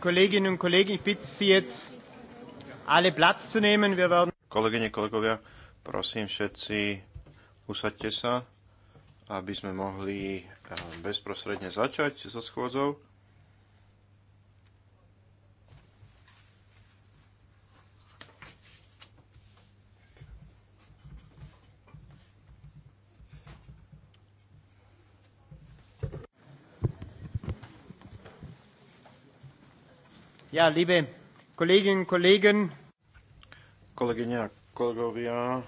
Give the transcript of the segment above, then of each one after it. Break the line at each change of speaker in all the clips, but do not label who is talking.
Kolleginnen und Kollegen, ich bitte Sie jetzt
alle Platz zu nehmen. Wir werden Kolegyne, kolegovia, prosím všetci, usaďte sa, aby sme mohli eh, bezprostredne začať so schôdzou.
Ja, liebe Kolleginnen, Kollegen. Kolegyne a
kolegovia,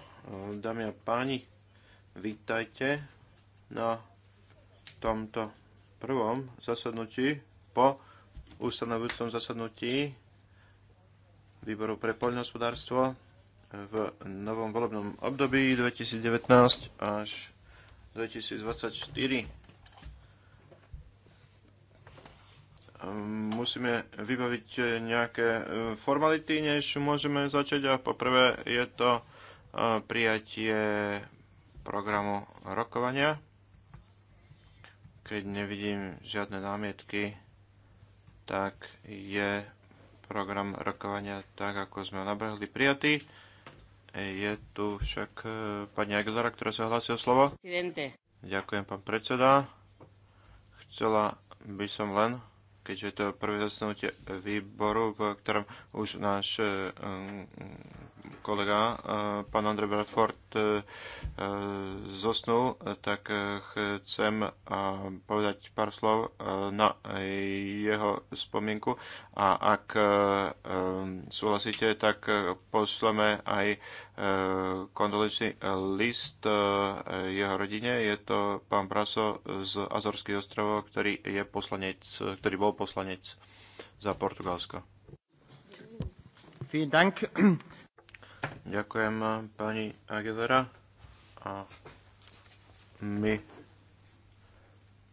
dámy a páni, vítajte na tomto prvom zasadnutí po ustanovujúcom zasadnutí Výboru pre poľnohospodárstvo v novom volebnom období 2019 až 2024. musíme vybaviť nejaké e, formality, než môžeme začať. A poprvé je to e, prijatie programu rokovania. Keď nevidím žiadne námietky, tak je program rokovania tak, ako sme ho nabrhli prijatý. Je tu však e, pani Aguilera, ktorá sa hlási o slovo. Ďakujem, pán predseda. Chcela by som len keďže to je prvé zasnutie výboru, v ktorom už náš eh, kolega eh, pán Andrej Belfort eh, eh, zosnul, tak chcem povedať pár slov na jeho spomienku a ak súhlasíte, tak posleme aj kondolenčný list jeho rodine. Je to pán Braso z Azorských ostrovov, ktorý je poslanec, ktorý bol poslanec za Portugalsko. Vielen Dank. Ďakujem pani Aguilera a my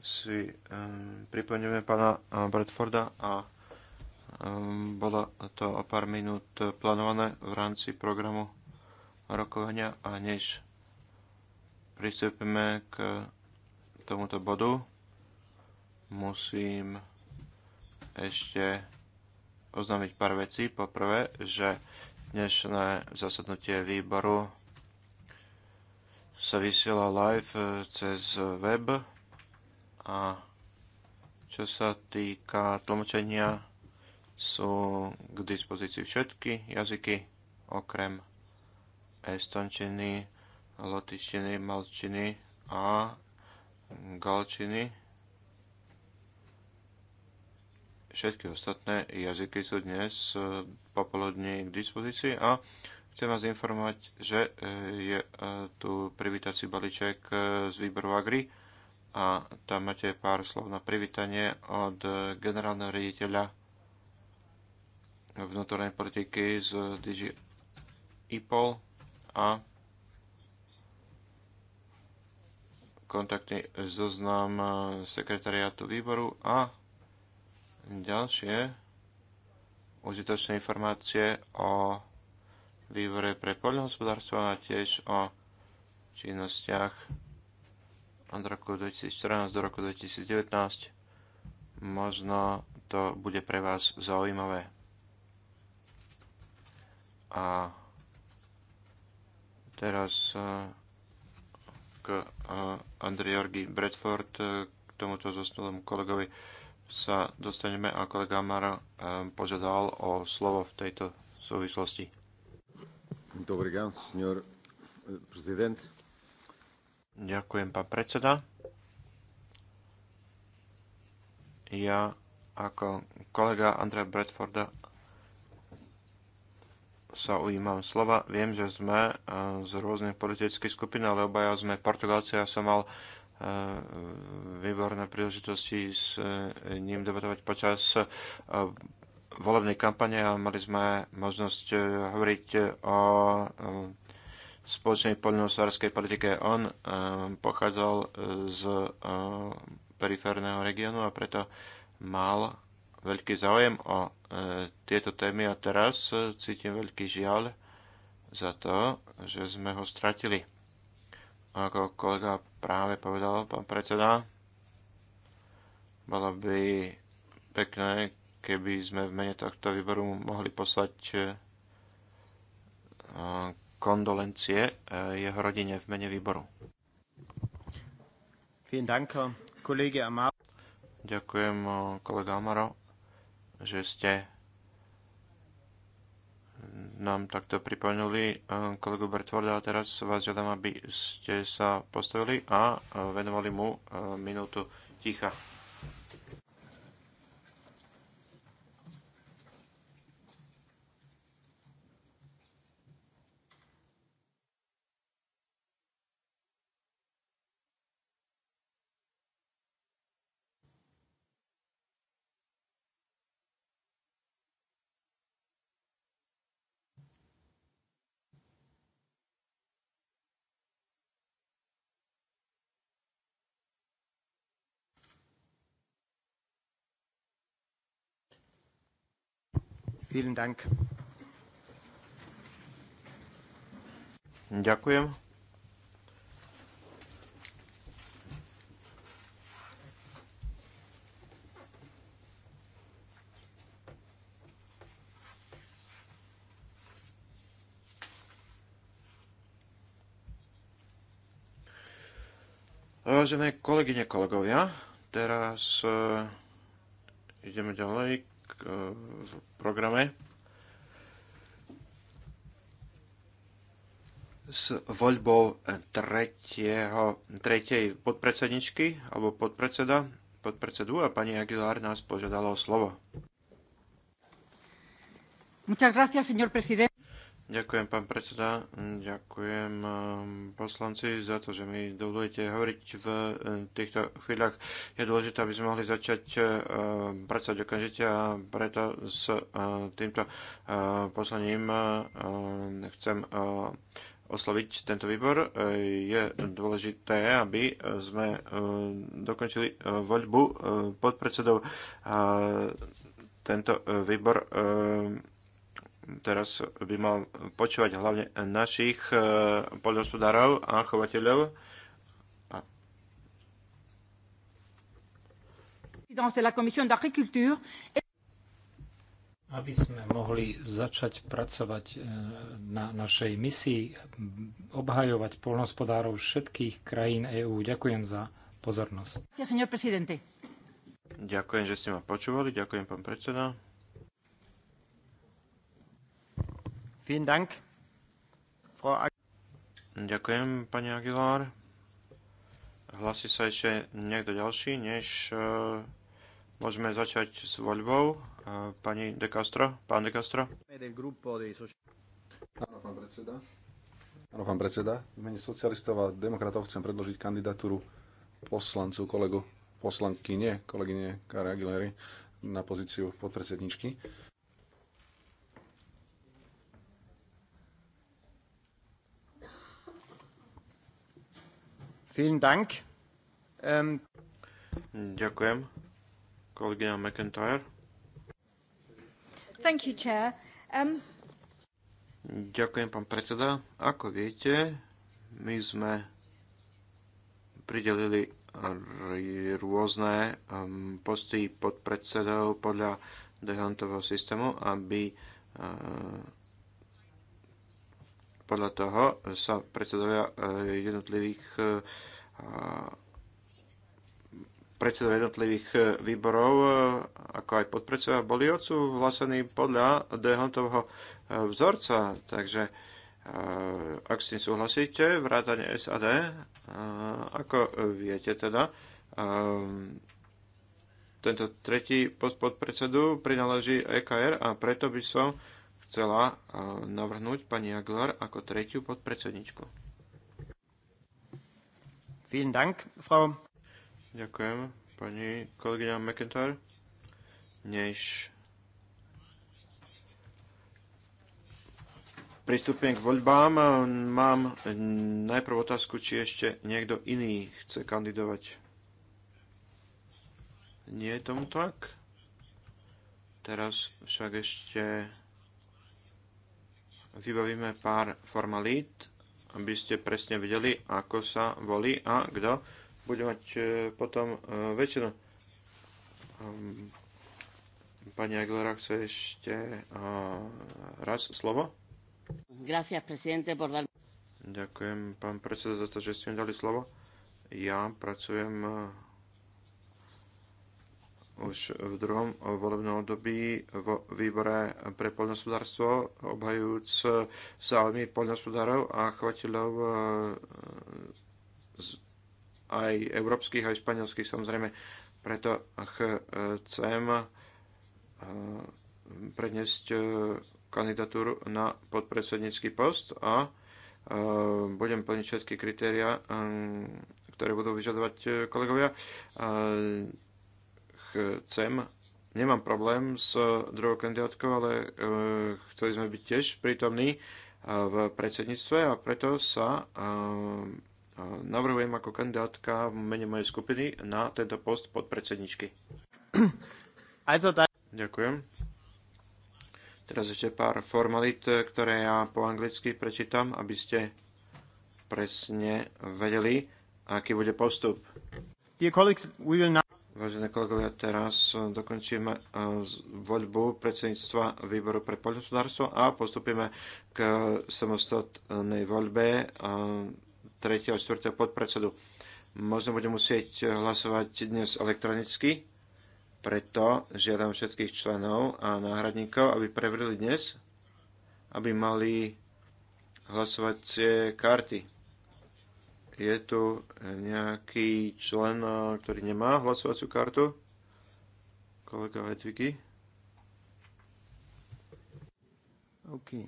si um, pripomíname pána eh, Bradforda a um, bolo to o pár minút plánované v rámci programu rokovania a než pristúpime k tomuto bodu, musím ešte oznámiť pár vecí. Poprvé, že Dnešné zasadnutie výboru sa vysiela live e, cez web a čo sa týka tlmočenia, sú k dispozícii všetky jazyky, okrem estončiny, lotičtiny, malčiny a galčiny Všetky ostatné jazyky sú dnes e, popoludní k dispozícii a chcem vás informovať, že e, je e, tu privítací balíček z výboru Agri a tam máte pár slov na privítanie od generálneho riaditeľa vnútornej politiky z DG IPOL a kontaktný zoznam sekretariátu výboru a ďalšie užitočné informácie o výbore pre poľnohospodárstvo a tiež o činnostiach od roku 2014 do roku 2019. Možno to bude pre vás zaujímavé. A teraz e, k e, Andrej Jorgi Bradford, e, k tomuto zosnulom kolegovi sa dostaneme ako kolega Mar eh, požiadal o slovo v tejto súvislosti. Dobrý deň, senior eh, prezident. Ďakujem, pán predseda. Ja ako kolega Andrea Bradforda sa ujímam slova. Viem, že sme e, z rôznych politických skupín, ale obaja sme Portugálci. a som mal e, výborné príležitosti s e, ním debatovať počas volebnej kampane a mali sme možnosť hovoriť o spoločnej poľnohospodárskej politike. On pochádzal z periférneho regiónu a preto mal veľký záujem o e, tieto témy a teraz e, cítim veľký žiaľ za to, že sme ho stratili. Ako kolega práve povedal, pán predseda, bolo by pekné, keby sme v mene tohto výboru mohli poslať e, kondolencie jeho rodine v mene výboru. Ďakujem, kolega Amaro že ste nám takto pripomenuli eh, kolegu Bertvorda a teraz vás žiadam, aby ste sa postavili a eh, venovali mu eh, minútu ticha.
Vielen Dank. Ďakujem.
Vážené kolegyne, kolegovia, teraz eh, ideme ďalej E, v programe. s voľbou tretieho, tretej podpredsedničky alebo podpredseda, podpredsedu a pani Aguilar nás požiadala o slovo.
Muchas gracias, señor presidente.
Ďakujem, pán predseda. Ďakujem um, poslanci za to, že mi dovolíte hovoriť v um, týchto chvíľach. Je dôležité, aby sme mohli začať um, pracovať okamžite a preto s týmto poslaním chcem osloviť tento výbor. Je dôležité, aby sme dokončili uh, voľbu podpredsedov. Tento uh, výbor teraz by mal počúvať hlavne našich e, poľnohospodárov a chovateľov.
Aby sme mohli začať pracovať e, na našej misii, obhajovať poľnohospodárov všetkých krajín EÚ. Ďakujem za pozornosť.
Ďakujem, že ste ma počúvali. Ďakujem, pán predseda.
Vielen Dank. Frau Ag
Ďakujem, pani Aguilar. Hlasí sa ešte niekto ďalší, než uh, môžeme začať s voľbou. Uh, pani De Castro, pán De Castro.
Áno, pán predseda. Áno, pán predseda. V mene socialistov a demokratov chcem predložiť kandidatúru poslancu, kolegu, poslankyne kolegyne Kari Aguilary na pozíciu podpredsedničky
Vielen Dank. Um...
Ďakujem. Kolegyňa McIntyre.
Thank you, Chair. Um...
Ďakujem, pán predseda. Ako viete, my sme pridelili rôzne um, posty podpredsedov podľa dehantového systému, aby uh, podľa toho sa predsedovia e, jednotlivých e, predsedov jednotlivých e, výborov, ako aj podpredsedovia, boli odsúhlasení podľa Dehontovho vzorca. Takže ak s tým súhlasíte, vrátane SAD, ako viete teda, tento tretí podpredsedu prináleží EKR a preto by som chcela e, navrhnúť pani Aguilar ako tretiu podpredsedničku. Vielen Dank, Frau. Ďakujem, pani kolegyňa McIntyre. Než pristúpim k voľbám, e, mám najprv otázku, či ešte niekto iný chce kandidovať. Nie je tomu tak? Teraz však ešte vybavíme pár formalít, aby ste presne vedeli, ako sa volí a kto bude mať e, potom e, väčšinu. Ehm, pani Aguilera chce ešte e, raz slovo. Gracias, presidente, por dar... Ďakujem, pán predseda, za to, že ste mi dali slovo. Ja pracujem už v druhom volebnom období vo výbore pre poľnohospodárstvo, obhajujúc záujmy poľnohospodárov a chovateľov eh, aj európskych, aj španielských samozrejme. Preto chcem eh, predniesť eh, kandidatúru na podpredsednícky post a budem plniť všetky kritéria, ktoré budú vyžadovať kolegovia chcem, nemám problém s druhou kandidátkou, ale e, chceli sme byť tiež prítomní e, v predsedníctve a preto sa e, navrhujem ako kandidátka v mene mojej skupiny na tento post podpredsedničky. Ďakujem. Teraz ešte pár formalit, ktoré ja po anglicky prečítam, aby ste presne vedeli, aký bude postup. Dear colleagues, we will now... Vážené kolegovia, teraz eh, dokončíme eh, voľbu predsedníctva výboru pre poľnohospodárstvo a postupíme k samostatnej voľbe 3. Eh, a 4. podpredsedu. Možno budem musieť hlasovať dnes elektronicky, preto žiadam všetkých členov a náhradníkov, aby preverili dnes, aby mali hlasovacie karty. Je tu nejaký člen, eh, ktorý nemá hlasovaciu kartu? Kolega Vetviky?
OK.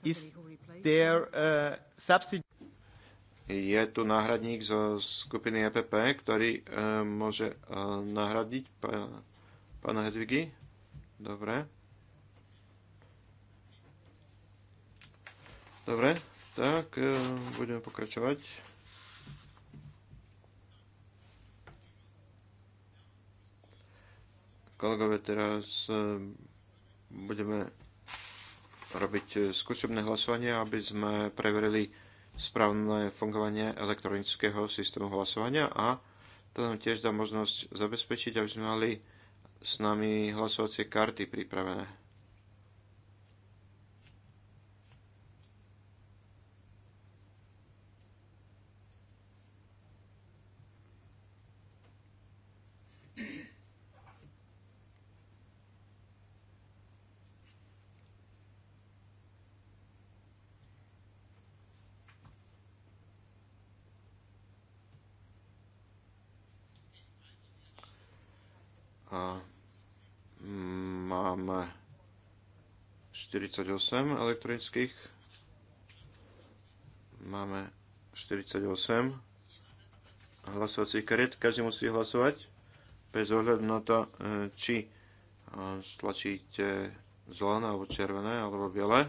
Is there a substitute?
je tu náhradník zo skupiny EPP, ktorý e, môže e, eh, nahradiť pána Hedvigy. Dobre. Dobre, tak e, budeme pokračovať. Kolegové, teraz e, budeme robiť skúšobné hlasovanie, aby sme preverili správne fungovanie elektronického systému hlasovania a to nám tiež dá možnosť zabezpečiť, aby sme mali s nami hlasovacie karty pripravené. 48 elektronických. Máme 48 hlasovacích kariet. Každý musí hlasovať bez ohľadu na to, e, či e, stlačíte zelené alebo červené alebo biele.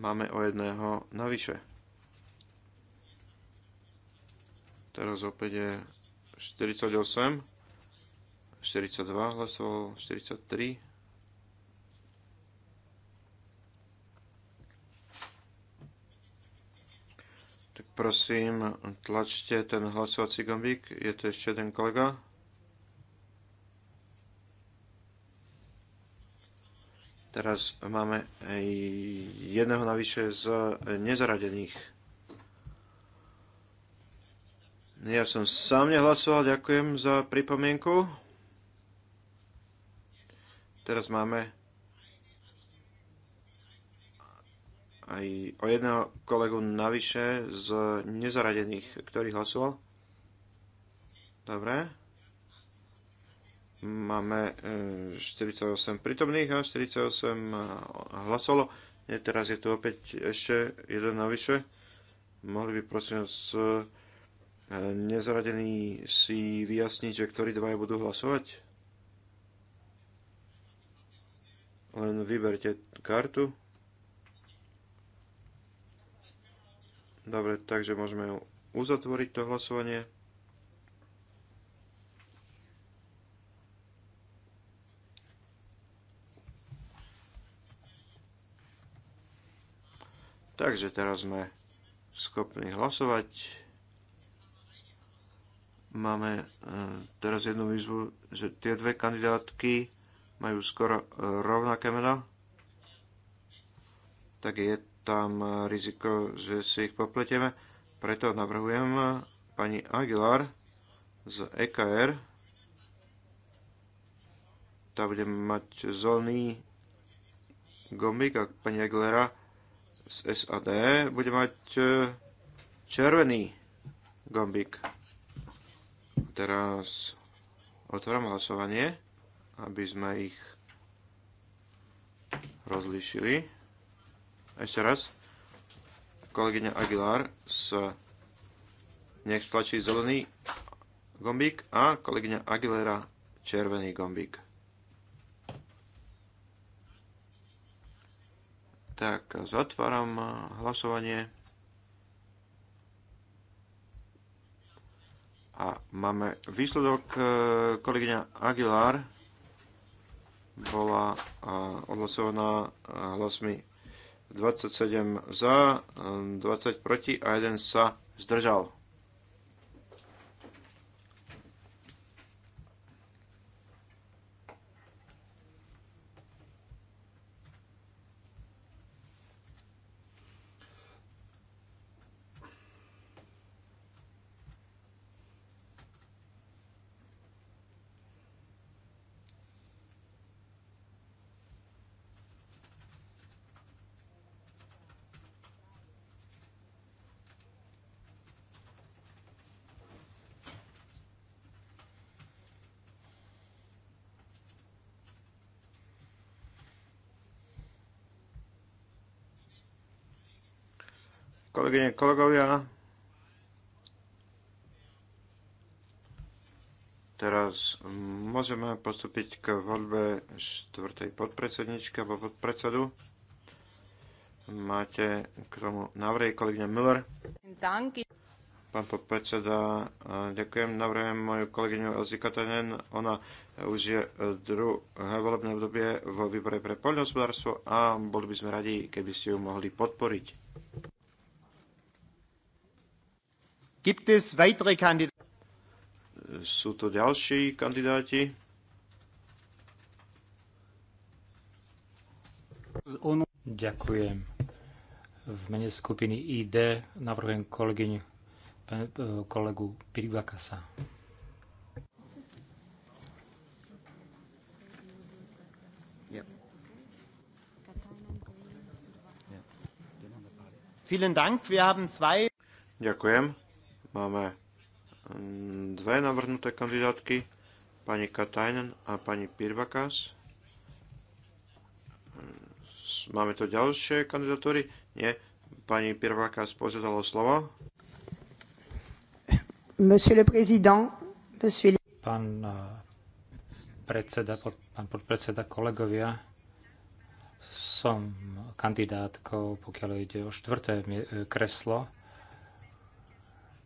Máme o jedného navyše. Teraz opäť je 48, 42 hlasoval 43, Prosím, tlačte ten hlasovací gombík. Je to ešte jeden kolega. Teraz máme jedného navyše z nezaradených. Ja som sám nehlasoval, ďakujem za pripomienku. Teraz máme aj o jedného kolegu navyše z nezaradených, ktorý hlasoval. Dobre. Máme 48 e, prítomných a 48 e, hlasovalo. teraz je tu opäť ešte jeden navyše. Mohli by prosím vás e, nezaradený si vyjasniť, že ktorí dvaja budú hlasovať? Len vyberte kartu. Dobre, takže môžeme uzatvoriť to hlasovanie. Takže teraz sme schopní hlasovať. Máme e, teraz jednu výzvu, že tie dve kandidátky majú skoro e, rovnaké mená. Tak je tam e, riziko, že si ich popletieme. Preto navrhujem e, pani Aguilar z EKR. Tá bude mať zelený gombík a pani Aguilera z SAD bude mať e, červený gombík. Teraz otváram hlasovanie, aby sme ich rozlíšili. Ešte raz. Kolegyňa Aguilar s nech stlačí zelený gombík a kolegyňa Aguilera červený gombík. Tak, zatváram hlasovanie. A máme výsledok. E, kolegyňa Aguilar bola e, odhlasovaná e, hlasmi 27 za, 20 proti a jeden sa zdržal. Kolegyne, kolegovia, teraz môžeme postúpiť k voľbe štvrtej podpredsedničky alebo podpredsedu. Máte k tomu návrhy, kolegyňa Miller. Danke. Pán podpredseda, ďakujem. Navrhujem moju kolegyňu Elzi Katanen. Ona už je druhé volebné obdobie vo výbore pre poľnohospodárstvo a boli by sme radi, keby ste ju mohli podporiť. Gibt es
weitere Kandidaten?
Sú to ďalší kandidáti?
Ďakujem. V mene skupiny ID navrhujem kolegyň, kolegu Piribakasa.
Vielen Ďakujem. Máme
mm, dve navrhnuté kandidátky, pani Katajnen a pani Pirvakas. Mm, máme tu ďalšie kandidatúry? Nie. Pani Pirvakas požiadala slovo.
Monsieur le président, monsieur...
Pán eh, predseda, pán podpredseda, kolegovia, som kandidátkou, pokiaľ ide o štvrté eh, kreslo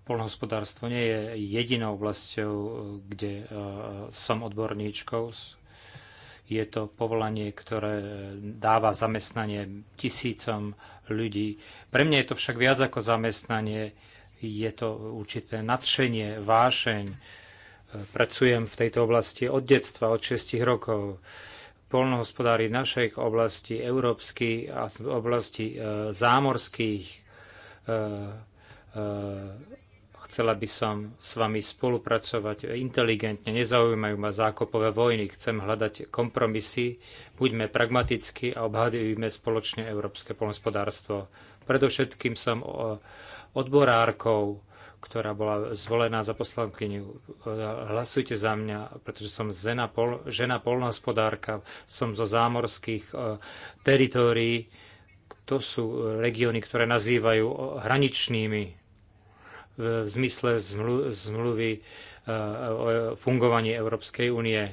Polnohospodárstvo nie je jedinou oblasťou, kde e, som odborníčkou. Je to povolanie, ktoré dáva zamestnanie tisícom ľudí. Pre mňa je to však viac ako zamestnanie, je to určité nadšenie, vášeň. Pracujem v tejto oblasti od detstva, od 6 rokov. Polnohospodári našej oblasti, európsky a oblasti e, zámorských e, Chcela by som s vami spolupracovať inteligentne, nezaujímajú ma zákopové vojny, chcem hľadať kompromisy, buďme pragmaticky a obhadujme spoločne európske polnospodárstvo. Predovšetkým som e, odborárkou, ktorá bola zvolená za poslankyňu. E, hlasujte za mňa, pretože som žena, pol, žena polnohospodárka, som zo zámorských e, teritórií. To sú regióny, ktoré nazývajú hraničnými v zmysle zmluvy e, o fungovaní Európskej únie.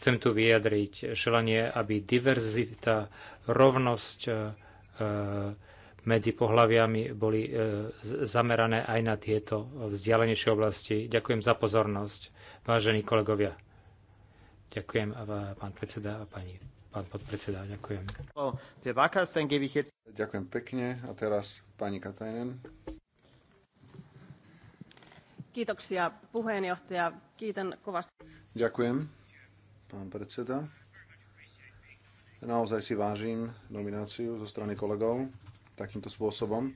Chcem tu vyjadriť želanie, aby diverzita, rovnosť e, medzi pohľaviami boli e, zamerané aj na tieto vzdialenejšie oblasti. Ďakujem za pozornosť, vážení kolegovia. Ďakujem, pán predseda a pani pán podpredseda.
Ďakujem. Ďakujem pekne. A teraz pani Katajnen.
Kiitoksia puheenjohtaja. Kiitän kovasti.
Ďakujem, pán predseda. Naozaj si vážim nomináciu zo strany kolegov takýmto spôsobom.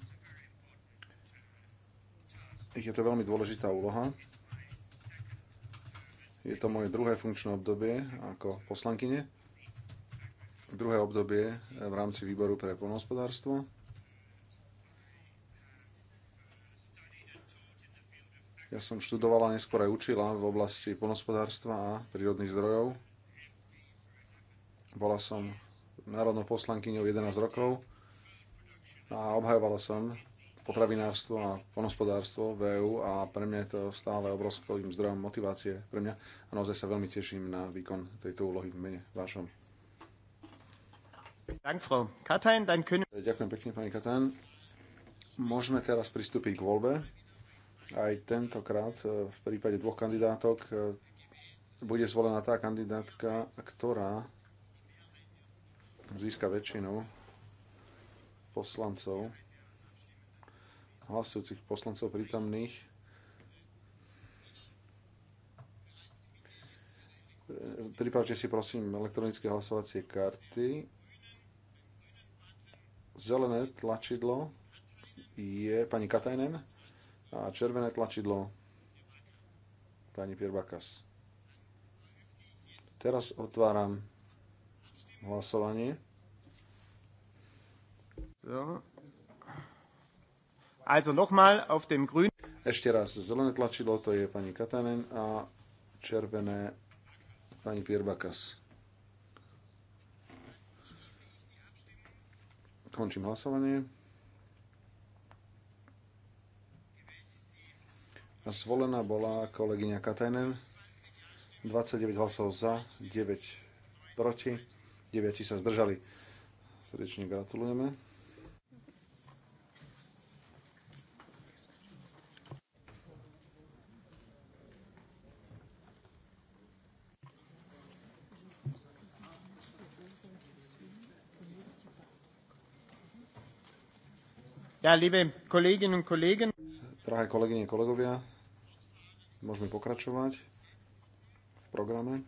Je to veľmi dôležitá úloha. Je to moje druhé funkčné obdobie ako poslankyne druhé obdobie v rámci výboru pre poľnohospodárstvo. Ja som študovala, neskôr aj učila v oblasti poľnohospodárstva a prírodných zdrojov. Bola som národnou poslankyňou 11 rokov a obhajovala som potravinárstvo a poľnohospodárstvo v EU a pre mňa je to stále obrovským zdrojom motivácie pre mňa a naozaj sa veľmi teším na výkon tejto úlohy v mene vašom. Ďakujem pekne, pani Katajn. Môžeme teraz pristúpiť k voľbe. Aj tentokrát e, v prípade dvoch kandidátok e, bude zvolená tá kandidátka, ktorá získa väčšinu poslancov, hlasujúcich poslancov prítomných. E, pripravte si prosím elektronické hlasovacie karty. Zelené tlačidlo je pani Katajnen a červené tlačidlo pani Pierbakas. Teraz otváram hlasovanie. Also nochmal auf dem grün. Ešte raz, zelené tlačidlo to je pani Katanen a červené pani Pierbakas. Končím hlasovanie. Zvolená bola kolegyňa Katajnen. 29 hlasov za, 9 proti, 9 sa zdržali. Srdečne gratulujeme.
Ja, liebe Kolleginnen und Kollegen.
Drahé kolegyne, kolegovia, môžeme pokračovať v programe.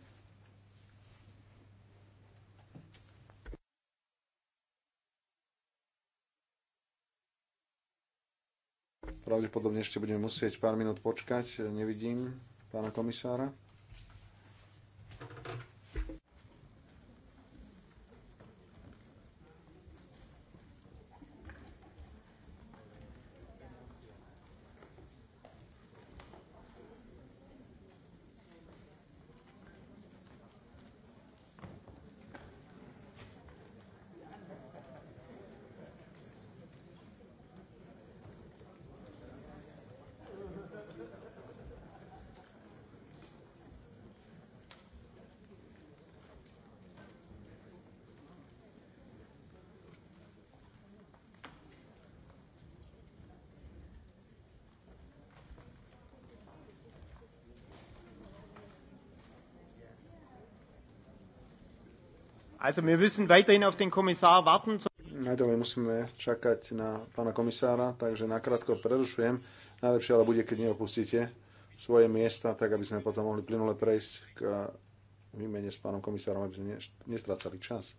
Pravdepodobne ešte budeme musieť pár minút počkať. Nevidím pána komisára. Also wir müssen weiterhin auf den Kommissar warten. Naďalej musíme čakať na pána komisára, takže nakrátko prerušujem. Najlepšie ale bude, keď neopustíte svoje miesta, tak aby sme potom mohli plynule prejsť k výmene s pánom komisárom, aby sme nestrácali čas.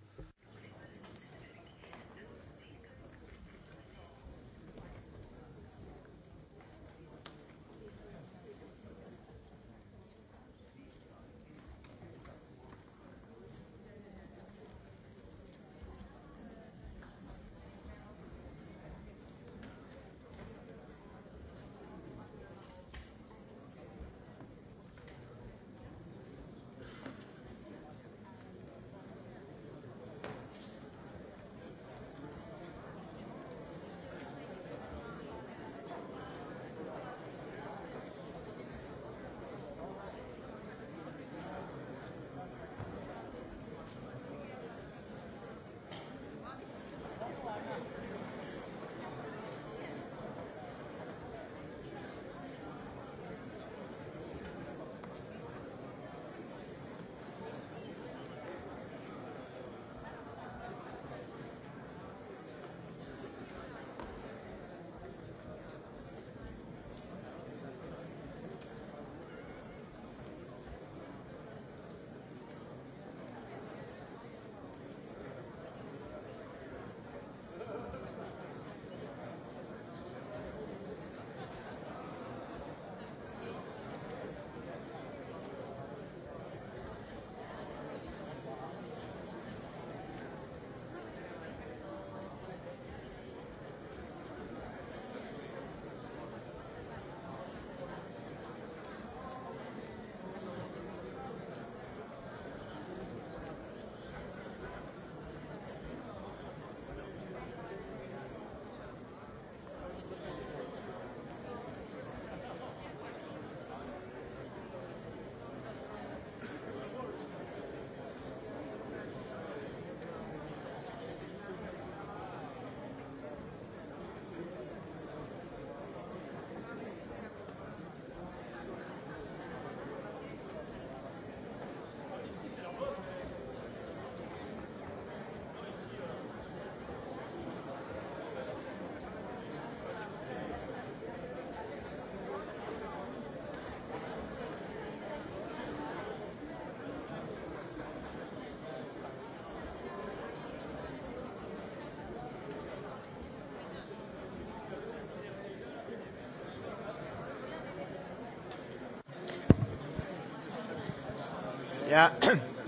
Ja,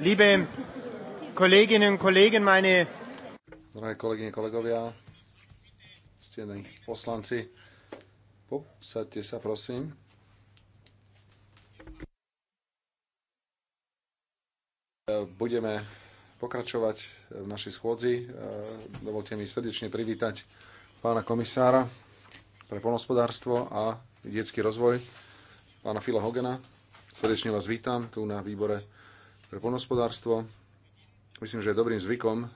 liebe Kolleginnen und Kollegen, meine...
Drahé kolegyne, kolegovia, stení poslanci, posadte sa prosím. Budeme pokračovať v našej schôdzi. Dovolte mi srdečne privítať pána komisára pre polnospodárstvo a detský rozvoj, pána Fila Hogena. Srdečne vás vítam tu na výbore pre poľnohospodárstvo. Myslím, že je dobrým zvykom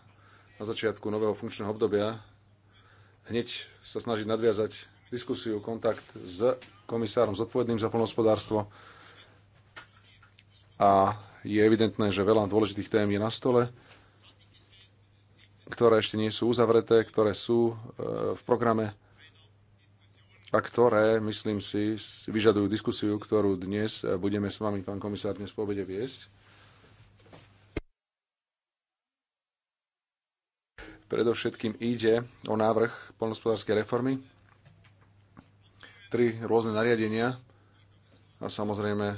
na začiatku nového funkčného obdobia hneď sa snažiť nadviazať diskusiu, kontakt s komisárom zodpovedným za poľnohospodárstvo. A je evidentné, že veľa dôležitých tém je na stole, ktoré ešte nie sú uzavreté, ktoré sú e, v programe a ktoré, myslím si, vyžadujú diskusiu, ktorú dnes e, budeme s vami, pán komisár, dnes po obede viesť Predovšetkým ide o návrh poľnohospodárskej reformy, tri rôzne nariadenia a samozrejme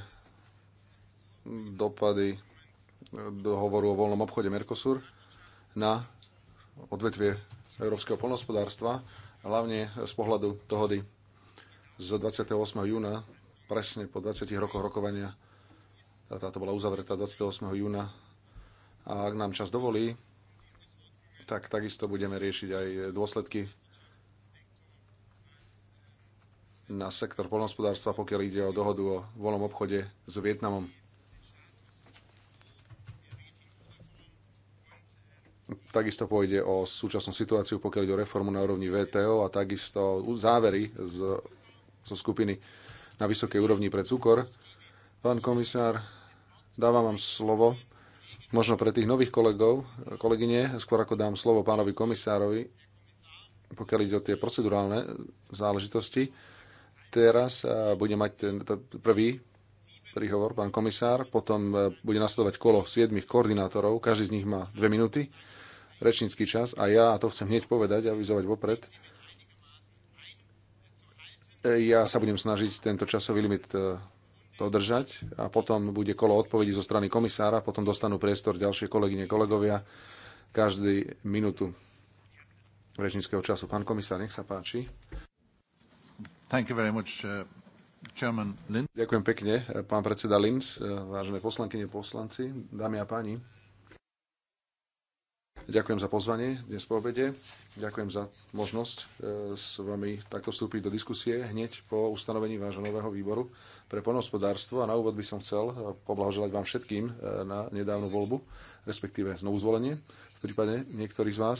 dopady dohovoru o voľnom obchode Mercosur na odvetvie európskeho poľnohospodárstva, hlavne z pohľadu dohody z 28. júna, presne po 20 rokoch rokovania. Táto bola uzavretá 28. júna. A ak nám čas dovolí, tak takisto budeme riešiť aj dôsledky na sektor polnohospodárstva, pokiaľ ide o dohodu o voľnom obchode s Vietnamom. Takisto pôjde o súčasnú situáciu, pokiaľ ide o reformu na úrovni VTO a takisto závery z, zo skupiny na vysokej úrovni pre cukor. Pán komisár, dávam vám slovo Možno pre tých nových kolegov, kolegyne, skôr ako dám slovo pánovi komisárovi, pokiaľ ide o tie procedurálne záležitosti, teraz eh, bude mať ten prvý príhovor pán komisár, potom eh, bude nasledovať kolo siedmých koordinátorov, každý z nich má dve minúty rečnícky čas a ja, a to chcem hneď povedať, avizovať vopred, eh, ja sa budem snažiť tento časový limit držať a potom bude kolo odpovedí zo strany komisára, potom dostanú priestor ďalšie kolegyne, kolegovia, každý minútu rečníckého času. Pán komisár, nech sa páči. Thank you very much, uh, Chairman Ďakujem pekne, pán predseda Linz, uh, vážené poslankyne, poslanci, dámy a páni. Ďakujem za pozvanie dnes po obede. Ďakujem za možnosť e, s vami takto vstúpiť do diskusie hneď po ustanovení vášho nového výboru pre ponospodárstvo. A na úvod by som chcel e, poblahoželať vám všetkým e, na nedávnu voľbu, respektíve znovu zvolenie v prípade niektorých z vás.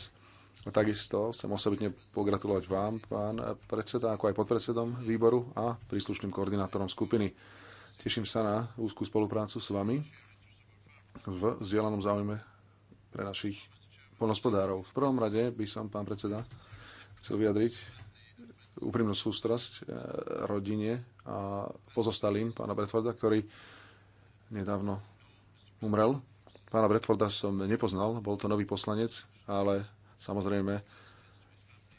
A takisto chcem osobitne pogratulovať vám, pán predseda, ako aj podpredsedom výboru a príslušným koordinátorom skupiny. Teším sa na úzkú spoluprácu s vami v zdieľanom záujme pre našich polnospodárov. V prvom rade by som, pán predseda, chcel vyjadriť úprimnú sústrasť eh, rodine a pozostalým pána Bretforda, ktorý nedávno umrel. Pána Bretforda som nepoznal, bol to nový poslanec, ale samozrejme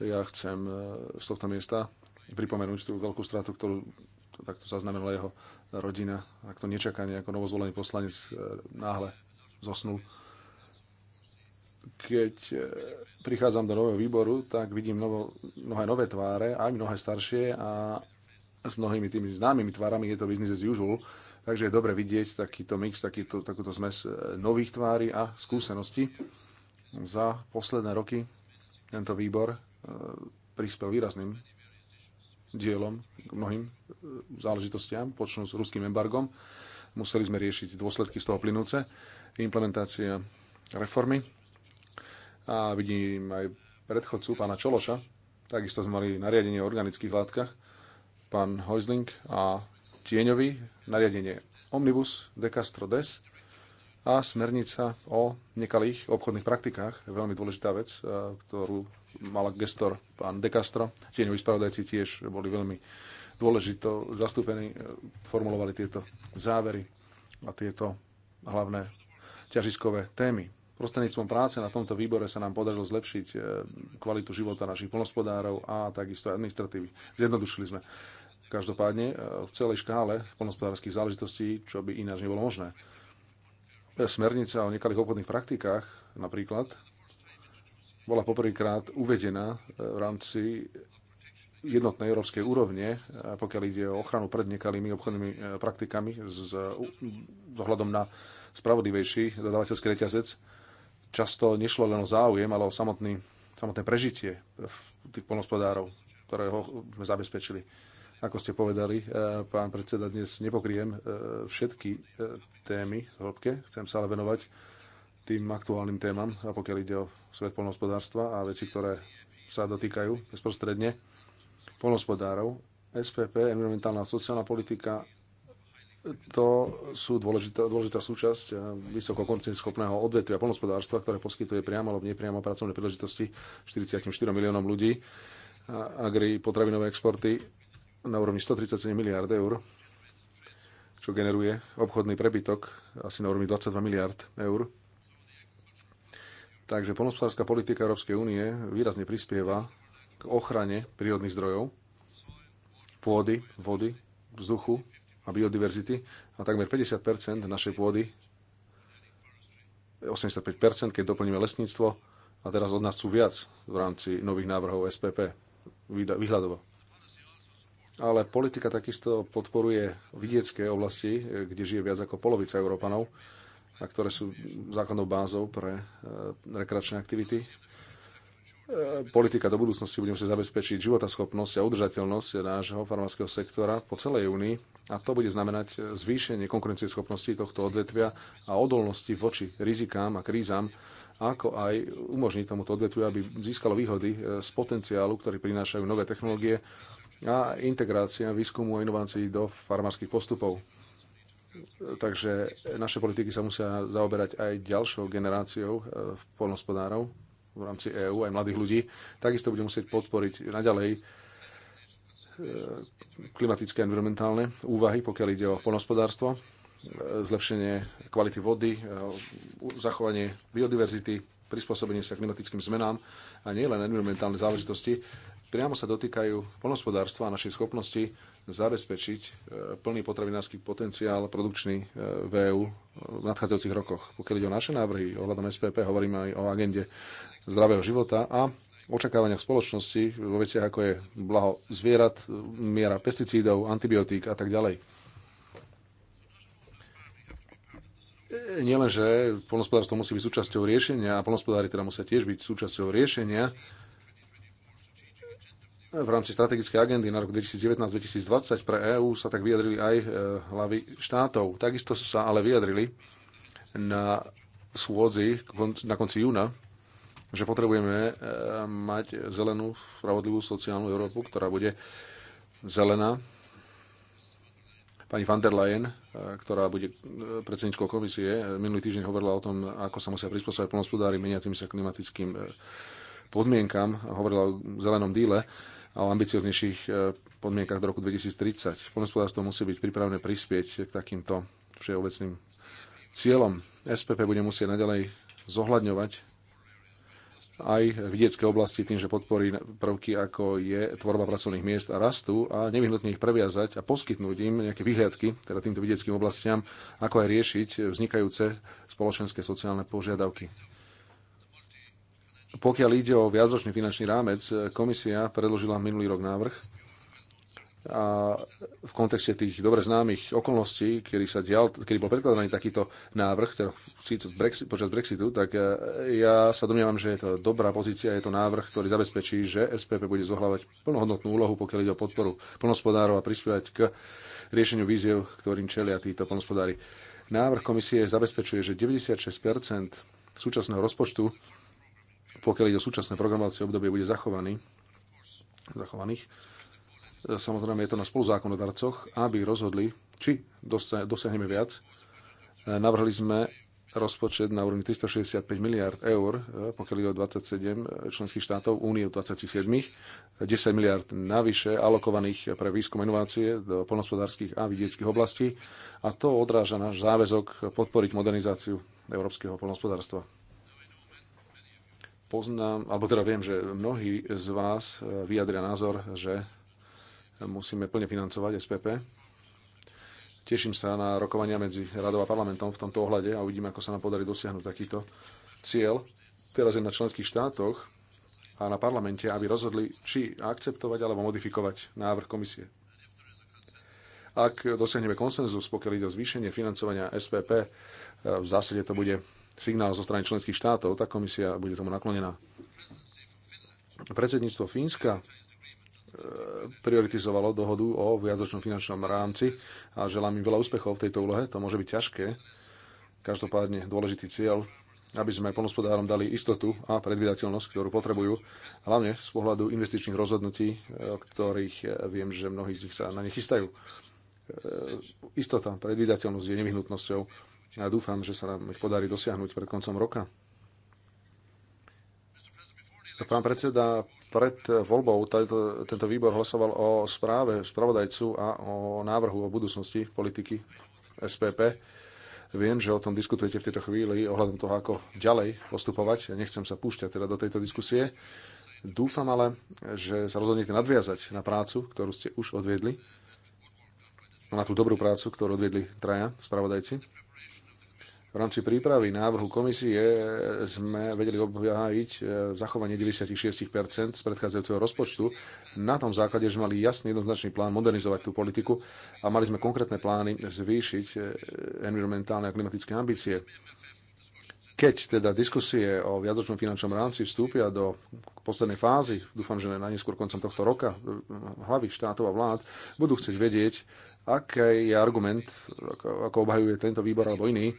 ja chcem eh, z tohto miesta pripomenúť tú veľkú stratu, ktorú takto zaznamenala jeho rodina, to nečakanie ako novozvolený poslanec eh, náhle zosnul keď e, prichádzam do nového výboru, tak vidím novo, mnohé nové tváre, aj mnohé staršie a s mnohými tými známymi tvárami je to business as usual, takže je dobre vidieť takýto mix, takýto, takúto zmes e, nových tvári a skúseností. Za posledné roky tento výbor e, prispel výrazným dielom k mnohým záležitostiam, počnú s ruským embargom. Museli sme riešiť dôsledky z toho plynúce, implementácia reformy a vidím aj predchodcu, pána Čološa. Takisto sme mali nariadenie o organických látkach, pán Hojzling a tieňový nariadenie Omnibus de Castro Des a smernica o nekalých obchodných praktikách. veľmi dôležitá vec, ktorú mal gestor pán De Castro. spravodajci tiež boli veľmi dôležito zastúpení, e, formulovali tieto závery a tieto hlavné ťažiskové témy. Prostredníctvom práce na tomto výbore sa nám podarilo zlepšiť e, kvalitu života našich polnospodárov a takisto administratívy. Zjednodušili sme. Každopádne e, v celej škále polnospodárských záležitostí, čo by ináč nebolo možné. E, smernica o nekalých obchodných praktikách napríklad bola poprvýkrát uvedená v rámci jednotnej európskej úrovne, pokiaľ ide o ochranu pred nekalými obchodnými praktikami s ohľadom na spravodlivejší dodávateľský reťazec Často nešlo len o záujem, ale o samotný, samotné prežitie eh, tých polnospodárov, ktorého sme zabezpečili. Ako ste povedali, eh, pán predseda, dnes nepokriem eh, všetky témy v hĺbke. Chcem sa ale venovať tým aktuálnym témam, pokiaľ ide o svet polnospodárstva a veci, ktoré sa dotýkajú bezprostredne polnospodárov. SPP, environmentálna sociálna politika, to sú dôležitá, dôležitá súčasť eh, vysoko schopného odvetvia polnospodárstva, ktoré poskytuje priamo alebo nepriamo pracovné príležitosti 44 miliónom ľudí. Agri potravinové exporty na úrovni 137 miliard eur, čo generuje obchodný prebytok asi na úrovni 22 miliard eur. Takže polnospodárska politika Európskej únie výrazne prispieva k ochrane prírodných zdrojov, pôdy, vody, vzduchu, a biodiverzity a takmer 50 našej pôdy, 85 keď doplníme lesníctvo a teraz od nás sú viac v rámci nových návrhov SPP výhľadovo. Ale politika takisto podporuje vidiecké oblasti, kde žije viac ako polovica Európanov a ktoré sú základnou bázou pre eh, rekreačné aktivity E, politika do budúcnosti bude musieť zabezpečiť životaschopnosť a udržateľnosť nášho farmárskeho sektora po celej únii a to bude znamenať zvýšenie konkurencieschopnosti tohto odvetvia a odolnosti voči rizikám a krízam, ako aj umožniť tomuto odvetviu, aby získalo výhody e, z potenciálu, ktorý prinášajú nové technológie a integrácia výskumu a inovácií do farmárskych postupov. E, takže naše politiky sa musia zaoberať aj ďalšou generáciou polnospodárov v rámci EÚ aj mladých ľudí, takisto bude musieť podporiť naďalej e, klimatické a environmentálne úvahy, pokiaľ ide o polnospodárstvo, e, zlepšenie kvality vody, e, zachovanie biodiverzity, prispôsobenie sa klimatickým zmenám a nie len environmentálne záležitosti, priamo sa dotýkajú polnospodárstva a našej schopnosti zabezpečiť plný potravinársky potenciál produkčný v EU v nadchádzajúcich rokoch. Pokiaľ ide o naše návrhy ohľadom SPP, hovoríme aj o agende zdravého života a očakávaniach spoločnosti vo veciach ako je blaho zvierat, miera pesticídov, antibiotík a tak ďalej. Nielenže polnospodárstvo musí byť súčasťou riešenia a polnospodári teda musia tiež byť súčasťou riešenia, v rámci strategickej agendy na rok 2019-2020 pre EÚ sa tak vyjadrili aj e, hlavy štátov. Takisto sa ale vyjadrili na schôdzi na konci júna že potrebujeme e, mať zelenú, spravodlivú sociálnu Európu, ktorá bude zelená. Pani van der Leyen, e, ktorá bude e, predsedničkou komisie, minulý týždeň hovorila o tom, ako sa musia prispôsobiť plnospodári meniacim sa klimatickým podmienkam. Hovorila o zelenom díle a o ambicioznejších podmienkach do roku 2030. Plnospodárstvo musí byť pripravené prispieť k takýmto všeobecným cieľom. SPP bude musieť naďalej zohľadňovať aj v detskej oblasti tým, že podporí prvky, ako je tvorba pracovných miest a rastu a nevyhnutne ich previazať a poskytnúť im nejaké vyhliadky, teda týmto vidieckým oblastiam, ako aj riešiť vznikajúce spoločenské sociálne požiadavky. Pokiaľ ide o viacročný finančný rámec, komisia predložila minulý rok návrh a v kontexte tých dobre známych okolností, kedy sa dial, kedy bol predkladaný takýto návrh, teda Brexit, počas Brexitu, tak e, ja sa domnievam, že je to dobrá pozícia, je to návrh, ktorý zabezpečí, že SPP bude zohľavať plnohodnotnú úlohu, pokiaľ ide o podporu plnospodárov a prispievať k riešeniu víziev, ktorým čelia títo plnospodári. Návrh komisie zabezpečuje, že 96 súčasného rozpočtu, pokiaľ ide o súčasné programovacie obdobie, bude zachovaný, zachovaných Samozrejme, je to na spoluzákonodarcoch, aby rozhodli, či dosiahneme viac. Navrhli sme rozpočet na úrovni 365 miliard eur, pokiaľ ide o 27 členských štátov, únie 27, 10 miliard navyše alokovaných pre výskum inovácie do polnospodárských a vidieckých oblastí a to odráža náš záväzok podporiť modernizáciu európskeho polnospodárstva. Poznám, alebo teda viem, že mnohí z vás vyjadria názor, že musíme plne financovať SPP. Teším sa na rokovania medzi radou a parlamentom v tomto ohľade a uvidíme, ako sa nám podarí dosiahnuť takýto cieľ. Teraz je na členských štátoch a na parlamente, aby rozhodli, či akceptovať alebo modifikovať návrh komisie. Ak dosiahneme konsenzus, pokiaľ ide o zvýšenie financovania SPP, e, v zásade to bude signál zo strany členských štátov, tá komisia bude tomu naklonená. Predsedníctvo Fínska prioritizovalo dohodu o viacročnom finančnom rámci a želám im veľa úspechov v tejto úlohe. To môže byť ťažké. Každopádne dôležitý cieľ, aby sme polnospodárom dali istotu a predvydateľnosť, ktorú potrebujú, hlavne z pohľadu investičných rozhodnutí, o ktorých eh, viem, že mnohí z nich sa na ne chystajú. Eh, istota, predvydateľnosť je nevyhnutnosťou a ja dúfam, že sa nám ich podarí dosiahnuť pred koncom roka. Pán predseda, pred voľbou tento, tento výbor hlasoval o správe spravodajcu a o návrhu o budúcnosti politiky SPP. Viem, že o tom diskutujete v tejto chvíli ohľadom toho, ako ďalej postupovať. Ja nechcem sa púšťať teda do tejto diskusie. Dúfam ale, že sa rozhodnete nadviazať na prácu, ktorú ste už odviedli, na tú dobrú prácu, ktorú odviedli traja spravodajci v rámci prípravy návrhu komisie sme vedeli obhájiť e, zachovanie 96% z predchádzajúceho rozpočtu na tom základe, že mali jasný jednoznačný plán modernizovať tú politiku a mali sme konkrétne plány zvýšiť e, environmentálne a klimatické ambície. Keď teda diskusie o viacročnom finančnom rámci vstúpia do poslednej fázy, dúfam, že na neskôr koncom tohto roka, e, hlavy štátov a vlád budú chcieť vedieť, aký je argument, ako obhajuje tento výbor alebo iný,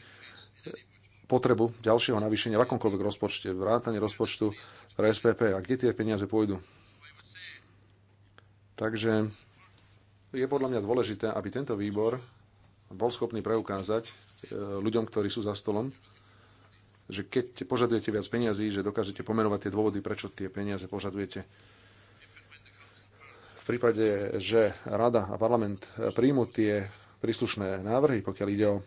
potrebu ďalšieho navýšenia v akomkoľvek rozpočte, vrátanie rozpočtu pre SPP a kde tie peniaze pôjdu. Takže je podľa mňa dôležité, aby tento výbor bol schopný preukázať e, ľuďom, ktorí sú za stolom, že keď požadujete viac peniazy, že dokážete pomenovať tie dôvody, prečo tie peniaze požadujete. V prípade, že Rada a parlament e, príjmu tie príslušné návrhy, pokiaľ ide o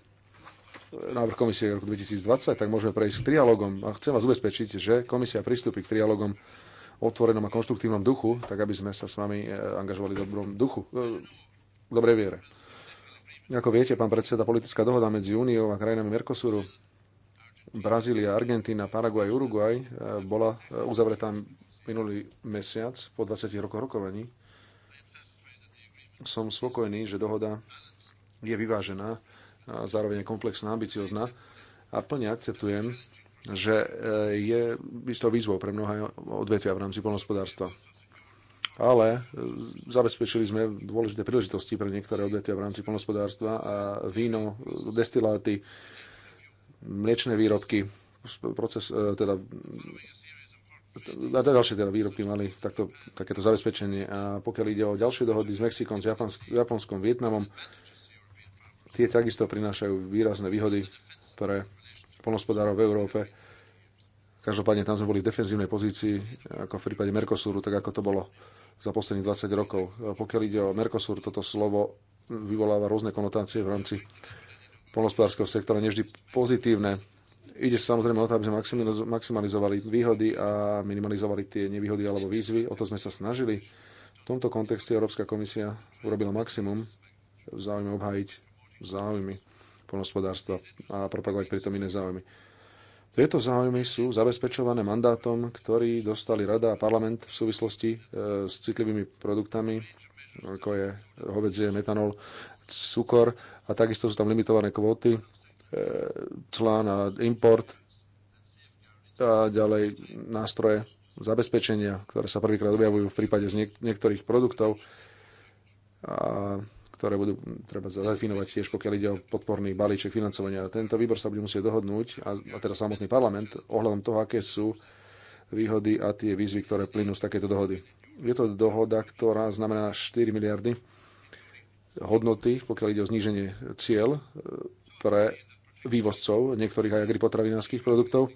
návrh komisie v roku 2020, tak môžeme prejsť k trialogom. A chcem vás ubezpečiť, že komisia pristúpi k trialogom v otvorenom a konštruktívnom duchu, tak aby sme sa s vami e, angažovali v dobrom duchu, e, v dobrej viere. Ako viete, pán predseda, politická dohoda medzi Úniou a krajinami Mercosuru, Brazília, Argentína, Paraguaj, Uruguaj e, bola uzavretá minulý mesiac po 20 rokoch rokovaní. Som spokojný, že dohoda je vyvážená a zároveň je komplexná, ambiciozná. A plne akceptujem, že e, je isto výzvou pre mnohé odvetvia v rámci polnospodárstva. Ale e, zabezpečili sme dôležité príležitosti pre niektoré odvetvia v rámci polnospodárstva a víno, destiláty, mliečne výrobky, proces, e, teda a teda ďalšie teda výrobky mali takto, takéto zabezpečenie. A pokiaľ ide o ďalšie dohody s Mexikom, s Japonskom, Vietnamom, Tie takisto prinášajú výrazné výhody pre polnospodárov v Európe. Každopádne tam sme boli v defenzívnej pozícii, ako v prípade Mercosuru, tak ako to bolo za posledných 20 rokov. Pokiaľ ide o Mercosur, toto slovo vyvoláva rôzne konotácie v rámci polnospodárskeho sektora, nevždy pozitívne. Ide samozrejme o to, aby sme maximalizovali výhody a minimalizovali tie nevýhody alebo výzvy. O to sme sa snažili. V tomto kontexte Európska komisia urobila maximum v záujme obhájiť záujmy poľnohospodárstva a propagovať pritom iné záujmy. Tieto záujmy sú zabezpečované mandátom, ktorý dostali Rada a parlament v súvislosti e, s citlivými produktami, ako je hovedzie, metanol, cukor a takisto sú tam limitované kvóty, e, clá na import a ďalej nástroje zabezpečenia, ktoré sa prvýkrát objavujú v prípade z niektorých produktov. A ktoré budú treba zadefinovať tiež, pokiaľ ide o podporný balíček financovania. Tento výbor sa bude musieť dohodnúť, a, a teda samotný parlament, ohľadom toho, aké sú výhody a tie výzvy, ktoré plynú z takéto dohody. Je to dohoda, ktorá znamená 4 miliardy hodnoty, pokiaľ ide o zníženie cieľ e, pre vývozcov niektorých aj agripotravinárskych produktov.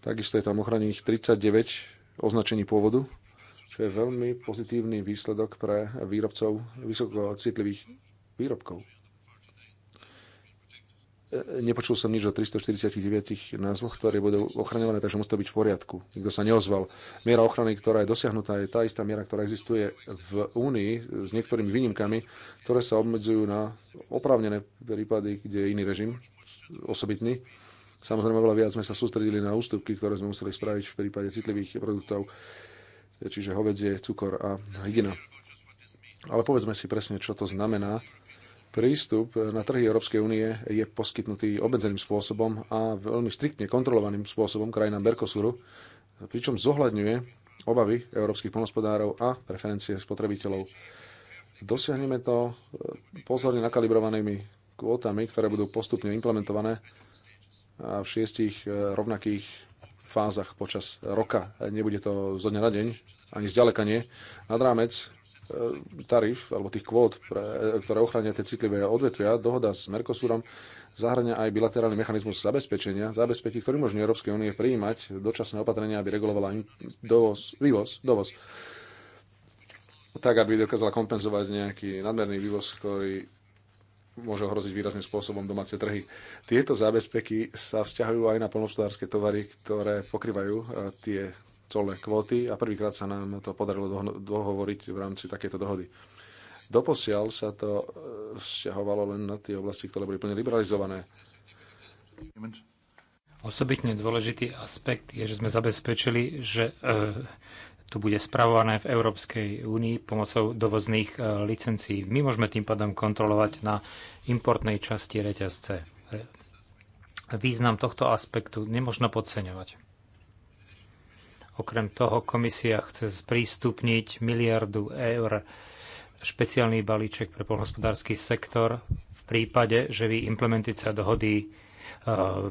Takisto je tam ochranených 39 označení pôvodu čo je veľmi pozitívny výsledok pre výrobcov vysoko citlivých výrobkov. E, nepočul som nič o 349 názvoch, ktoré budú ochraňované, takže musí to byť v poriadku. Nikto sa neozval. Miera ochrany, ktorá je dosiahnutá, je tá istá miera, ktorá existuje v Únii s niektorými výnimkami, ktoré sa obmedzujú na oprávnené prípady, kde je iný režim osobitný. Samozrejme, veľa viac sme sa sústredili na ústupky, ktoré sme museli spraviť v prípade citlivých produktov čiže hovedzie, cukor a hygiena. Ale povedzme si presne, čo to znamená. Prístup na trhy Európskej únie je poskytnutý obmedzeným spôsobom a veľmi striktne kontrolovaným spôsobom krajinám Mercosuru, pričom zohľadňuje obavy európskych polnospodárov a preferencie spotrebiteľov. Dosiahneme to eh, pozorne nakalibrovanými kvótami, ktoré budú postupne implementované a v šiestich eh, rovnakých fázach počas roka. Nebude to zo dňa na deň, ani zďaleka nie. Nad rámec e, tarif alebo tých kvót, pre, e, ktoré ochránia tie citlivé odvetvia, dohoda s Mercosurom zahrania aj bilaterálny mechanizmus zabezpečenia, zabezpečí, ktorý môžu Európskej únie prijímať dočasné opatrenia, aby regulovala dovoz, vývoz, dovoz tak, aby dokázala kompenzovať nejaký nadmerný vývoz, ktorý môže ohroziť výrazným spôsobom domáce trhy. Tieto zábezpeky sa vzťahujú aj na plnohospodárske tovary, ktoré pokrývajú e, tie colné kvóty a prvýkrát sa nám to podarilo dohovoriť v rámci takéto dohody. Doposiaľ sa to e, vzťahovalo len na tie oblasti, ktoré boli plne liberalizované.
Osobitne dôležitý aspekt je, že sme zabezpečili, že e, to bude spravované v Európskej únii pomocou dovozných e, licencií. My môžeme tým pádom kontrolovať na importnej časti reťazce. E, význam tohto aspektu nemožno podceňovať. Okrem toho komisia chce sprístupniť miliardu eur špeciálny balíček pre polnohospodársky sektor v prípade, že by implementácia dohody e,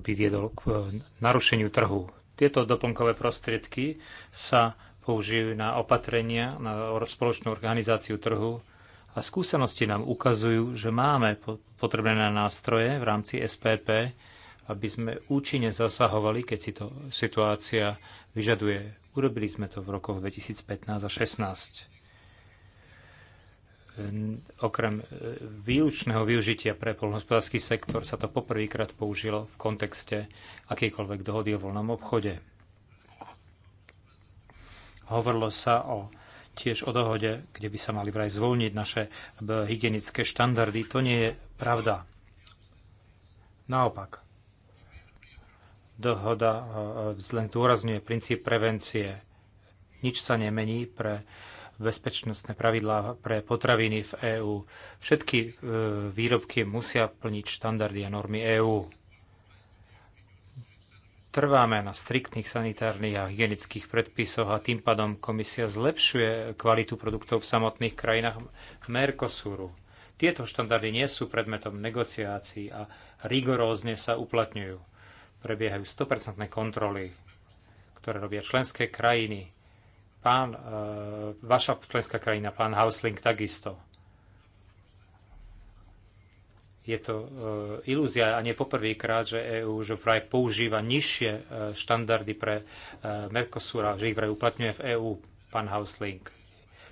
by viedol k narušeniu trhu. Tieto doplnkové prostriedky sa použijú na opatrenia, na spoločnú organizáciu trhu. A skúsenosti nám ukazujú, že máme potrebné nástroje v rámci SPP, aby sme účinne zasahovali, keď si to situácia vyžaduje. Urobili sme to v rokoch 2015 a 2016 okrem e, výlučného využitia pre polnohospodársky sektor sa to poprvýkrát použilo v kontexte akejkoľvek dohody o voľnom obchode. Hovorilo sa o, tiež o dohode, kde by sa mali vraj zvolniť naše hygienické štandardy. To nie je pravda. Naopak, dohoda e, e, len zdôrazňuje princíp prevencie. Nič sa nemení pre bezpečnostné pravidlá pre potraviny v EÚ. Všetky e, výrobky musia plniť štandardy a normy EÚ trváme na striktných sanitárnych a hygienických predpisoch a tým pádom komisia zlepšuje kvalitu produktov v samotných krajinách Mercosuru. Tieto štandardy nie sú predmetom negociácií a rigorózne sa uplatňujú. Prebiehajú 100% kontroly, ktoré robia členské krajiny. Pán, e, vaša členská krajina, pán Hausling, takisto je to e, ilúzia a nie poprvýkrát, že EÚ už vraj používa nižšie e, štandardy pre e, Mercosura, že ich vraj uplatňuje v EÚ, pán Hausling.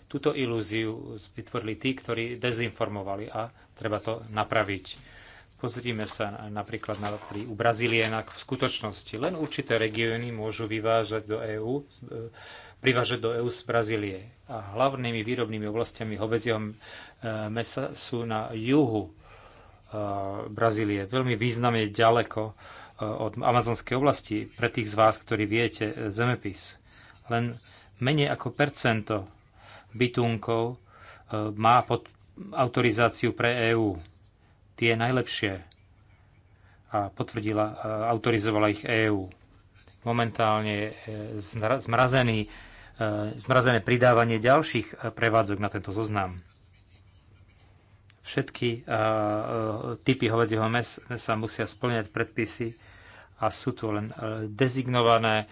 Túto ilúziu vytvorili tí, ktorí dezinformovali a treba to napraviť. Pozrime sa napríklad na, pri, u Brazílie na, v skutočnosti. Len určité regióny môžu vyvážať do EÚ, privážať do EÚ z Brazílie. A hlavnými výrobnými oblastiami hovedzieho mesa sú na juhu Eh, Brazílie. Veľmi významne ďaleko eh, od amazonskej oblasti, pre tých z vás, ktorí viete eh, zemepis. Len menej ako percento bytunkov má pod autorizáciu pre EÚ. Tie najlepšie. A potvrdila, autorizovala ich EÚ. Momentálne je zmrazený, zmrazené pridávanie ďalších prevádzok na tento zoznam. Všetky typy hovedzieho mesa musia splňať predpisy a sú tu len dezignované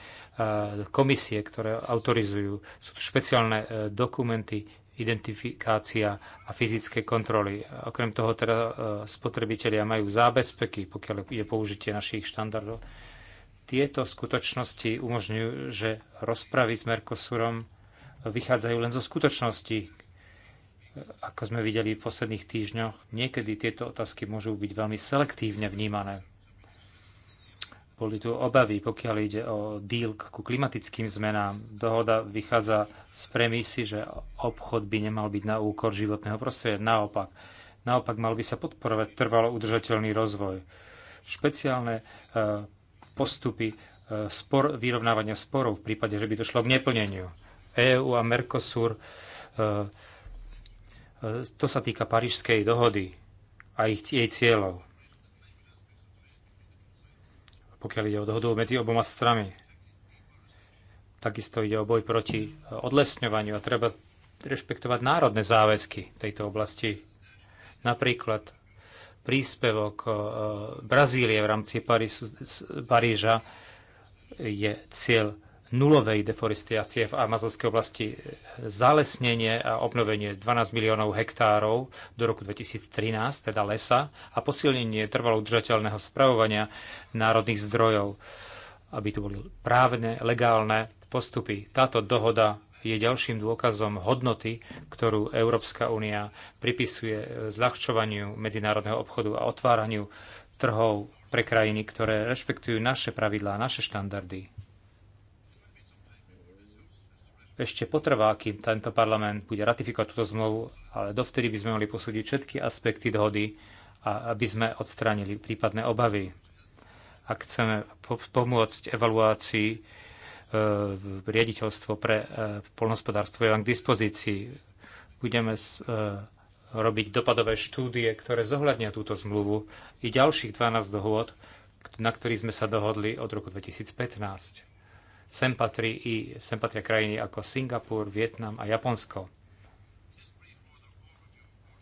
komisie, ktoré autorizujú. Sú tu špeciálne e, dokumenty, identifikácia a fyzické kontroly. Okrem toho teda e, spotrebitelia majú zábezpeky, pokiaľ je použitie našich štandardov. Tieto skutočnosti umožňujú, že rozpravy s Mercosurom vychádzajú len zo skutočnosti, ako sme videli v posledných týždňoch, niekedy tieto otázky môžu byť veľmi selektívne vnímané. Boli tu obavy, pokiaľ ide o díl ku klimatickým zmenám. Dohoda vychádza z premisy, že obchod by nemal byť na úkor životného prostredia. Naopak, naopak mal by sa podporovať trvalo udržateľný rozvoj. Špeciálne e, postupy e, spor, vyrovnávania sporov v prípade, že by došlo k neplneniu. EU a Mercosur e, E, to sa týka Parížskej dohody a ich, jej cieľov. Pokiaľ ide o dohodu medzi oboma stranami. Takisto ide o boj proti e, odlesňovaniu a treba rešpektovať národné záväzky v tejto oblasti. Napríklad príspevok e, Brazílie v rámci Paríža je cieľ nulovej deforestácie v amazonskej oblasti, zalesnenie a obnovenie 12 miliónov hektárov do roku 2013, teda lesa, a posilnenie trvalo udržateľného spravovania národných zdrojov, aby tu boli právne, legálne postupy. Táto dohoda je ďalším dôkazom hodnoty, ktorú Európska únia pripisuje zľahčovaniu medzinárodného obchodu a otváraniu trhov pre krajiny, ktoré rešpektujú naše pravidlá, naše štandardy ešte potrvá, kým tento parlament bude ratifikovať túto zmluvu, ale dovtedy by sme mali posúdiť všetky aspekty dohody a aby sme odstránili prípadné obavy. Ak chceme pomôcť evaluácii, e, riaditeľstvo pre e, polnospodárstvo je vám k dispozícii. Budeme e, robiť dopadové štúdie, ktoré zohľadnia túto zmluvu i ďalších 12 dohôd, na ktorých sme sa dohodli od roku 2015. Sem, patrí i, sem patria krajiny ako Singapur, Vietnam a Japonsko.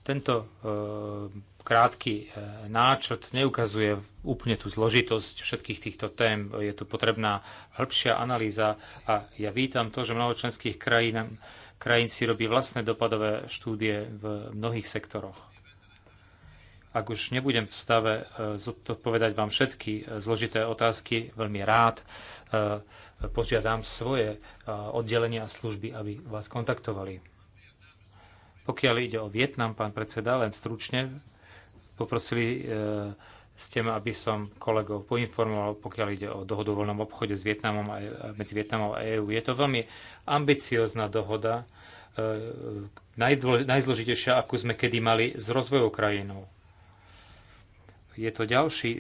Tento e, krátky e, náčrt neukazuje úplne tú zložitosť všetkých týchto tém. Je tu potrebná hĺbšia analýza a ja vítam to, že mnoho členských krajín, krajín si robí vlastné dopadové štúdie v mnohých sektoroch ak už nebudem v stave e, zodpovedať vám všetky e, zložité otázky, veľmi rád E, požiadam svoje e, oddelenia a služby, aby vás kontaktovali. Pokiaľ ide o Vietnam, pán predseda, len stručne poprosili e, ste tým, aby som kolegov poinformoval, pokiaľ ide o dohodu o voľnom obchode s Vietnamom a medzi Vietnamom a EÚ. Je to veľmi ambiciozná dohoda, najzložitejšia, akú sme kedy mali s rozvojou krajinou je to ďalší e,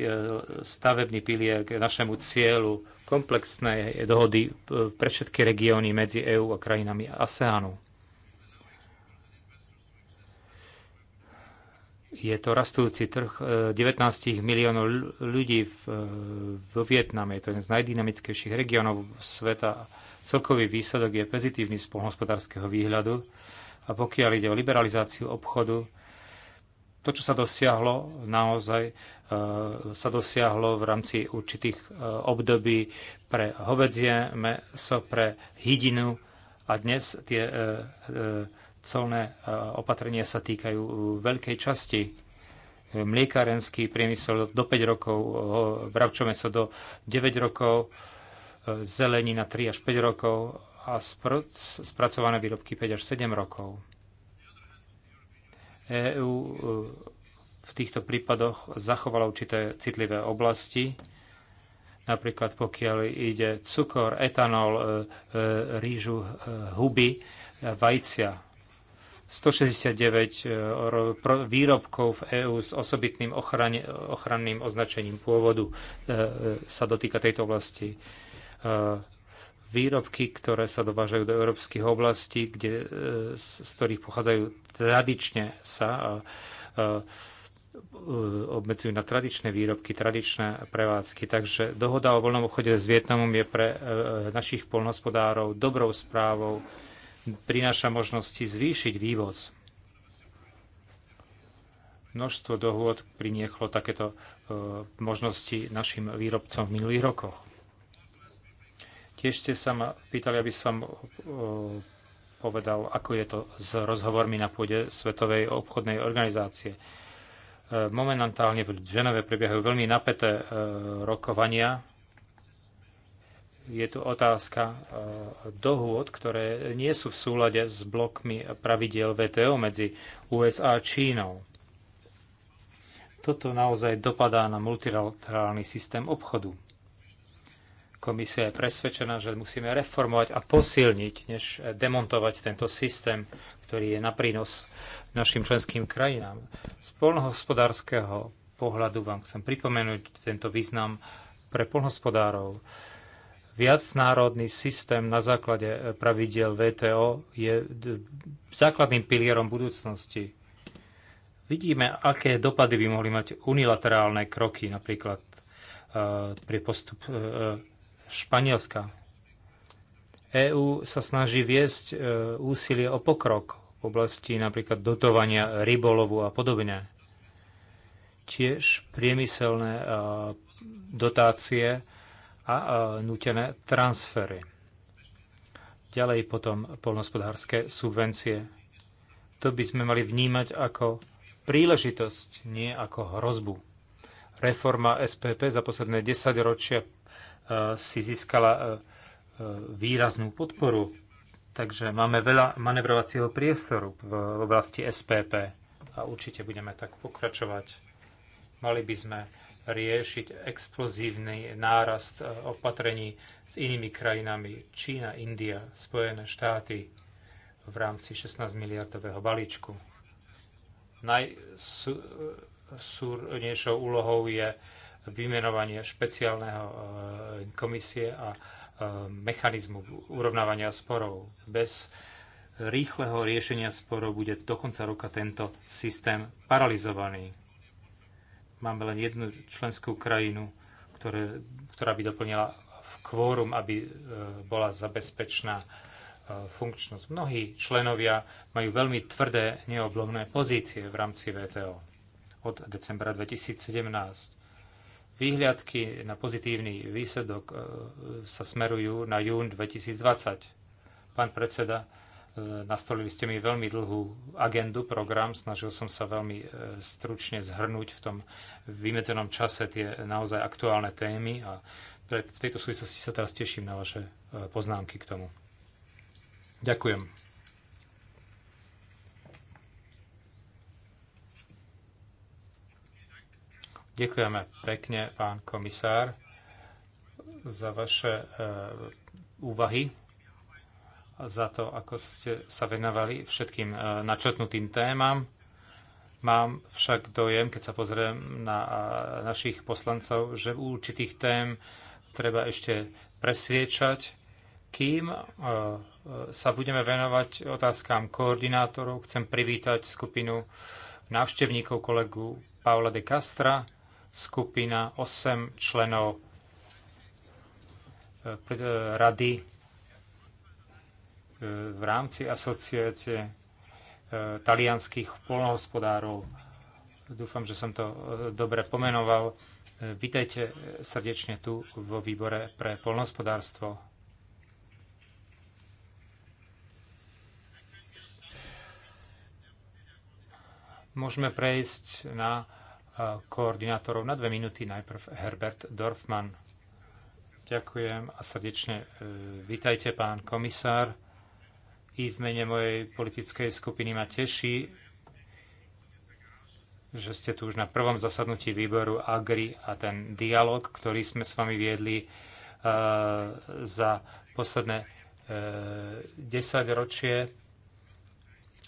stavebný pilier k našemu cieľu komplexnej dohody e, pre všetky regióny medzi EÚ a krajinami ASEANu. Je to rastúci trh 19 e, miliónov ľudí vo Vietname. Je to jeden z najdynamickejších regiónov sveta. Celkový výsledok je pozitívny z pohospodárskeho výhľadu. A pokiaľ ide o liberalizáciu obchodu, to, čo sa dosiahlo, naozaj e, sa dosiahlo v rámci určitých e, období pre hovedzie meso, pre hydinu a dnes tie e, colné opatrenia sa týkajú veľkej časti mliekarenský priemysel do 5 rokov, sa do 9 rokov, zelenina 3 až 5 rokov a spracované výrobky 5 až 7 rokov. EÚ e, v týchto prípadoch zachovala určité citlivé oblasti, napríklad pokiaľ ide cukor, etanol, e, e, rýžu, huby, vajcia. 169 výrobkov v EÚ s osobitným ochranným označením pôvodu sa dotýka tejto oblasti výrobky, ktoré sa dovážajú do európskych oblastí, kde, e, z, ktorých pochádzajú tradične sa a, a, e, e, obmedzujú na tradičné výrobky, tradičné prevádzky. Takže dohoda o voľnom obchode s Vietnamom je pre našich polnospodárov dobrou správou, prináša možnosti zvýšiť vývoz. Množstvo dohôd priniechlo takéto možnosti našim výrobcom v minulých rokoch. Tiež ste sa ma pýtali, aby som e, povedal, ako je to s rozhovormi na pôde Svetovej obchodnej organizácie. E, momentálne v Ženeve prebiehajú veľmi napäté e, rokovania. Je tu otázka dohôd, ktoré nie sú v súlade s blokmi pravidiel VTO medzi USA a Čínou. Toto naozaj dopadá na multilaterálny systém obchodu. Komisia je presvedčená, že musíme reformovať a posilniť, než demontovať tento systém, ktorý je na prínos našim členským krajinám. Z polnohospodárskeho pohľadu vám chcem pripomenúť tento význam pre polnohospodárov. Viacnárodný systém na základe pravidiel VTO je základným pilierom budúcnosti. Vidíme, aké dopady by mohli mať unilaterálne kroky, napríklad e, pri postup e, e, Španielska. EÚ sa snaží viesť e, úsilie o pokrok v oblasti napríklad dotovania rybolovu a podobne. Tiež priemyselné e, dotácie a e, nutené transfery. Ďalej potom polnospodárske subvencie. To by sme mali vnímať ako príležitosť, nie ako hrozbu. Reforma SPP za posledné 10 ročia si získala e, e, výraznú podporu. Takže máme veľa manevrovacieho priestoru v oblasti SPP a určite budeme tak pokračovať. Mali by sme riešiť explozívny nárast e, opatrení s inými krajinami Čína, India, Spojené štáty v rámci 16 miliardového balíčku. Najsúrnejšou úlohou je vymenovanie špeciálneho e, komisie a e, mechanizmu urovnávania sporov. Bez rýchleho riešenia sporov bude do konca roka tento systém paralizovaný. Máme len jednu členskú krajinu, ktoré, ktorá by doplnila v kvórum, aby e, bola zabezpečná funkčnosť. Mnohí členovia majú veľmi tvrdé neoblomné pozície v rámci VTO od decembra 2017. Výhľadky na pozitívny výsledok e, sa smerujú na jún 2020. Pán predseda, e, nastolili ste mi veľmi dlhú agendu, program. Snažil som sa veľmi e, stručne zhrnúť v tom vymedzenom čase tie naozaj aktuálne témy a v tejto súvislosti sa teraz teším na vaše poznámky k tomu. Ďakujem. Ďakujeme pekne, pán komisár, za vaše eh, úvahy a za to, ako ste sa venovali všetkým eh, načetnutým témam. Mám však dojem, keď sa pozriem na eh, našich poslancov, že u určitých tém treba ešte presviečať, kým sa budeme venovať otázkám koordinátorov. Chcem privítať skupinu návštevníkov kolegu Paula de Castra, skupina 8 členov e, e, rady e, v rámci asociácie talianských polnohospodárov. Dúfam, že som to dobre pomenoval. Vítajte srdečne tu vo výbore pre polnohospodárstvo. Môžeme prejsť na koordinátorov na dve minúty. Najprv Herbert Dorfman. Ďakujem a srdečne e, vítajte, pán komisár. I v mene mojej politickej skupiny ma teší, že ste tu už na prvom zasadnutí výboru AGRI a ten dialog, ktorý sme s vami viedli e, za posledné 10 e, ročie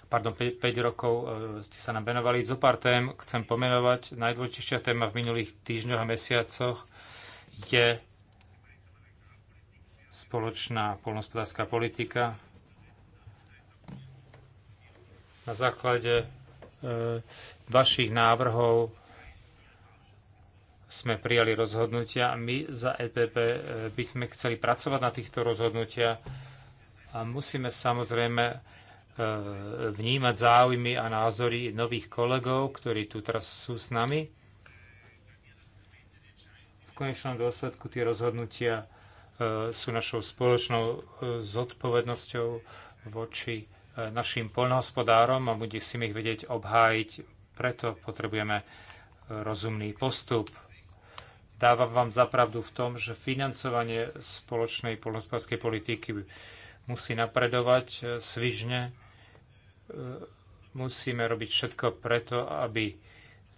pardon, 5, 5 rokov e, ste sa nám venovali. Zo pár tém chcem pomenovať. Najdôležitejšia téma v minulých týždňoch a mesiacoch je spoločná polnospodárska politika na základe e, vašich návrhov sme prijali rozhodnutia a my za EPP e, by sme chceli pracovať na týchto rozhodnutia a musíme samozrejme E, vnímať záujmy a názory nových kolegov, ktorí tu teraz sú s nami. V konečnom dôsledku tie rozhodnutia e, sú našou spoločnou e, zodpovednosťou voči našim poľnohospodárom a si ich vedieť obhájiť. Preto potrebujeme rozumný postup dávam vám zapravdu v tom, že financovanie spoločnej poľnohospodárskej politiky musí napredovať svižne musíme robiť všetko preto, aby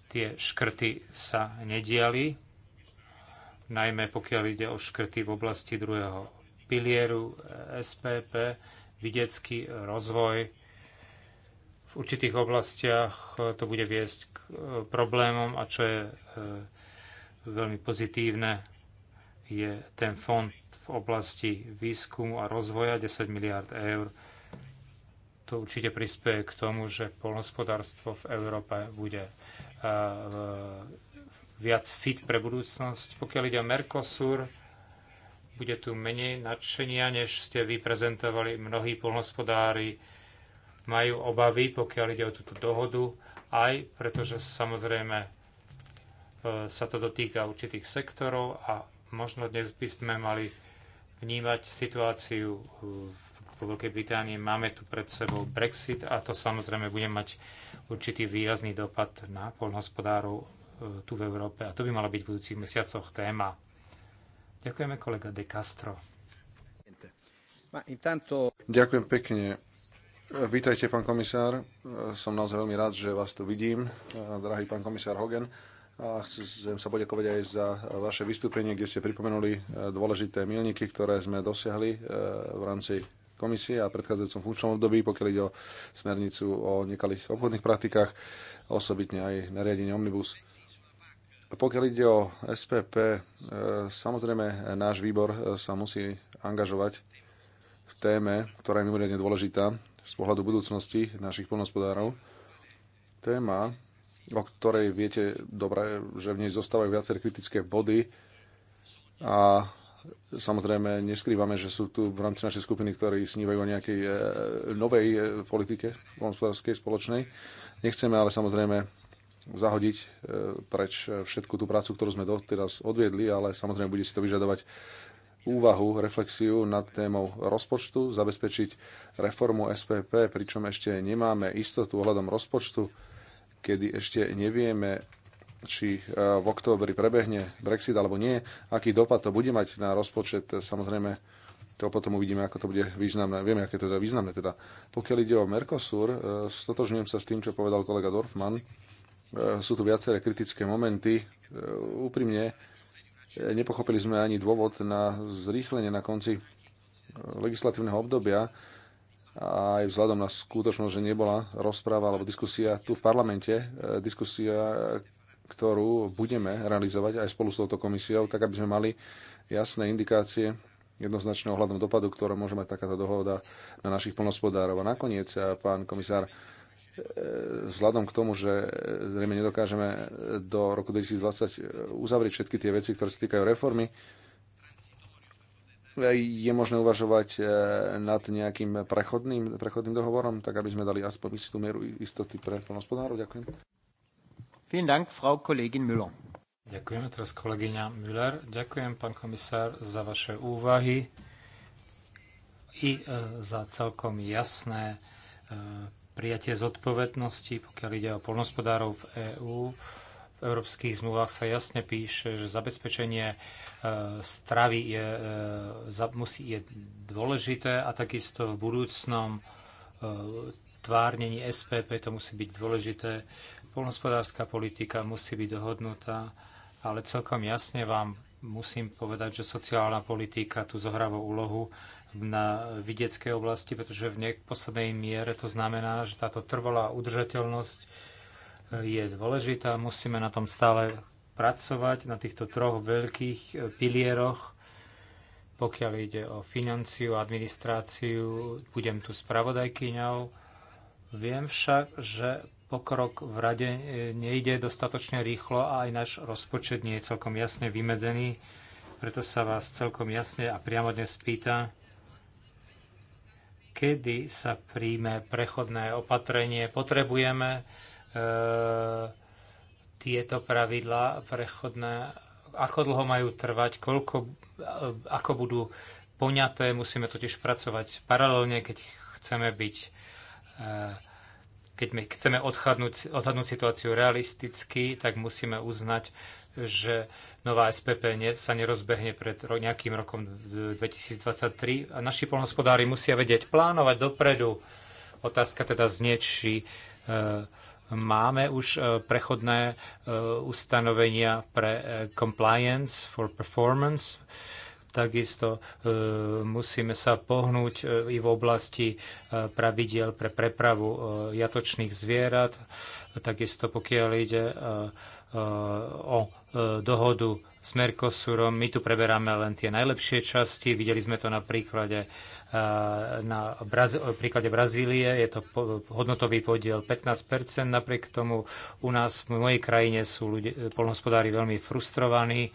tie škrty sa nediali, najmä pokiaľ ide o škrty v oblasti druhého pilieru, SPP, videcký rozvoj. V určitých oblastiach to bude viesť k e, problémom a čo je e, veľmi pozitívne, je ten fond v oblasti výskumu a rozvoja 10 miliard eur, to určite prispieje k tomu, že polnospodárstvo v Európe bude viac fit pre budúcnosť. Pokiaľ ide o Mercosur, bude tu menej nadšenia, než ste vy prezentovali. Mnohí polnospodári majú obavy, pokiaľ ide o túto dohodu, aj pretože samozrejme e, sa to dotýka určitých sektorov a možno dnes by sme mali vnímať situáciu v po Veľkej Británii. Máme tu pred sebou Brexit a to samozrejme bude mať určitý výrazný dopad na polnohospodárov e, tu v Európe a to by mala byť v budúcich mesiacoch téma. Ďakujeme kolega De Castro.
Ďakujem pekne. Vítajte, pán komisár. Som naozaj veľmi rád, že vás tu vidím, drahý pán komisár Hogan. A chcem sa poďakovať aj za vaše vystúpenie, kde ste pripomenuli dôležité milníky, ktoré sme dosiahli e, v rámci komisie a predchádzajúcom funkčnom období, pokiaľ ide o smernicu o nekalých obchodných praktikách, osobitne aj nariadenie Omnibus. Pokiaľ ide o SPP, e, samozrejme náš výbor e, sa musí angažovať v téme, ktorá je mimoriadne dôležitá z pohľadu budúcnosti našich plnospodárov. Téma, o ktorej viete dobre, že v nej zostávajú viaceré kritické body a Samozrejme, neskrývame, že sú tu v rámci našej skupiny, ktorí snívajú o nejakej e, novej e, politike hospodárskej spoločnej. Nechceme ale samozrejme zahodiť e, preč všetku tú prácu, ktorú sme doteraz odviedli, ale samozrejme bude si to vyžadovať úvahu, reflexiu nad témou rozpočtu, zabezpečiť reformu SPP, pričom ešte nemáme istotu ohľadom rozpočtu, kedy ešte nevieme, či e, v októbri prebehne Brexit alebo nie, aký dopad to bude mať na rozpočet, e, samozrejme to potom uvidíme, ako to bude významné. Vieme, aké to je teda významné. Teda. Pokiaľ ide o Mercosur, e, stotožňujem sa s tým, čo povedal kolega Dorfman. Sú tu viaceré kritické momenty. Úprimne, nepochopili sme ani dôvod na zrýchlenie na konci legislatívneho obdobia a aj vzhľadom na skutočnosť, že nebola rozpráva alebo diskusia tu v parlamente, diskusia, ktorú budeme realizovať aj spolu s touto komisiou, tak aby sme mali jasné indikácie jednoznačného ohľadom dopadu, ktoré môže mať takáto dohoda na našich plnospodárov. A nakoniec, eh, pán komisár, eh, vzhľadom k tomu, že eh, zrejme nedokážeme do roku 2020 uzavrieť všetky tie veci, ktoré sa týkajú reformy, je možné uvažovať nad nejakým prechodným, prechodným dohovorom, tak aby sme dali aspoň istú mieru istoty pre plnospodárov. Ďakujem. Dank, Frau Kollegin Müller.
Ďakujem teraz kolegyňa Müller. Ďakujem, pán komisár, za vaše úvahy i e, za celkom jasné e, prijatie zodpovednosti, pokiaľ ide o polnospodárov v EÚ. V európskych zmluvách sa jasne píše, že zabezpečenie e, stravy je, musí, je dôležité a takisto v budúcnom tvárnení SPP to musí byť dôležité Polnospodárska politika musí byť dohodnutá, ale celkom jasne vám musím povedať, že sociálna politika tu zohráva úlohu na vidieckej oblasti, pretože v poslednej miere to znamená, že táto trvalá udržateľnosť je dôležitá. Musíme na tom stále pracovať, na týchto troch veľkých pilieroch. Pokiaľ ide o financiu, administráciu, budem tu spravodajkyňou. Viem však, že pokrok v rade e, nejde dostatočne rýchlo a aj náš rozpočet nie je celkom jasne vymedzený. Preto sa vás celkom jasne a priamo dnes pýta, kedy sa príjme prechodné opatrenie. Potrebujeme e, tieto pravidlá prechodné, ako dlho majú trvať, koľko, e, ako budú poňaté. Musíme totiž pracovať paralelne, keď chceme byť e, keď my chceme odhadnúť, odhadnúť situáciu realisticky, tak musíme uznať, že nová SPP ne, sa nerozbehne pred ro, nejakým rokom 2023 a naši polnospodári musia vedieť plánovať dopredu. Otázka teda znie, či e, máme už e, prechodné e, ustanovenia pre e, compliance for performance. E, Takisto e, musíme sa pohnúť e, i v oblasti e, pravidiel pre prepravu jatočných zvierat. Takisto pokiaľ ide o dohodu s Mercosurom, my tu preberáme len tie najlepšie časti. Videli sme to na príklade na Braz- príklade Brazílie je to hodnotový podiel 15%, napriek tomu u nás v mojej krajine sú ľudia, polnohospodári veľmi frustrovaní,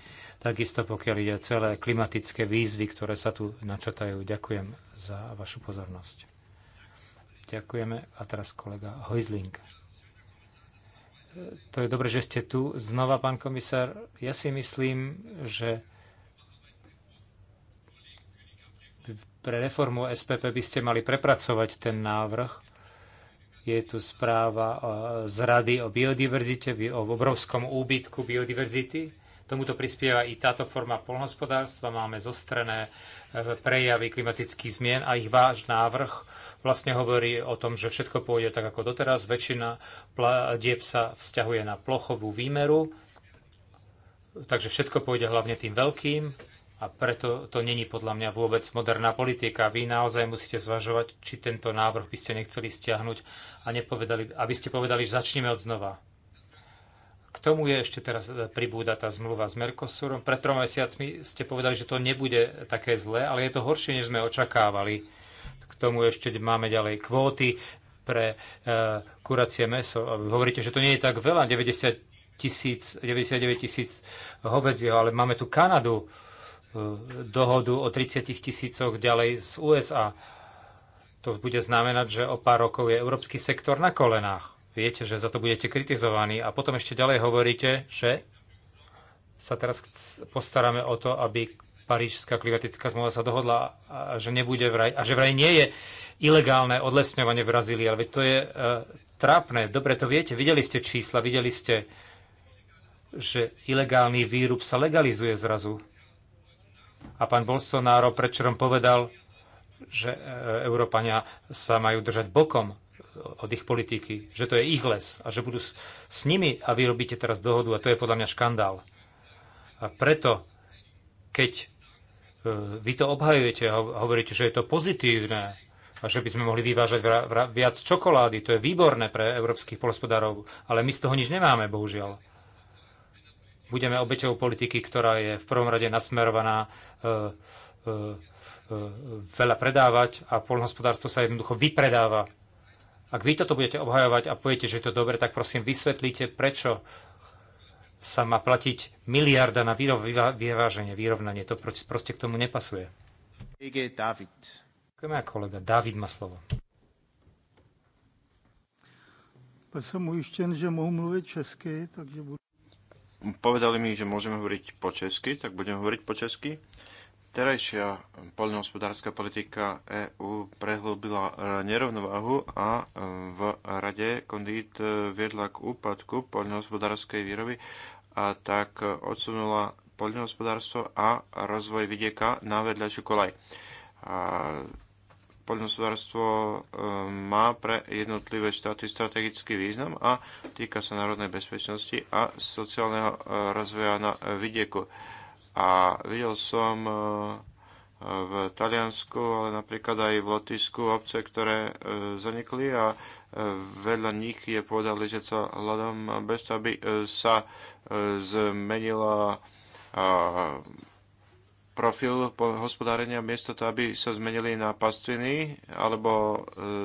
Takisto pokiaľ ide celé klimatické výzvy, ktoré sa tu načatajú. Ďakujem za vašu pozornosť. Ďakujeme. A teraz kolega Hojzling. To je dobre, že ste tu. Znova, pán komisár, ja si myslím, že pre reformu SPP by ste mali prepracovať ten návrh. Je tu správa eh, z Rady o biodiverzite, o obrovskom úbytku biodiverzity Tomuto prispieva i táto forma polnohospodárstva. Máme zostrené e, prejavy klimatických zmien a ich váš návrh vlastne hovorí o tom, že všetko pôjde tak ako doteraz. Väčšina dieb sa vzťahuje na plochovú výmeru, takže všetko pôjde hlavne tým veľkým a preto to není podľa mňa vôbec moderná politika. Vy naozaj musíte zvažovať, či tento návrh by ste nechceli stiahnuť a nepovedali, aby ste povedali, že začneme od znova k tomu je ešte teraz e, pribúda tá zmluva s Mercosurom. Pred troma mesiacmi ste povedali, že to nebude také zlé, ale je to horšie, než sme očakávali. K tomu ešte máme ďalej kvóty pre e, kuracie meso. hovoríte, že to nie je tak veľa, 90 tisíc, 99 tisíc hovedzieho, ale máme tu Kanadu, e, dohodu o 30 tisícoch ďalej z USA. To bude znamenať, že o pár rokov je európsky sektor na kolenách viete, že za to budete kritizovaní a potom ešte ďalej hovoríte, že sa teraz postaráme o to, aby Parížská klimatická zmluva sa dohodla a že nebude vraj, a že vraj nie je ilegálne odlesňovanie v Brazílii, ale to je uh, trápne. Dobre, to viete, videli ste čísla, videli ste, že ilegálny výrub sa legalizuje zrazu. A pán Bolsonaro predčerom povedal, že e, Európania sa majú držať bokom od ich politiky, že to je ich les a že budú s nimi a vy robíte teraz dohodu a to je podľa mňa škandál. A preto, keď e, vy to obhajujete a hovoríte, že je to pozitívne a že by sme mohli vyvážať viac čokolády, to je výborné pre európskych polospodárov, ale my z toho nič nemáme, bohužiaľ. Budeme obeťou politiky, ktorá je v prvom rade nasmerovaná e, e, e, veľa predávať a polnohospodárstvo sa jednoducho vypredáva ak vy toto budete obhajovať a poviete, že je to dobre, tak prosím vysvetlite, prečo sa má platiť miliarda na výrov, vyváženie, vyrovnanie. To proste k tomu nepasuje. Ege David. Ďakujem, kolega. David má slovo.
Pa som ujišten, že mohu mluviť česky, takže budu...
Povedali mi, že môžeme hovoriť po česky, tak budem hovoriť po česky. Terajšia poľnohospodárska politika EÚ prehlbila e, nerovnováhu a e, v rade kondít e, viedla k úpadku poľnohospodárskej výroby a tak odsunula poľnohospodárstvo a rozvoj vidieka na vedľajšiu kolaj. Poľnohospodárstvo má pre jednotlivé štáty strategický význam a týka sa národnej bezpečnosti a sociálneho rozvoja na vidieku. A videl som e, v Taliansku, ale napríklad aj v Lotisku obce, ktoré e, zanikli a e, vedľa nich je povedal ležiaca hľadom bez toho, aby sa zmenila profil hospodárenia, miesto to, aby sa zmenili na pastviny alebo e,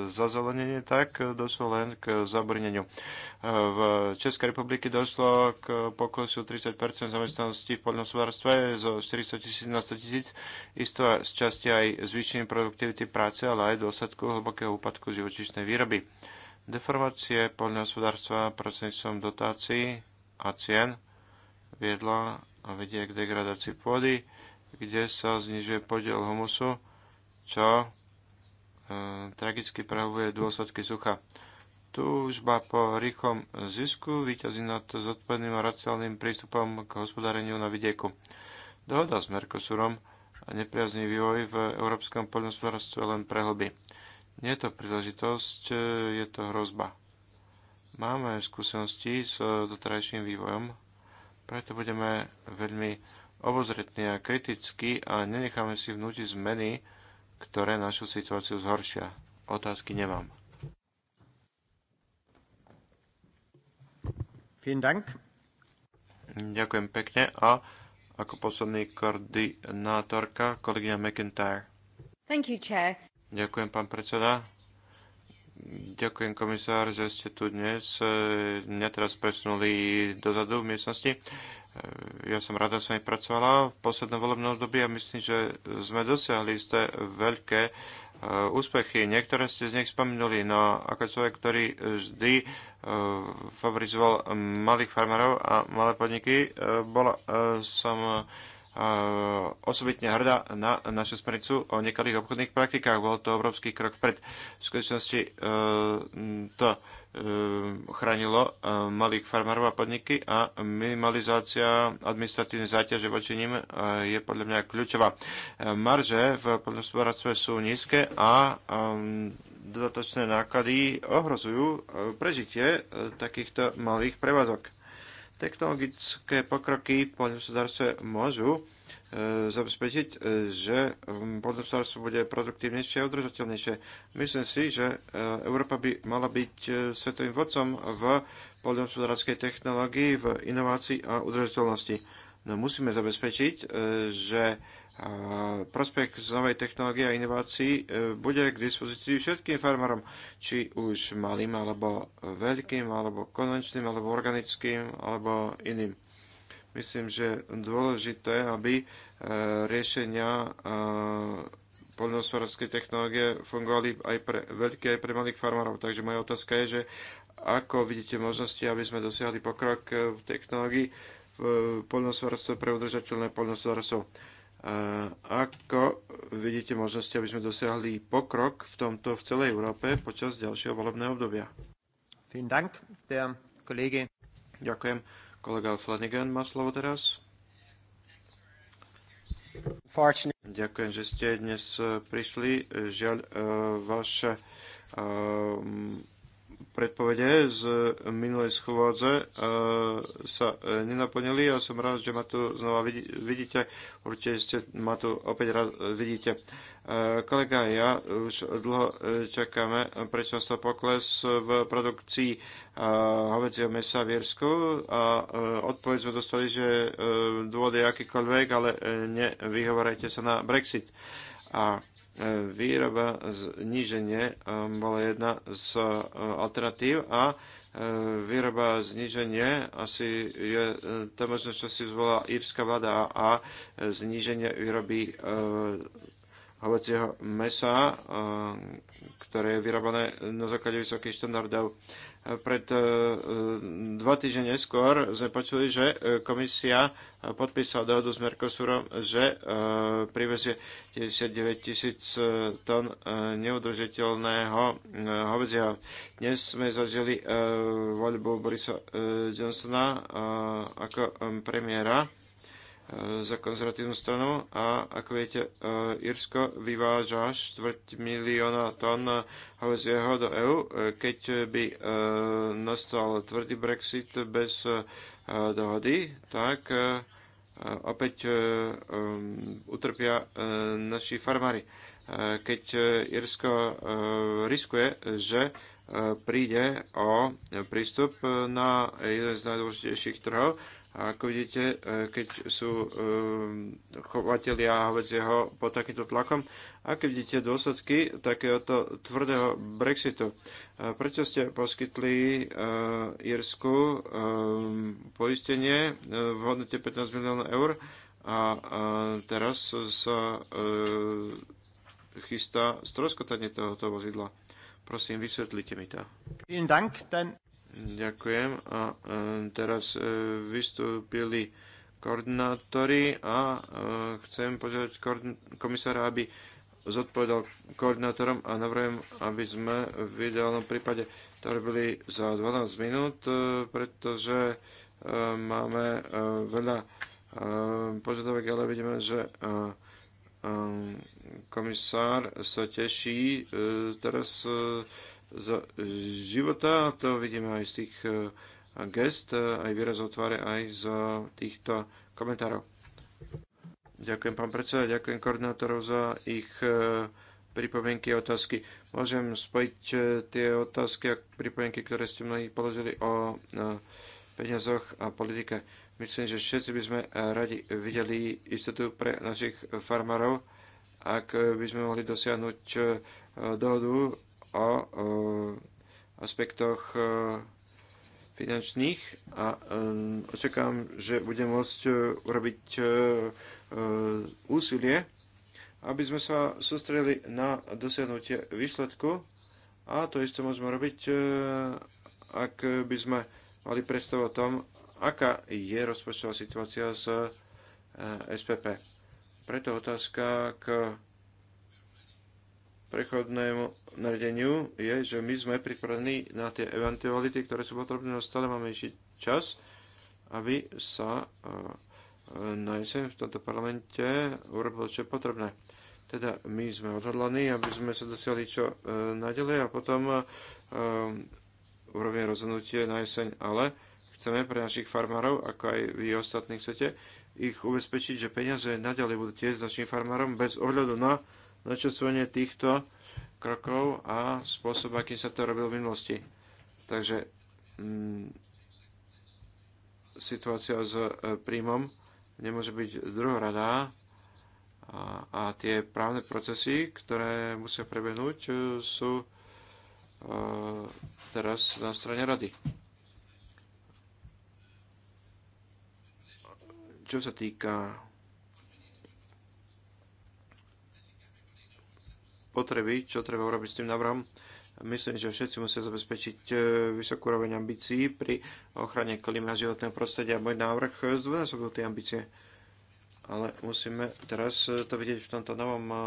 zazelenenie, tak došlo len k zabrneniu. E, v Českej republike došlo k poklesu 30 zamestnanosti v poľnohospodárstve zo 400 tisíc na 100 tisíc, isto z časti aj zvýšením produktivity práce, ale aj dôsledku hlbokého úpadku živočíšnej výroby. Deformácie poľnohospodárstva prostredníctvom dotácií a cien viedla a vedie k degradácii pôdy, kde sa znižuje podiel humusu, čo e, tragicky prehovuje dôsledky sucha. Túžba po rýchlom zisku vyťazí nad zodpovedným a racionálnym prístupom k hospodáreniu na vidieku. Dohoda s Mercosurom a nepriazný vývoj v európskom poľnospodárstve len prehlby. Nie je to príležitosť, e, je to hrozba. Máme skúsenosti s doterajším vývojom, preto budeme veľmi obozretní a kritickí a nenecháme si vnútiť zmeny, ktoré našu situáciu zhoršia. Otázky nemám. Ďakujem pekne. A ako posledný koordinátorka, kolegyňa McIntyre. You, Ďakujem, pán predseda. Ďakujem, komisár, že ste tu dnes. Eh, mňa teraz presunuli dozadu v miestnosti ja som rada, som aj pracovala v poslednom volebnom období a myslím, že sme dosiahli isté veľké e, úspechy. Niektoré ste z nich spomenuli, no ako človek, ktorý vždy e, favorizoval malých farmárov a malé podniky, e, bola som osobitne hrdá na našu smernicu o nekalých obchodných praktikách. Bol to obrovský krok vpred. V skutočnosti e, to e, chránilo e, malých farmárov a podniky a minimalizácia administratívnej záťaže voči ním je podľa mňa kľúčová. Marže v poľnohospodárstve sú nízke a dodatočné náklady ohrozujú prežitie takýchto malých prevádzok. Technologické pokroky v poľnohospodárstve môžu e, zabezpečiť, e, že poľnohospodárstvo bude produktívnejšie a udržateľnejšie. Myslím si, že e, Európa by mala byť svetovým vodcom v poľnohospodárskej technológii, v inovácii a udržateľnosti. No, musíme zabezpečiť, že prospekt z novej technológie a inovácií e, bude k dispozícii všetkým farmárom, či už malým, alebo veľkým, alebo konvenčným, alebo organickým, alebo iným. Myslím, že dôležité, aby e, riešenia e, poľnohospodárskej technológie fungovali aj pre veľké aj pre malých farmárov. Takže moja otázka je, že ako vidíte možnosti, aby sme dosiahli pokrok v technológii v poľnohospodárstve pre udržateľné poľnohospodárstvo. Ako vidíte možnosti, aby sme dosiahli pokrok v tomto v celej Európe počas ďalšieho volebného obdobia? Ďakujem. Kolega Flanagan má slovo teraz. Ďakujem, že ste dnes eh, prišli. Eh, Žiaľ, eh, vaše predpovede z minulej schôdze e, sa e, nenaplnili a som rád, že ma tu znova vidíte. Určite ste ma tu opäť raz e, vidíte. Kolega a ja už dlho čakáme prečasto pokles v produkcii hovedzieho mesa v Jersku a odpoveď sme dostali, že dôvod je akýkoľvek, ale nevyhovorajte sa na Brexit. A E, výroba, zniženie e, bola jedna z e, alternatív a výroba zniženie asi je to možno, čo si zvolila írska vláda a zniženie výroby hovacieho mesa ktoré je vyrobené na základe vysokých štandardov. Pred e, dva týždne neskôr sme počuli, že e, komisia podpísala dohodu s Mercosurom, že e, privezie 99 tisíc tón neudržiteľného hovedzia. Dnes sme zažili voľbu Borisa Johnsona ako premiéra E, za konzervatívnu stranu a ako viete, e, Irsko vyváža štvrť milióna tón hovedzieho do EÚ. E, keď by nastal tvrdý Brexit bez dohody, tak opäť utrpia naši farmári. Keď Irsko riskuje, že príde o prístup na jeden z najdôležitejších trhov, a ako vidíte, e, keď sú e, chovatelia jeho pod takýmto tlakom, keď vidíte dôsledky takéhoto tvrdého Brexitu? E, prečo ste poskytli Írsku poistenie v hodnote 15 miliónov eur a teraz sa chystá stroskotanie tohoto vozidla? Prosím, vysvetlite mi to. Ďakujem. A e, teraz e, vystúpili koordinátori a e, chcem požiadať komisára, aby zodpovedal koordinátorom a navrhujem, aby sme v ideálnom prípade to robili za 12 minút, pretože máme veľa požiadavek, ale vidíme, že komisár sa teší teraz z života, to vidíme aj z tých e, gest, e, aj výrazov tváre, aj z týchto komentárov. Ďakujem pán predseda, ďakujem koordinátorov za ich e, pripomienky a otázky. Môžem spojiť tie otázky a pripomienky, ktoré ste mnohí položili o peniazoch a politike. Myslím, že všetci by sme radi videli istotu pre našich farmárov, ak by sme mohli dosiahnuť dohodu o aspektoch e, finančných a e, očakávam, že budem môcť e, urobiť úsilie, aby sme sa sústredili na dosiahnutie výsledku a to isté môžeme robiť, ak by sme mali predstavu o tom, aká je rozpočtová situácia z SPP. Preto otázka k prechodnému nariadeniu je, že my sme pripravení na tie eventuality, ktoré sú potrebné, no stále máme ešte čas, aby sa e, e, na jeseň v tomto parlamente urobilo, čo je potrebné. Teda my sme odhodlaní, aby sme sa dosiahli čo e, naďalej a potom e, e, urobíme rozhodnutie na jeseň, ale chceme pre našich farmárov, ako aj vy ostatní chcete, ich ubezpečiť, že peniaze naďalej budú tiež s našim farmárom bez ohľadu na e, načasovanie týchto krokov a spôsob, akým sa to robil v minulosti. Takže mm, situácia s e, príjmom nemôže byť druhoradá a, a tie právne procesy, ktoré musia prebehnúť, e, sú e, teraz na strane rady. Čo sa týka potreby, čo treba urobiť s tým návrhom. Myslím, že všetci musia zabezpečiť e, vysokú úroveň ambícií pri ochrane klímy a životného prostredia. Môj návrh zdvojnásobil tie ambície. Ale musíme teraz e, to vidieť v tomto novom e,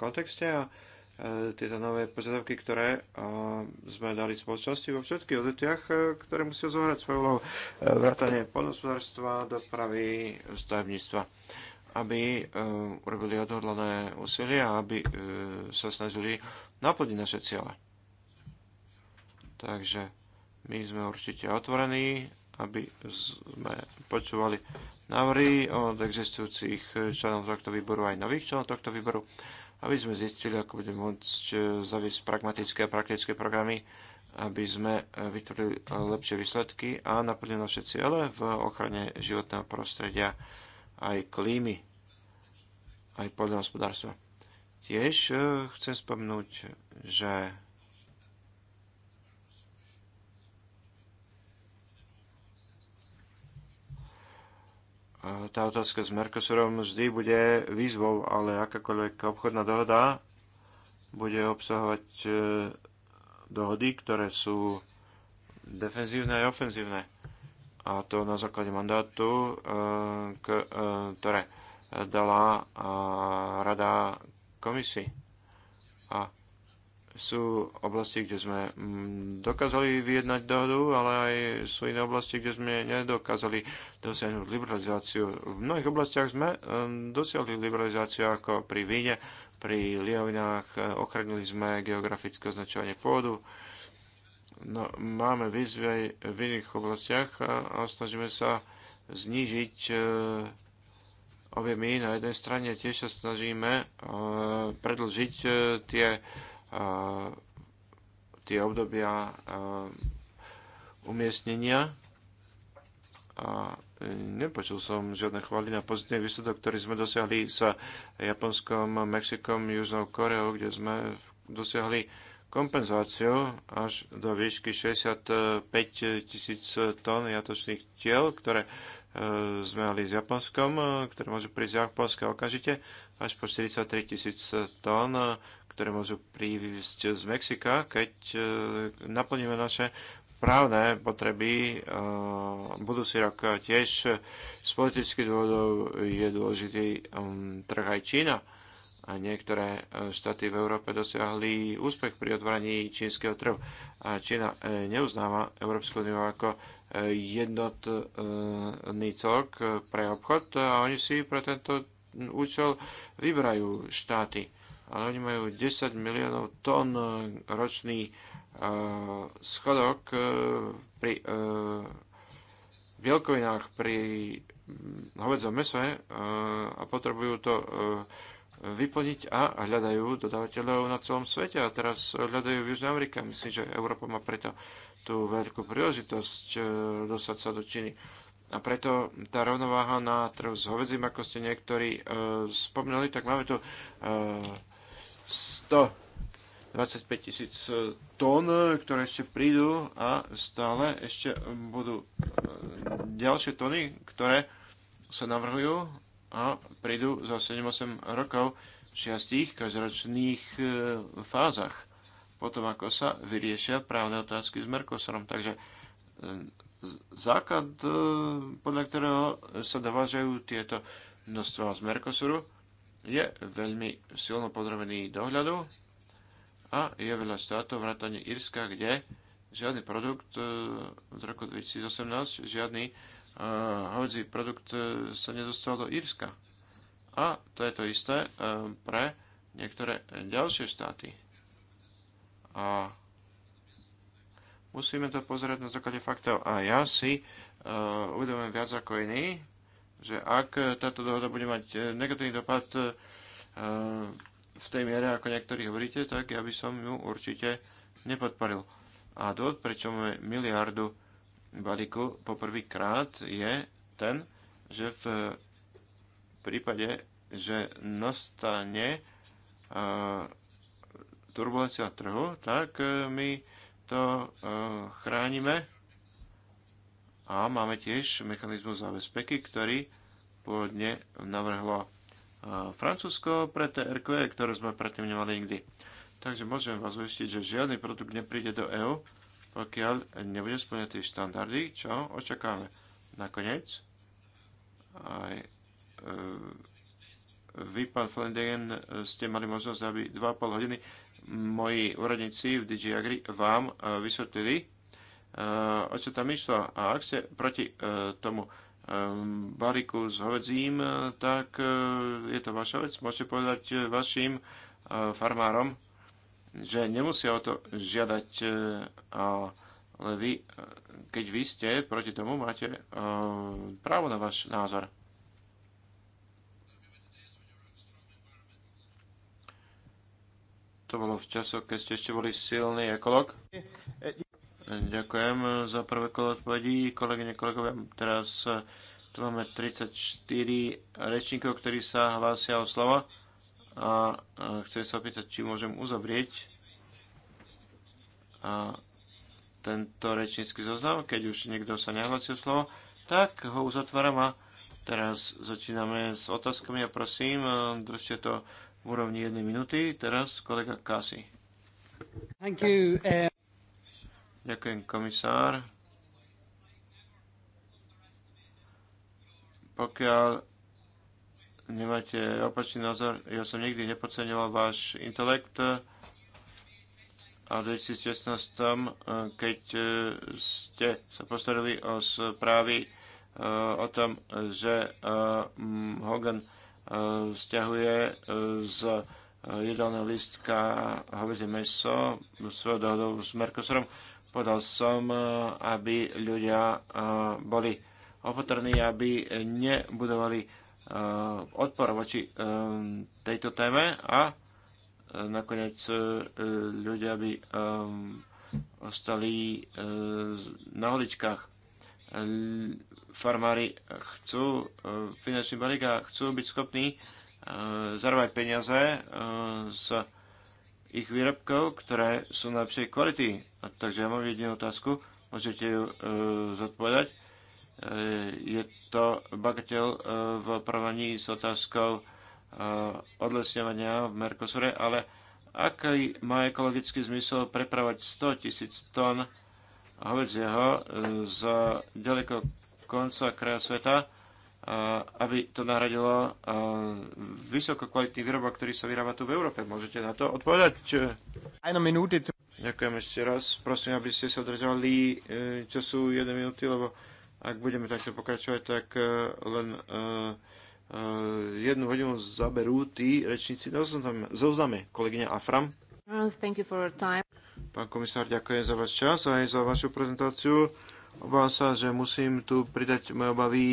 kontexte a tieto nové požiadavky, ktoré sme dali spoločnosti vo všetkých odvetiach, ktoré musia zohrať svoju úlohu. Vrátanie poľnohospodárstva, dopravy, stavebníctva aby eh, urobili odhodlané úsilie a aby eh, sa snažili naplniť naše ciele. Takže my sme určite otvorení, aby sme počúvali návrhy od existujúcich členov tohto výboru aj nových členov tohto výboru, aby sme zistili, ako budeme môcť eh, zaviesť pragmatické a praktické programy, aby sme vytvorili lepšie výsledky a naplnili naše ciele v ochrane životného prostredia aj klímy, aj poľnohospodárstva. Tiež e, chcem spomnúť, že e, tá otázka s Mercosurom vždy bude výzvou, ale akákoľvek obchodná dohoda bude obsahovať e, dohody, ktoré sú defenzívne a ofenzívne a to na základe mandátu, eh, eh, ktoré dala eh, rada komisi. A sú oblasti, kde sme mm, dokázali vyjednať dohodu, ale aj sú iné oblasti, kde sme nedokázali dosiahnuť liberalizáciu. V mnohých oblastiach sme dosiahli liberalizáciu ako pri víne, pri liovinách, ochránili sme geografické označovanie pôdu, No, máme výzvy aj v iných oblastiach a, a snažíme sa znížiť e, objemy na jednej strane, tiež sa snažíme e, predlžiť e, tie, e, tie obdobia e, umiestnenia a e, nepočul som žiadne chvály na pozitívny výsledok, ktorý sme dosiahli sa Japonskom, Mexikom, Južnou Koreou, kde sme dosiahli Kompenzáciou až do výšky 65 tisíc tón jatočných tiel, ktoré e, sme mali s Japonskom, e, ktoré môžu prísť z Japonska okamžite, až po 43 tisíc tón, e, ktoré môžu prísť z Mexika, keď naplníme naše právne potreby. Budúci rok tiež z politických dôvodov je dôležitý trh aj Čína a niektoré e, štáty v Európe dosiahli úspech pri otvorení čínskeho trhu. A Čína e, neuznáva Európsku úniu ako e, jednotný celok pre obchod a oni si pre tento účel vyberajú štáty. Ale oni majú 10 miliónov tón ročný schodok pri bielkovinách, pri hm, hovedzom mese a potrebujú to vyplniť a hľadajú dodávateľov na celom svete a teraz hľadajú v Južnej Amerike. Myslím, že Európa má preto tú veľkú príležitosť e, dostať sa do Číny. A preto tá rovnováha na trhu s hovedzím, ako ste niektorí e, spomínali, tak máme tu e, 125 tisíc e, tón, ktoré ešte prídu a stále ešte budú e, ďalšie tóny, ktoré sa navrhujú a prídu za 7-8 rokov v šiastých každoročných e, fázach potom ako sa vyriešia právne otázky s Mercosurom. Takže e, základ, e, podľa ktorého sa dovážajú tieto množstva z Mercosuru, je veľmi silno podrobený dohľadu a je veľa štátov, vrátane Irska, kde žiadny produkt z roku 2018, žiadny hovedzí produkt e, sa nedostal do Írska. A to je to isté e, pre niektoré ďalšie štáty. A musíme to pozerať na základe faktov. A ja si e, uvedomujem viac ako iný, že ak táto dohoda bude mať negatívny dopad v tej miere, ako niektorí hovoríte, tak ja by som ju určite nepodporil. A dôvod, prečo máme miliardu balíku poprvýkrát je ten, že v prípade, že nastane e, turbulencia trhu, tak e, my to e, chránime a máme tiež mechanizmus zabezpeky, ktorý pôvodne navrhlo Francúzsko pre TRQ, ktoré sme predtým nemali nikdy. Takže môžem vás ujistiť, že žiadny produkt nepríde do EÚ, pokiaľ nebude splňať tie štandardy, čo očakávame. Nakoniec aj e, vy, pán Flendegen, ste mali možnosť, aby 2,5 hodiny moji úradníci v DJ Agri vám e, vysvetlili, e, o čo tam išlo. A ak ste proti tomu bariku s hovedzím, tak je to vaša vec. Môžete povedať vašim farmárom, že nemusia o to žiadať, e, ale vy, e, keď vy ste proti tomu, máte e, právo na váš názor. To bolo v časoch, keď ste ešte boli silný ekolog. Ďakujem za prvé kolo odpovedí. Kolegyne, kolegovia, teraz tu máme 34 rečníkov, ktorí sa hlásia o slovo a chcem sa opýtať, či môžem uzavrieť a tento rečnícky zoznam, keď už niekto sa nehlasil slovo, tak ho uzatváram a teraz začíname s otázkami a prosím, držte to v úrovni jednej minúty. Teraz kolega Kasi.
Eh.
Ďakujem, komisár. Pokiaľ nemáte opačný názor. Ja som nikdy nepodceňoval váš intelekt a v 2016, e, keď e, ste sa postarili o správy e, o tom, že Hogan vzťahuje z jedálneho listka hovedzie meso svojou dohodou s Mercosurom. Podal som, aby ľudia boli opatrní, aby nebudovali Eh, odpor voči eh, tejto téme a eh, nakoniec ľudia by ostali na holičkách. Farmári chcú finančný balík a chcú byť schopní zarovať peniaze z ich výrobkov, ktoré sú najlepšej kvality. Takže ja mám jednu otázku, môžete ju zodpovedať je to bagatel e, v porovnaní s otázkou e, odlesňovania v Mercosure, ale aký má ekologický zmysel prepravať 100 tisíc tón hovedzieho e, z ďaleko konca kraja sveta, aby to nahradilo kvalitný výrobok, ktorý sa vyrába tu v Európe. Môžete na to odpovedať? Ďakujem ešte raz. Prosím, aby ste sa držali času 1 minúty, lebo ak budeme takto pokračovať, tak e, len e, e, jednu hodinu zaberú tí rečníci na zozname. Kolegyňa Afram. Pán komisár, ďakujem za váš čas a aj za vašu prezentáciu. Obávam sa, že musím tu pridať moje obavy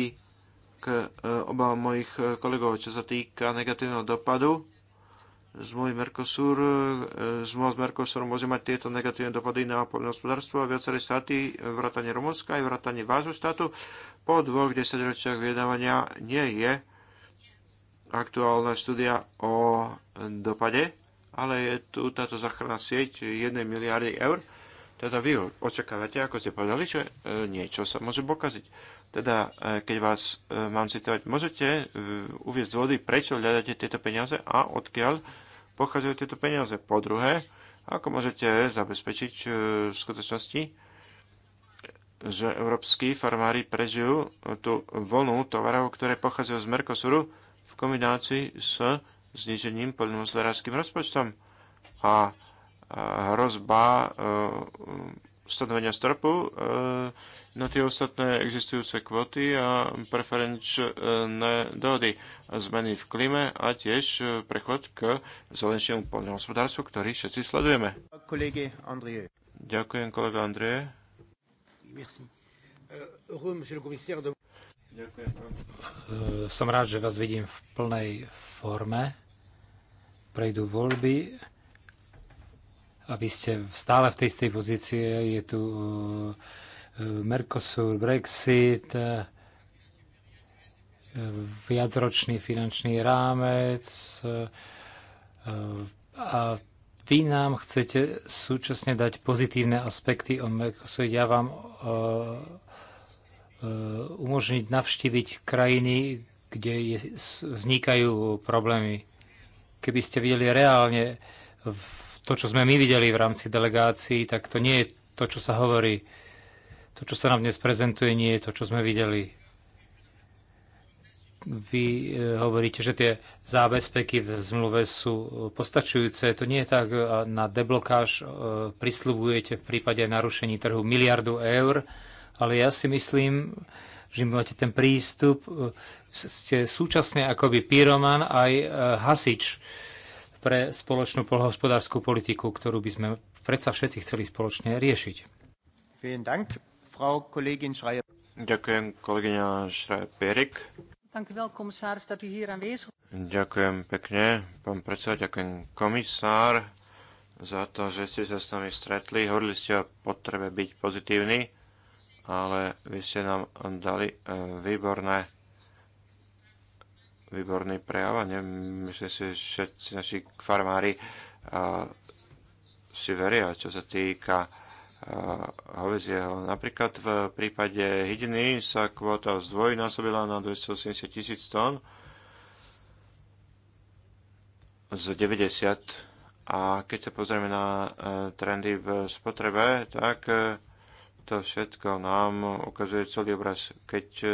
k obavám mojich kolegov, čo sa týka negatívneho dopadu zmluvy Mercosur, e, zmluva s Mercosurom môže mať tieto negatívne dopady na poľnohospodárstvo a viaceré štáty, vrátane Rumunska aj vrátane vášho štátu, po dvoch desaťročiach vyjednávania nie je aktuálna štúdia o dopade, ale je tu táto záchranná sieť 1 miliardy eur. Teda vy očakávate, ako ste povedali, že e, niečo sa môže pokaziť. Teda, e, keď vás mám citovať, môžete uviezť dôvody, prečo hľadáte tieto peniaze a odkiaľ pochádzajú tieto peniaze. Po druhé, ako môžete zabezpečiť e, v skutočnosti, že európsky farmári prežijú tú vlnu tovarov, ktoré pochádzajú z Mercosuru v kombinácii s znižením poľnohospodárským rozpočtom a hrozba e, stanovenia stropu e, na tie ostatné existujúce kvoty a preferenčné dohody, zmeny v klíme a tiež e, prechod k zelenšiemu poľnohospodárstvu, ktorý všetci sledujeme. Ďakujem, kolega
Andrie. Euh, Som rád, že vás vidím v plnej forme. Prejdú voľby aby ste stále v tej istej pozície. Je tu uh, uh, Mercosur, Brexit, uh, viacročný finančný rámec a vy nám chcete súčasne dať pozitívne aspekty o Mercosur. Ja vám umožniť navštíviť krajiny, kde je, vznikajú problémy. Keby ste videli reálne v to, čo sme my videli v rámci delegácií, tak to nie je to, čo sa hovorí. To, čo sa nám dnes prezentuje, nie je to, čo sme videli. Vy e, hovoríte, že tie zábezpeky v zmluve sú postačujúce. To nie je tak. E, na deblokáž e, prislubujete v prípade narušení trhu miliardu eur, ale ja si myslím, že máte ten prístup, ste súčasne akoby pyroman aj hasič pre spoločnú polhospodárskú politiku, ktorú by sme predsa všetci chceli spoločne riešiť.
Ďakujem, kolegyňa Šrajeperik.
Ďakujem pekne, pán predseda, ďakujem komisár za to, že ste sa s nami stretli. Hovorili ste o potrebe byť pozitívny, ale vy ste nám dali eh, výborné výborný prejav a myslím si, že všetci naši farmári si veria, čo sa týka hovezieho. Napríklad v prípade hydiny sa kvota zdvojnásobila na 280 tisíc tón z 90 a keď sa pozrieme na e, trendy v spotrebe, tak e, to všetko nám ukazuje celý obraz. Keď e,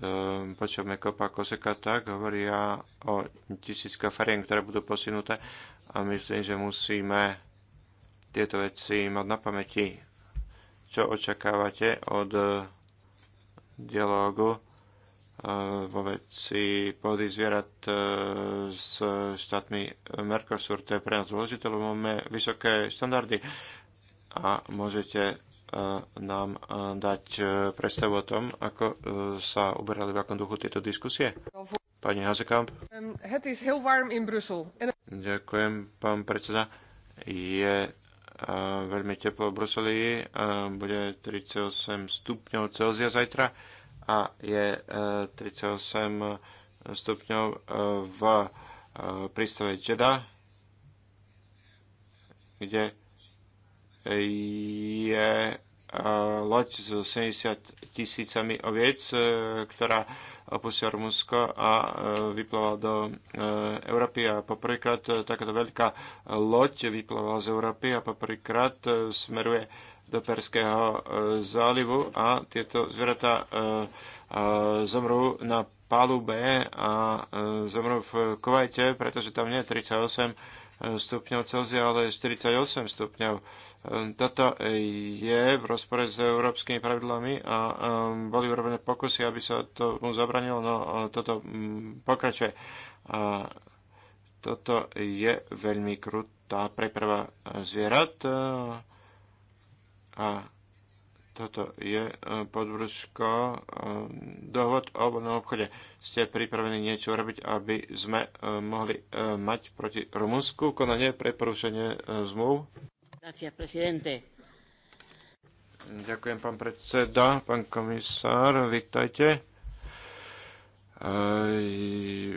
Ehm, počujeme kopa koseka, tak hovoria o tisícka farien, ktoré budú posunuté a myslím, že musíme tieto veci mať na pamäti. Čo očakávate od eh, dialógu eh, vo veci pohody zvierat eh, s štátmi Mercosur. To je pre nás dôležité, lebo máme vysoké štandardy a môžete nám dať e, predstavu o tom, ako e, sa uberali v akom duchu tieto diskusie? Pani Hazekamp. Ehm, Ďakujem, pán predseda. Je e, veľmi teplo v Bruseli, bude 38 stupňov Celzia zajtra a je 38 stupňov v prístave Jeddah, kde je e, loď s 70 tisícami oviec, e, ktorá opustila Rumunsko a e, vyplovala do Európy a poprvýkrát takáto veľká loď vyplávala z Európy a poprvýkrát smeruje do Perského zálivu a tieto zvieratá zomrú na palube a zomrú v Kovajte, pretože tam nie je 38 stupňov Celzia, ale 48 stupňov. Ehm, toto je v rozpore s európskymi pravidlami a ehm, boli urobené pokusy, aby sa to zabranilo, no toto mm, pokračuje. A toto je veľmi krutá preprava zvierat a toto je e, podvržko e, dohod o voľnom obchode. Ste pripravení niečo robiť, aby sme e, mohli mať proti Rumunsku konanie pre porušenie zmluv? Ďakujem, pán predseda, pán komisár, vítajte.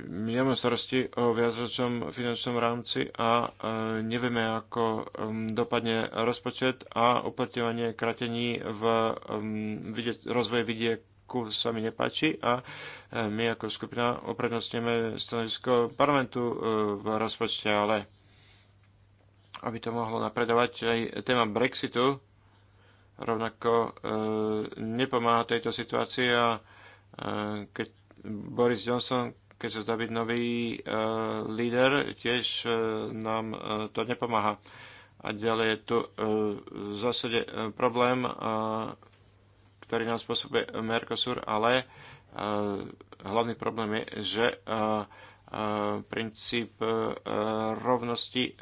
My máme starosti o viacročnom finančnom rámci a e, nevieme, ako dopadne rozpočet a uplatňovanie kratení v rozvoji vidieku sa mi nepáči a e, my ako skupina oprednostneme stanovisko parlamentu e, v rozpočte, ale aby to mohlo napredovať aj téma Brexitu, rovnako nepomáha tejto situácii a keď Boris Johnson, keď sa zdá byť nový uh, líder, tiež uh, nám uh, to nepomáha. A ďalej je tu uh, v zásade uh, problém, uh, ktorý nám spôsobuje Mercosur, ale uh, hlavný problém je, že uh, princíp rovnosti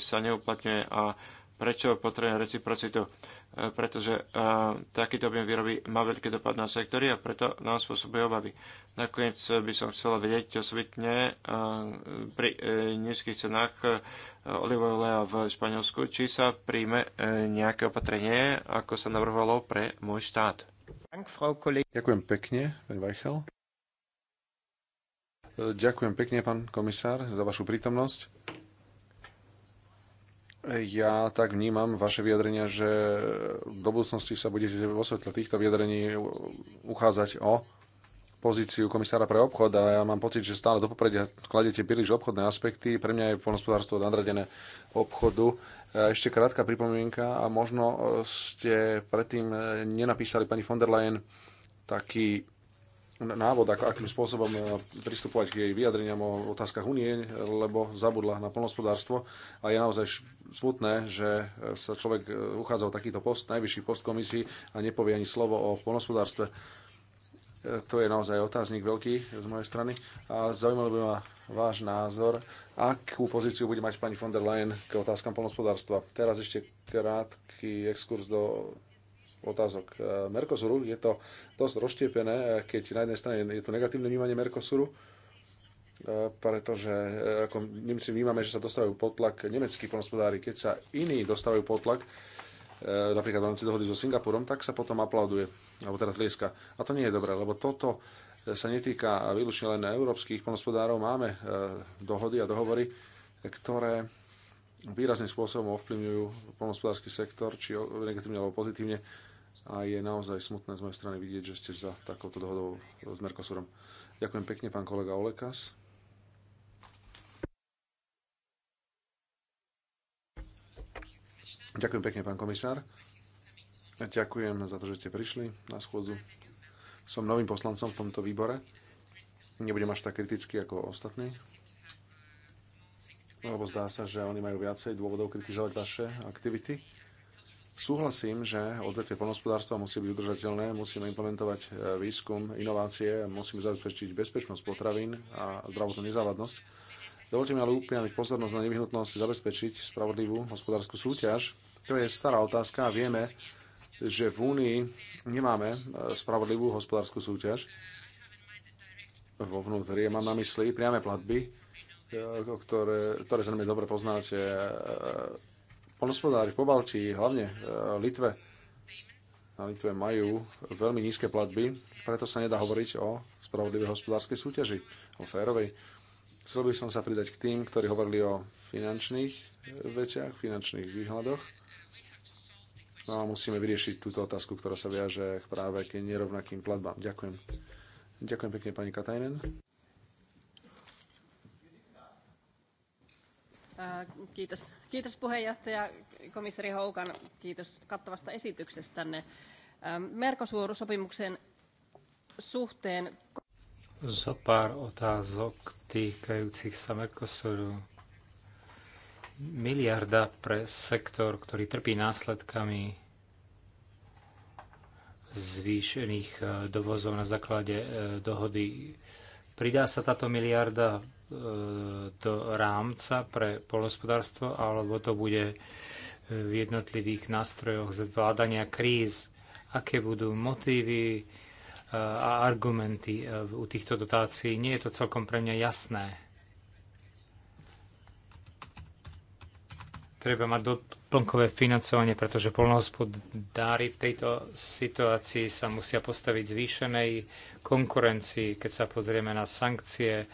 sa neuplatňuje a Prečo potrebujeme reciprocitu? E, pretože e, takýto objem výroby má veľký dopad na sektory a preto nám spôsobuje obavy. Nakoniec by som chcel vedieť osobitne e, pri nízkych cenách olivového oleja v Španielsku, či sa príjme nejaké opatrenie, ako sa navrhovalo pre môj štát.
Ďakujem pekne, pán Vajchel. Ďakujem pekne, pán komisár, za vašu prítomnosť. Ja tak vnímam vaše vyjadrenia, že do budúcnosti sa budete vo svetle týchto vyjadrení uchádzať o pozíciu komisára pre obchod a ja mám pocit, že stále do popredia kladete príliš obchodné aspekty. Pre mňa je poľnospodárstvo nadradené obchodu. Ešte krátka pripomienka a možno ste predtým nenapísali pani von der Leyen taký návod, ako, akým spôsobom e, pristupovať k jej vyjadreniam o otázkach unie, lebo zabudla na plnospodárstvo a je naozaj smutné, že e, sa človek e, uchádza o takýto post, najvyšší post komisii a nepovie ani slovo o plnospodárstve. To je naozaj otáznik veľký z mojej strany a zaujímalo by ma váš názor, akú pozíciu bude mať pani von der Leyen k otázkam polnospodárstva. Teraz ešte krátky exkurs do otázok e, Mercosuru. Je to dosť rozštiepené, e, keď na jednej strane je to negatívne vnímanie Mercosuru, e, pretože ako Nemci vnímame, že sa dostávajú pod tlak nemeckí ponospodári, keď sa iní dostávajú pod tlak, napríklad v rámci dohody so Singapurom, tak sa potom aplauduje, alebo teda tlieska. A to nie je dobré, lebo toto sa netýka výlučne len európskych ponospodárov. Máme dohody a dohovory, ktoré výrazným spôsobom ovplyvňujú polnospodársky sektor, či negatívne alebo pozitívne a je naozaj smutné z mojej strany vidieť, že ste za takouto dohodou s merkosurom. Ďakujem pekne, pán kolega Olekas. Ďakujem pekne, pán komisár. Ďakujem za to, že ste prišli na schôdzu. Som novým poslancom v tomto výbore. Nebudem až tak kritický ako ostatní. Lebo zdá sa, že oni majú viacej dôvodov kritizovať vaše aktivity. Súhlasím, že odvetvie poľnohospodárstva musí byť udržateľné, musíme implementovať e, výskum, inovácie, musíme zabezpečiť bezpečnosť potravín a zdravotnú nezávadnosť. Dovolte mi ale upriamiť pozornosť na nevyhnutnosť zabezpečiť spravodlivú hospodárskú súťaž. To je stará otázka a vieme, že v Únii nemáme e, spravodlivú hospodárskú súťaž vo vnútri. mám na mysli priame platby, e, ktoré, ktoré zrejme dobre poznáte Polospodári po Baltii, hlavne e, Litve, na Litve majú veľmi nízke platby, preto sa nedá hovoriť o spravodlivej hospodárskej súťaži, o férovej. Chcel by som sa pridať k tým, ktorí hovorili o finančných e, veciach, finančných výhľadoch. No a musíme vyriešiť túto otázku, ktorá sa viaže práve k nerovnakým platbám. Ďakujem. Ďakujem pekne, pani Katajnen.
Kiitos, kiitos puheenjohtaja komissari Houkan. Kiitos kattavasta esityksestänne. Merkosuorusopimuksen suhteen...
Zopár otázok týkajúcich sa Mercosuru. Miliarda pre sektor, ktorý trpí následkami zvýšených dovozov na základe dohody. Pridá sa táto miliarda do rámca pre polnospodárstvo, alebo to bude v jednotlivých nástrojoch zvládania kríz, aké budú motívy eh, a argumenty eh, u týchto dotácií. Nie je to celkom pre mňa jasné. Treba mať doplnkové financovanie, pretože polnohospodári v tejto situácii sa musia postaviť zvýšenej konkurencii, keď sa pozrieme na sankcie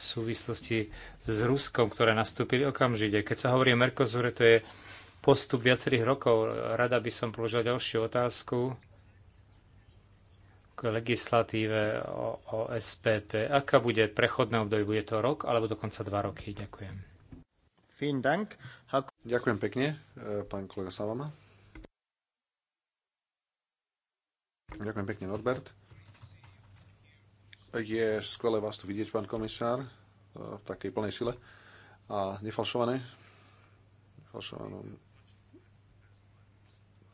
v súvislosti s Ruskom, ktoré nastúpili okamžite. Keď sa hovorí o Mercosure, to je postup viacerých rokov. Rada by som položila ďalšiu otázku k legislatíve o, o SPP. Aká bude prechodné obdobie? Bude to rok alebo dokonca dva roky? Ďakujem.
Ďakujem pekne, e, pán kolega Salama. Ďakujem pekne, Norbert. Je skvelé vás tu vidieť, pán komisár, e, v takej plnej sile a nefalšované. Nefalšovanom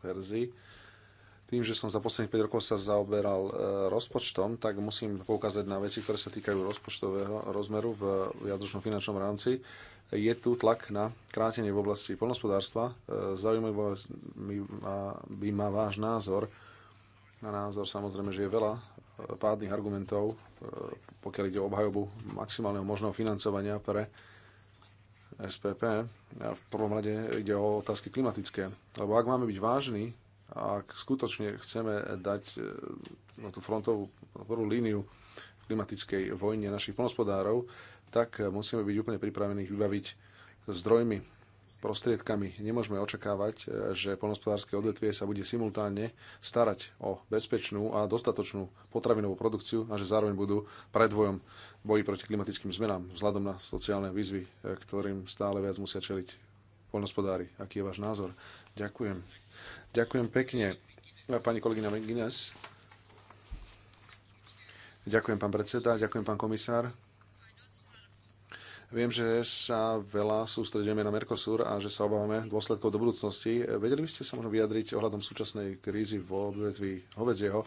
verzii. Tým, že som za posledných 5 rokov sa zaoberal e, rozpočtom, tak musím poukázať na veci, ktoré sa týkajú rozpočtového rozmeru v viacročnom finančnom rámci. Je tu tlak na krátenie v oblasti polnospodárstva. E, zaujímavý by ma váš názor. Na názor samozrejme, že je veľa pádnych argumentov, e, pokiaľ ide o obhajobu maximálneho možného financovania pre SPP. A v prvom rade ide o otázky klimatické. Lebo ak máme byť vážni, ak skutočne chceme dať e, na tú frontovú prvú líniu v klimatickej vojne našich polnospodárov, tak musíme byť úplne pripravení vybaviť zdrojmi prostriedkami. Nemôžeme očakávať, e, že polnospodárske odvetvie sa bude simultánne starať o bezpečnú a dostatočnú potravinovú produkciu a že zároveň budú predvojom boji proti klimatickým zmenám vzhľadom na sociálne výzvy, e, ktorým stále viac musia čeliť polnospodári. Aký je váš názor? Ďakujem. Ďakujem pekne, e, pani kolegyňa Gines. Ďakujem, pán predseda, ďakujem, pán komisár. Viem, že sa veľa sústredíme na Mercosur a že sa obávame dôsledkov do budúcnosti. Vedeli by ste sa možno vyjadriť ohľadom súčasnej krízy v odvetví hovedzieho?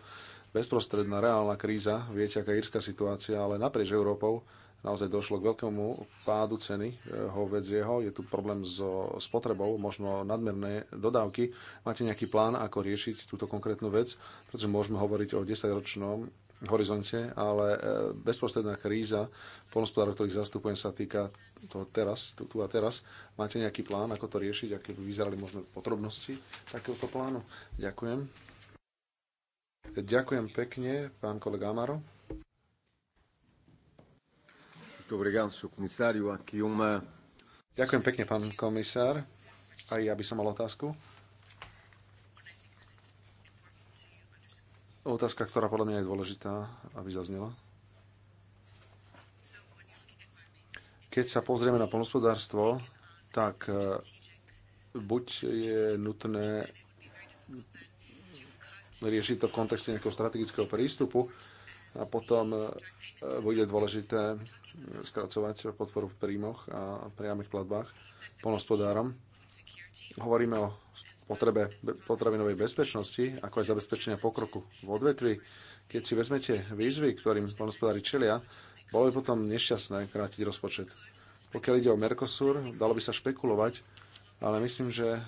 Bezprostredná reálna kríza, viete, aká írska situácia, ale naprieč Európou naozaj došlo k veľkému pádu ceny eh, hovedzieho. Je tu problém so spotrebou, možno nadmerné dodávky. Máte nejaký plán, ako riešiť túto konkrétnu vec? Pretože môžeme hovoriť o 10-ročnom horizonte, ale e, bezprostredná kríza polnospodárov, ktorých zastupujem, sa týka toho teraz, tu, tu a teraz. Máte nejaký plán, ako to riešiť, aké by vyzerali možno podrobnosti takéhoto plánu? Ďakujem. Ďakujem pekne, pán kolega Amaro. Um- Ďakujem pekne, pán komisár. Aj ja by som mal otázku otázka, ktorá podľa mňa je dôležitá, aby zaznela. Keď sa pozrieme na polnospodárstvo, tak e, buď je nutné riešiť to v kontexte nejakého strategického prístupu a potom e, bude dôležité e, skracovať podporu v príjmoch a priamých platbách polnospodárom. Hovoríme o potrebe potravinovej bezpečnosti, ako aj zabezpečenia pokroku v odvetvi. Keď si vezmete výzvy, ktorým poľnospodári čelia, bolo by potom nešťastné krátiť rozpočet. Pokiaľ ide o Mercosur, dalo by sa špekulovať, ale myslím, že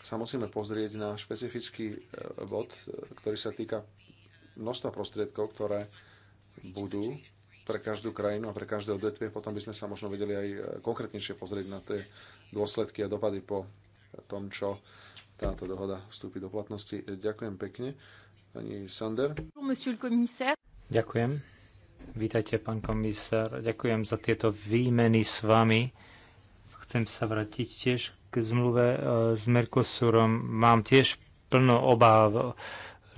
sa musíme pozrieť na špecifický e, bod, e, ktorý sa týka množstva prostriedkov, ktoré budú pre každú krajinu a pre každé odvetvie. Potom by sme sa možno vedeli aj e, konkrétnejšie pozrieť na tie dôsledky a dopady po tom, čo táto dohoda vstúpi do platnosti. Ďakujem pekne. Pani Sander.
Ďakujem. Vítajte, pán komisár. Ďakujem za tieto výmeny s vami. Chcem sa vrátiť tiež k zmluve e, s Mercosurom. Mám tiež plno obáv,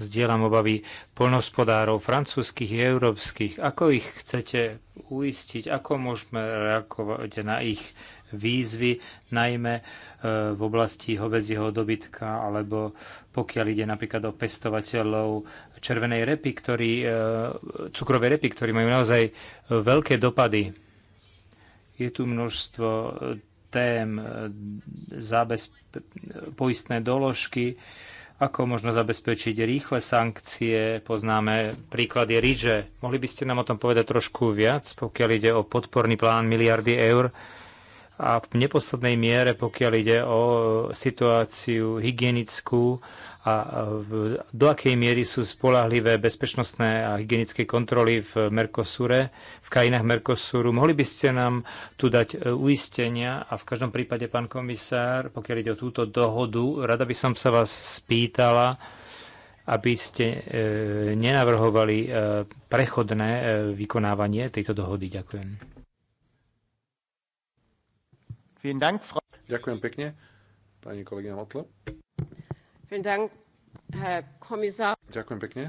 zdieľam obavy polnospodárov francúzských i európskych. Ako ich chcete uistiť? Ako môžeme reagovať na ich výzvy, najmä e, v oblasti hovedzieho dobytka, alebo pokiaľ ide napríklad o pestovateľov červenej repy, ktorý, e, cukrovej repy, ktorí majú naozaj e, veľké dopady. Je tu množstvo tém, poistné doložky, ako možno zabezpečiť rýchle sankcie. Poznáme príklady RIDŽE. Mohli by ste nám o tom povedať trošku viac, pokiaľ ide o podporný plán miliardy eur, a v neposlednej miere, pokiaľ ide o e, situáciu hygienickú a e, do akej miery sú spolahlivé bezpečnostné a hygienické kontroly v Mercosure, v krajinách Mercosuru. Mohli by ste nám tu dať e, uistenia a v každom prípade, pán komisár, pokiaľ ide o túto dohodu, rada by som sa vás spýtala, aby ste nenavrhovali prechodné vykonávanie tejto dohody. Ďakujem.
Ďakujem pekne, pani kolegyňa Motlo. Ďakujem pekne.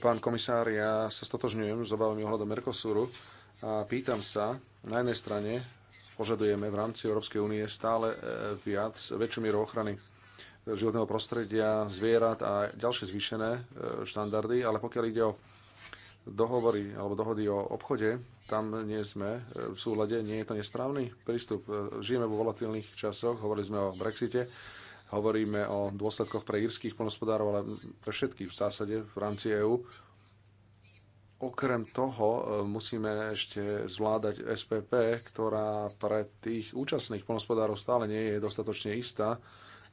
Pán komisár, ja sa stotožňujem s obavami ohľadom Mercosuru a pýtam sa, na jednej strane požadujeme v rámci Európskej únie stále e, viac, väčšiu mieru ochrany životného prostredia, zvierat a ďalšie zvýšené e, štandardy, ale pokiaľ ide o dohovory alebo dohody o obchode tam nie sme e, v súlade, nie je to nesprávny prístup. E, Žijeme vo volatilných časoch, hovorili sme o Brexite, hovoríme o dôsledkoch pre írskych polnospodárov, ale pre všetkých v zásade v rámci EÚ. Okrem toho e, musíme ešte zvládať SPP, ktorá pre tých účastných polnospodárov stále nie je dostatočne istá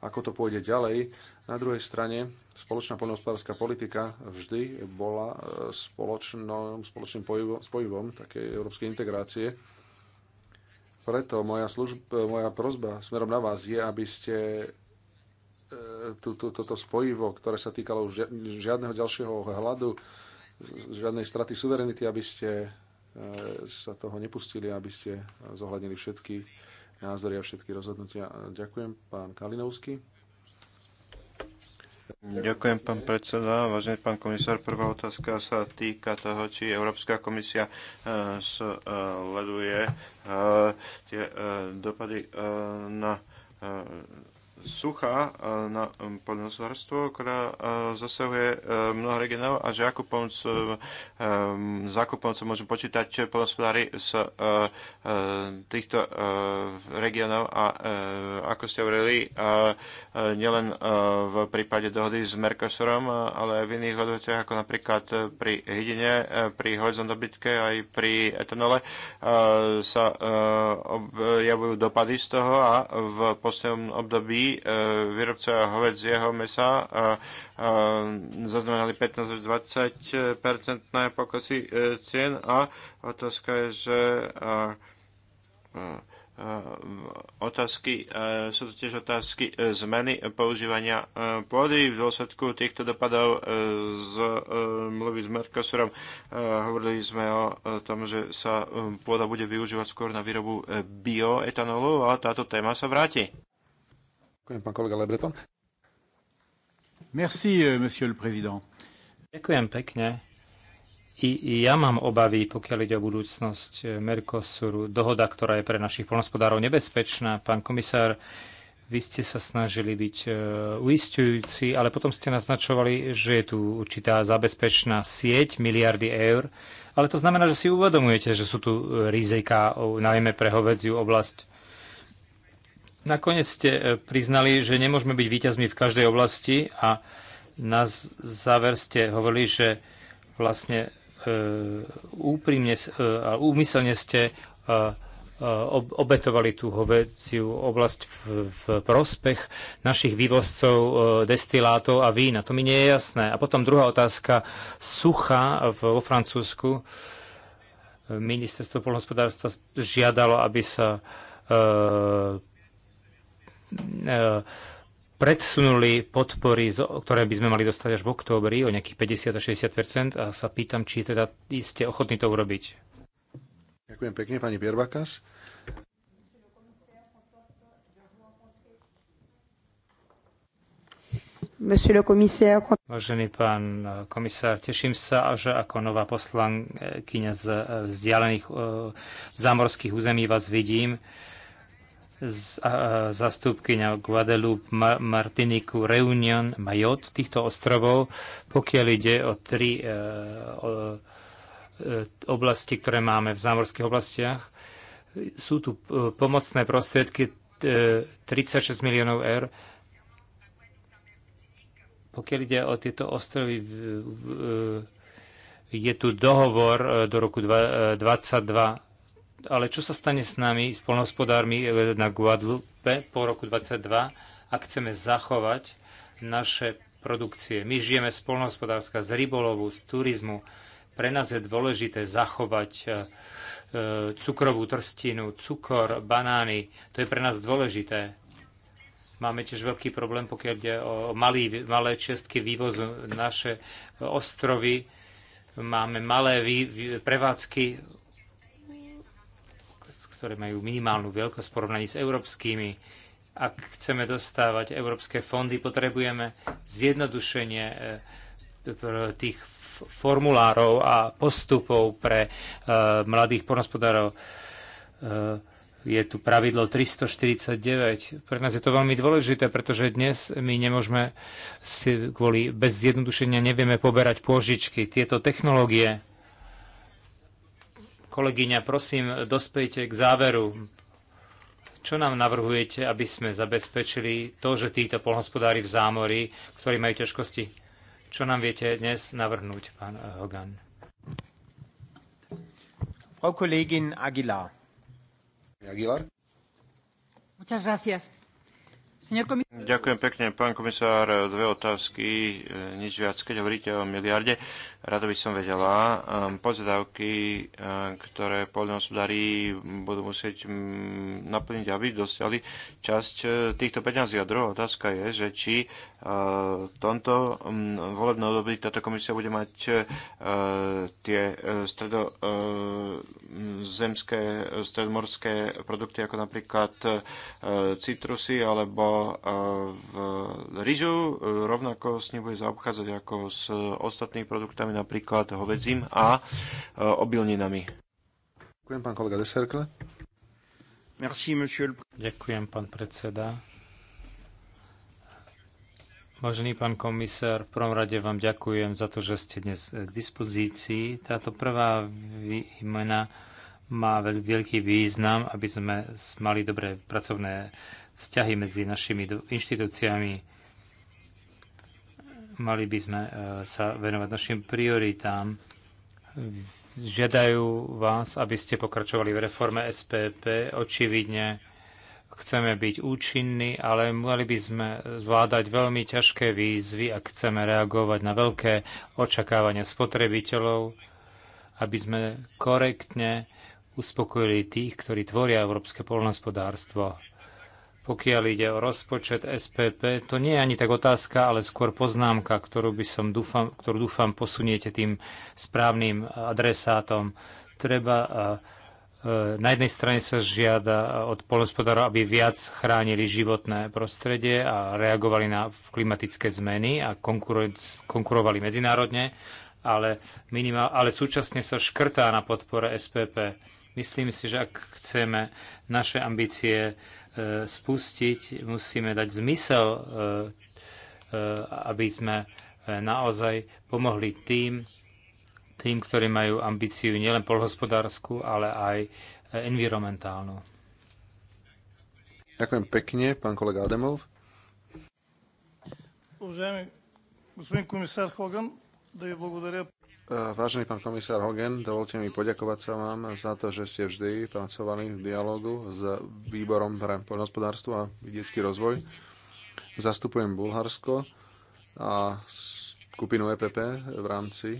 ako to pôjde ďalej. Na druhej strane, spoločná poľnohospodárska politika vždy bola e, spoločným, spoločným pojivom, spojivom takej európskej integrácie. Preto moja, služba, e, moja prozba smerom na vás je, aby ste tú, e, tú, toto spojivo, ktoré sa týkalo žiadneho ďalšieho hľadu, žiadnej straty suverenity, aby ste sa toho nepustili, aby ste zohľadnili všetky názory a všetky rozhodnutia. Ďakujem, pán Kalinovský.
Ďakujem, pán predseda. Vážený pán komisár, prvá otázka sa týka toho, či Európska komisia e, e, sleduje e, tie dopady na sucha e, na poľnohospodárstvo, ktorá e, zasahuje e, mnoho regionov a že ako pomoc, za akú môžu počítať poľnohospodári z týchto regionov a ako ste hovorili, nielen v prípade dohody s Mercosurom, ale aj v iných odvetiach, ako napríklad pri hydine, pri hojzom aj pri etanole sa objavujú dopady z toho a v poslednom období všetci výrobcovia hovedzieho mesa zaznamenali 15 až 20 percentné pokosy e, cien a otázka je, že otázky, e, sú to tiež otázky e, zmeny používania pôdy v dôsledku týchto dopadov z mluvy s Mercosurom. Hovorili sme o tom, že sa pôda bude využívať skôr na výrobu bioetanolu a táto téma sa vráti.
Ďakujem, pán kolega Lebreton.
Merci, euh, monsieur le président. Ďakujem pekne. I, ja mám obavy, pokiaľ ide o budúcnosť e, Mercosuru, dohoda, ktorá je pre našich polnospodárov nebezpečná. Pán komisár, vy ste sa snažili byť e, uistujúci, ale potom ste naznačovali, že je tu určitá zabezpečná sieť miliardy eur, ale to znamená, že si uvedomujete, že sú tu e, rizika, najmä pre hovedziu oblasť. Nakoniec ste e, priznali, že nemôžeme byť víťazmi v každej oblasti a na záver ste hovorili, že vlastne e, úprimne e, a úmyselne ste obetovali tú hoveciu oblasť v, v prospech našich vývozcov destilátov a vína. To mi nie je jasné. A potom druhá otázka. Sucha vo Francúzsku. Ministerstvo polnohospodárstva žiadalo, aby sa E, predsunuli podpory, ktoré by sme mali dostať až v októbri o nejakých 50 až 60 a sa pýtam, či teda ste ochotní to urobiť.
Ďakujem pekne, pani Pierbakas.
Vážený pán e, komisár, teším sa, že ako nová poslankyňa z e, vzdialených zámorských území vás vidím zastupkyňa Guadeloupe, Martiniku, Reunion, Mayotte, týchto ostrovov, pokiaľ ide o tri e, o, e, oblasti, ktoré máme v zámorských oblastiach. Sú tu e, pomocné prostriedky 36 miliónov eur. Pokiaľ ide o tieto ostrovy, je tu dohovor do roku 2022 ale čo sa stane s nami, s polnohospodármi e, na Guadalupe po roku 22, ak chceme zachovať naše produkcie. My žijeme z polnohospodárska, z rybolovu, z turizmu. Pre nás je dôležité zachovať e, e, cukrovú trstinu, cukor, banány. To je pre nás dôležité. Máme tiež veľký problém, pokiaľ ide o malý, malé čestky vývozu. Naše ostrovy máme malé vý, vý, prevádzky ktoré majú minimálnu veľkosť v porovnaní s európskymi. Ak chceme dostávať európske fondy, potrebujeme zjednodušenie eh, tých formulárov a postupov pre eh, mladých pornospodárov eh, je tu pravidlo 349. Pre nás je to veľmi dôležité, pretože dnes my nemôžeme si kvôli bez zjednodušenia nevieme poberať pôžičky. Tieto technológie Kolegyňa, prosím, dospejte k záveru. Čo nám navrhujete, aby sme zabezpečili to, že títo polhospodári v zámori, ktorí majú ťažkosti, čo nám viete dnes navrhnúť, pán Hogan?
Frau Kollegin Aguilar. Aguilar.
Muchas gracias. Ďakujem
pekne,
pán komisár. Dve otázky, e, nič viac, keď hovoríte o miliarde. Rada by som vedela ehm, požiadavky, ehm, ktoré poľnohospodári budú musieť mm, naplniť, aby dostali časť e, týchto peňazí. A druhá otázka je, že či v e, tomto mm, volebnom období táto komisia bude mať e, tie stredozemské, stredomorské produkty, ako napríklad citrusy alebo v ryžu, rovnako s ním bude zaobchádzať ako s ostatnými produktami potravinami, napríklad hovedzím a e, obilninami. Ďakujem, pán kolega Deserkle.
Ďakujem, pán predseda. Vážený pán komisár, v prvom rade vám ďakujem za to, že ste dnes k dispozícii. Táto prvá výmena má veľký význam, aby sme mali dobré pracovné vzťahy medzi našimi inštitúciami Mali by sme e, sa venovať našim prioritám. Žiadajú vás, aby ste pokračovali v reforme SPP. Očividne chceme byť účinní, ale mali by sme zvládať veľmi ťažké výzvy, a chceme reagovať na veľké očakávania spotrebiteľov, aby sme korektne uspokojili tých, ktorí tvoria európske polnospodárstvo. Pokiaľ ide o rozpočet SPP, to nie je ani tak otázka, ale skôr poznámka, ktorú by som dúfam, ktorú dúfam posuniete tým správnym adresátom. Treba na jednej strane sa žiada od polnospodárov, aby viac chránili životné prostredie a reagovali na klimatické zmeny a konkurovali medzinárodne, ale, minimál, ale súčasne sa škrtá na podpore SPP. Myslím si, že ak chceme naše ambície E, spustiť, musíme dať zmysel, e, e, aby sme naozaj pomohli tým, tým, ktorí majú ambíciu nielen polhospodárskú, ale aj environmentálnu.
Ďakujem pekne, pán kolega Ademov.
Уважаеми господин комисар Хоган, E,
vážený pán komisár Hogan, dovolte mi poďakovať sa vám za to, že ste vždy pracovali v dialogu s výborom pre poľnohospodárstvo a detský rozvoj. Zastupujem Bulharsko a skupinu EPP v rámci e,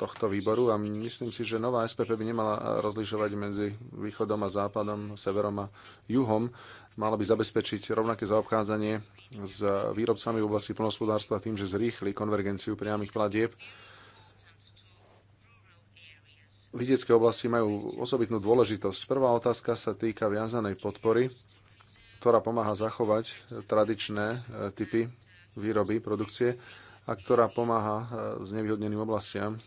tohto výboru a myslím si, že nová SPP e by nemala rozlišovať medzi východom a západom, severom a juhom mala by zabezpečiť rovnaké zaobchádzanie s výrobcami v oblasti plnohospodárstva tým, že zrýchli konvergenciu priamých platieb. Vidiecké oblasti majú osobitnú dôležitosť. Prvá otázka sa týka viazanej podpory, ktorá pomáha zachovať tradičné e, typy výroby, produkcie a ktorá pomáha s e, nevyhodneným oblastiam. E,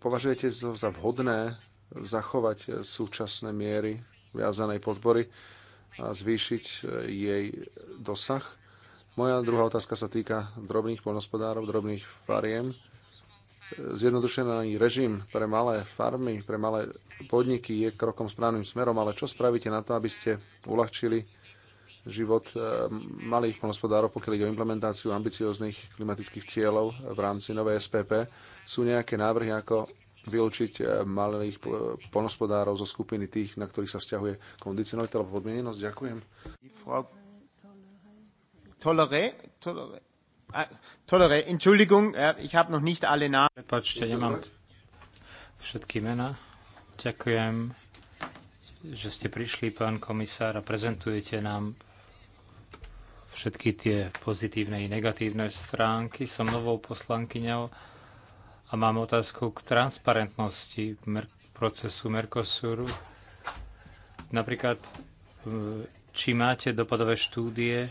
považujete za vhodné zachovať súčasné miery viazanej podpory a zvýšiť e, jej dosah. Moja druhá otázka sa týka drobných poľnospodárov, drobných fariem. E, zjednodušený režim pre malé farmy, pre malé podniky je krokom správnym smerom, ale čo spravíte na to, aby ste uľahčili život e, malých poľnospodárov, pokiaľ ide o implementáciu ambicióznych klimatických cieľov v rámci novej SPP? Sú nejaké návrhy, ako vylúčiť eh, malých eh, ponospodárov zo skupiny tých, na ktorých sa vzťahuje kondicionalita alebo podmienenosť. Ďakujem.
Tolere, Tolere, ah, Entschuldigung, ich habe noch nicht alle Namen. Prepačte, nemám
všetky mená. Ďakujem, že ste prišli, pán komisár, a prezentujete nám všetky tie pozitívne i negatívne stránky. Som novou poslankyňou a mám otázku k transparentnosti procesu Mercosuru. Napríklad, či máte dopadové štúdie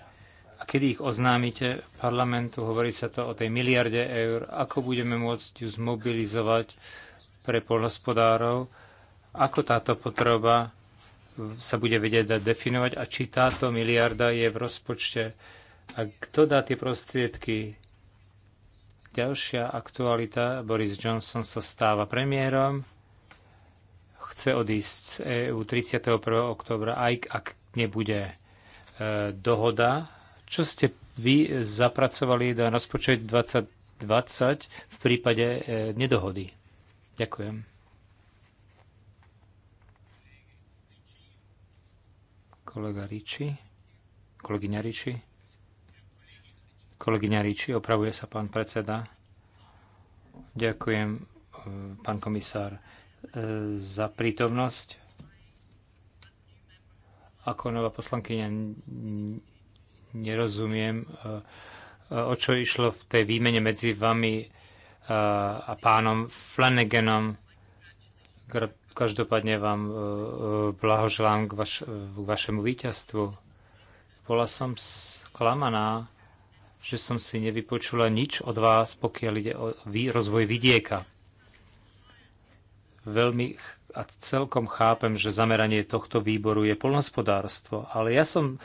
a kedy ich oznámite parlamentu, hovorí sa to o tej miliarde eur, ako budeme môcť ju zmobilizovať pre polhospodárov, ako táto potreba sa bude vedieť dať definovať a či táto miliarda je v rozpočte a kto dá tie prostriedky Ďalšia aktualita, Boris Johnson sa stáva premiérom, chce odísť z EU 31. oktobra, aj ak nebude e, dohoda. Čo ste vy zapracovali na rozpočet 2020 v prípade e, nedohody? Ďakujem. Kolega Riči, kolegyňa Riči. Kolegyňa Ríči, opravuje sa pán predseda. Ďakujem, e, pán komisár, e, za prítomnosť. Ako nová poslankyňa nerozumiem, e, o čo išlo v tej výmene medzi vami a pánom Flanaganom. Každopádne vám blahoželám k, vaš, k vašemu víťazstvu. Bola som sklamaná, že som si nevypočula nič od vás, pokiaľ ide o rozvoj vidieka. Veľmi a celkom chápem, že zameranie tohto výboru je polnospodárstvo, ale ja som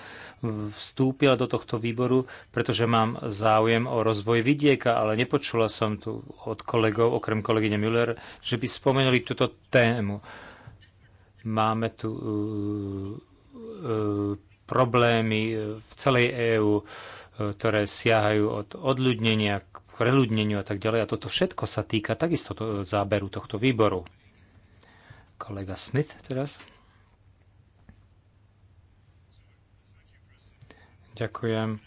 vstúpila do tohto výboru, pretože mám záujem o rozvoj vidieka, ale nepočula som tu od kolegov, okrem kolegyne Müller, že by spomenuli túto tému. Máme tu uh, uh, problémy v celej EÚ ktoré siahajú od odľudnenia k preľudneniu a tak ďalej. A toto všetko sa týka takisto to, záberu tohto výboru. Kolega Smith teraz. Ďakujem.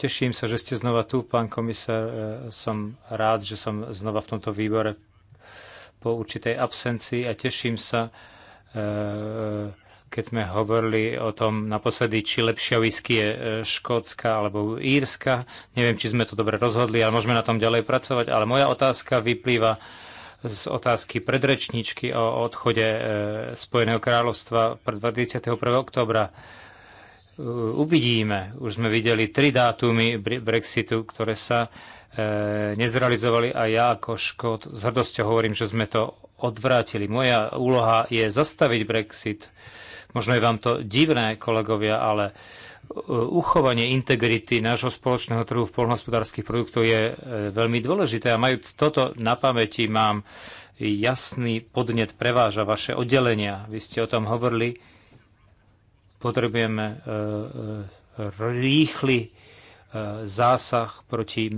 Teším sa, že ste znova tu, pán komisár. E, som rád, že som znova v tomto výbore po určitej absencii a teším sa, e, keď sme hovorili o tom naposledy, či lepšia whisky je e, škótska alebo írska. Neviem, či sme to dobre rozhodli, ale môžeme na tom ďalej pracovať. Ale moja otázka vyplýva z otázky predrečničky o odchode e, Spojeného kráľovstva pred 21. oktobra. E, uvidíme. Už sme videli tri dátumy Brexitu, ktoré sa nezrealizovali a ja ako Škót s hrdosťou hovorím, že sme to odvrátili. Moja úloha je zastaviť Brexit. Možno je vám to divné, kolegovia, ale e, uchovanie integrity nášho spoločného trhu v polnohospodárských produktoch je e, veľmi dôležité. A majúc toto na pamäti, mám jasný podnet preváža vaše oddelenia. Vy ste o tom hovorili. Potrebujeme e, rýchly E, zásah proti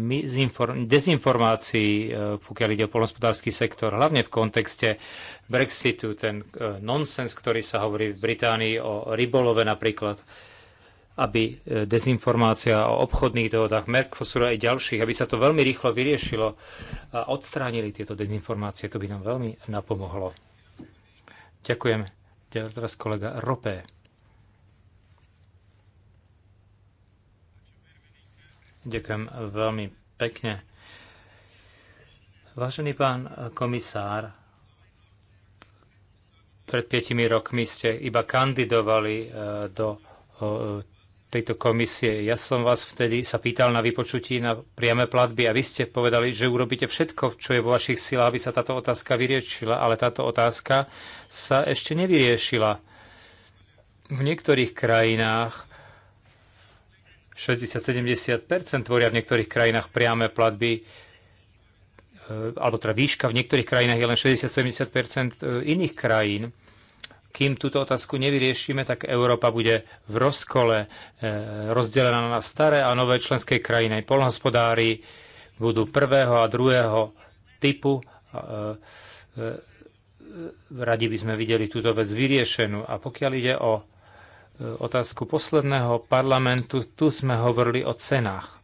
dezinformácii, e, pokiaľ ide o polnospodársky sektor, hlavne v kontexte Brexitu, ten e, nonsens, ktorý sa hovorí v Británii o rybolove napríklad, aby dezinformácia o obchodných dohodách Mercosura a aj ďalších, aby sa to veľmi rýchlo vyriešilo a odstránili tieto dezinformácie, to by nám veľmi napomohlo. Ďakujem. Teraz kolega Ropé. Ďakujem veľmi pekne. Vážený pán komisár, pred 5 rokmi ste iba kandidovali e, do e, tejto komisie. Ja som vás vtedy sa pýtal na vypočutí na priame platby a vy ste povedali, že urobíte všetko, čo je vo vašich silách, aby sa táto otázka vyriešila, ale táto otázka sa ešte nevyriešila. V niektorých krajinách 60-70 tvoria v niektorých krajinách priame platby, e, alebo teda výška v niektorých krajinách je len 60-70 e, iných krajín. Kým túto otázku nevyriešime, tak Európa bude v rozkole e, rozdelená na staré a nové členské krajiny. Polnohospodári budú prvého a druhého typu. Radi by sme videli túto vec vyriešenú. A pokiaľ ide o E, otázku posledného parlamentu, tu sme hovorili o cenách.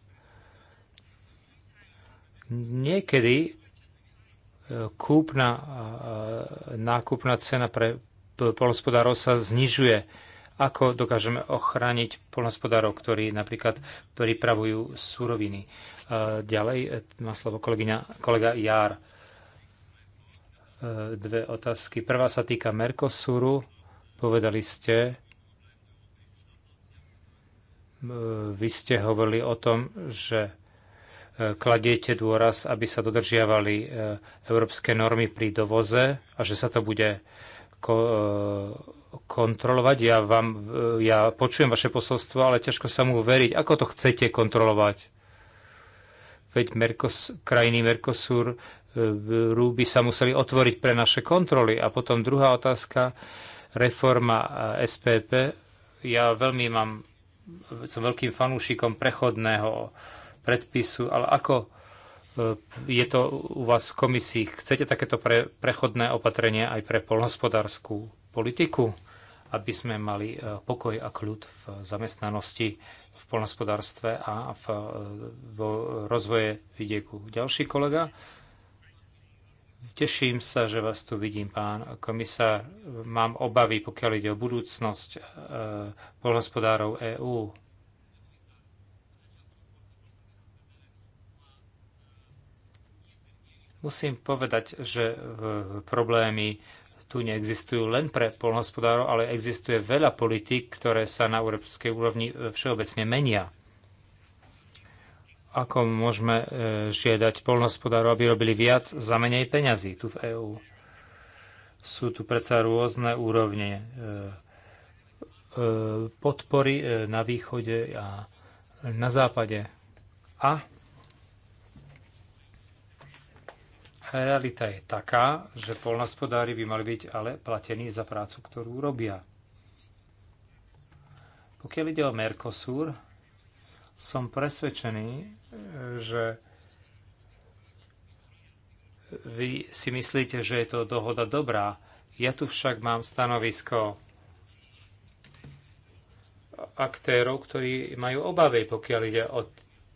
Niekedy e, kúpna, nákupná cena pre polnospodárov sa znižuje. Ako dokážeme ochrániť polnospodárov, ktorí napríklad pripravujú suroviny? E, ďalej má slovo kolegyňa, kolega Jár. Dve otázky. Prvá sa týka Mercosuru. Povedali ste, Ehm, vy ste hovorili o tom, že e, kladiete dôraz, aby sa dodržiavali e, európske normy pri dovoze a že sa to bude ko- e, kontrolovať. Ja, vám, ja počujem vaše posolstvo, ale ťažko sa mu veriť. Ako to chcete kontrolovať? Veď Merkos, krajiny Mercosur rúby sa museli otvoriť pre naše kontroly. A potom druhá otázka, reforma SPP. Ja veľmi mám som veľkým fanúšikom prechodného predpisu, ale ako e, je to u vás v komisii? Chcete takéto pre, prechodné opatrenie aj pre polnospodárskú politiku, aby sme mali e, pokoj a kľud v zamestnanosti, v polnospodárstve a v, e, v rozvoje vidieku? Ďalší kolega? Teším sa, že vás tu vidím, pán komisár. Mám obavy, pokiaľ ide o budúcnosť e, polhospodárov EÚ. Musím povedať, že problémy tu neexistujú len pre polnohospodárov, ale existuje veľa politik, ktoré sa na európskej úrovni všeobecne menia ako môžeme e, žiadať polnospodárov, aby robili viac za menej peňazí tu v EÚ. Sú tu predsa rôzne úrovne e, e, podpory na východe a na západe. A realita je taká, že polnospodári by mali byť ale platení za prácu, ktorú robia. Pokiaľ ide o Mercosur, som presvedčený, e, že vy si myslíte, že je to dohoda dobrá. Ja tu však mám stanovisko aktérov, ktorí majú obavy, pokiaľ ide o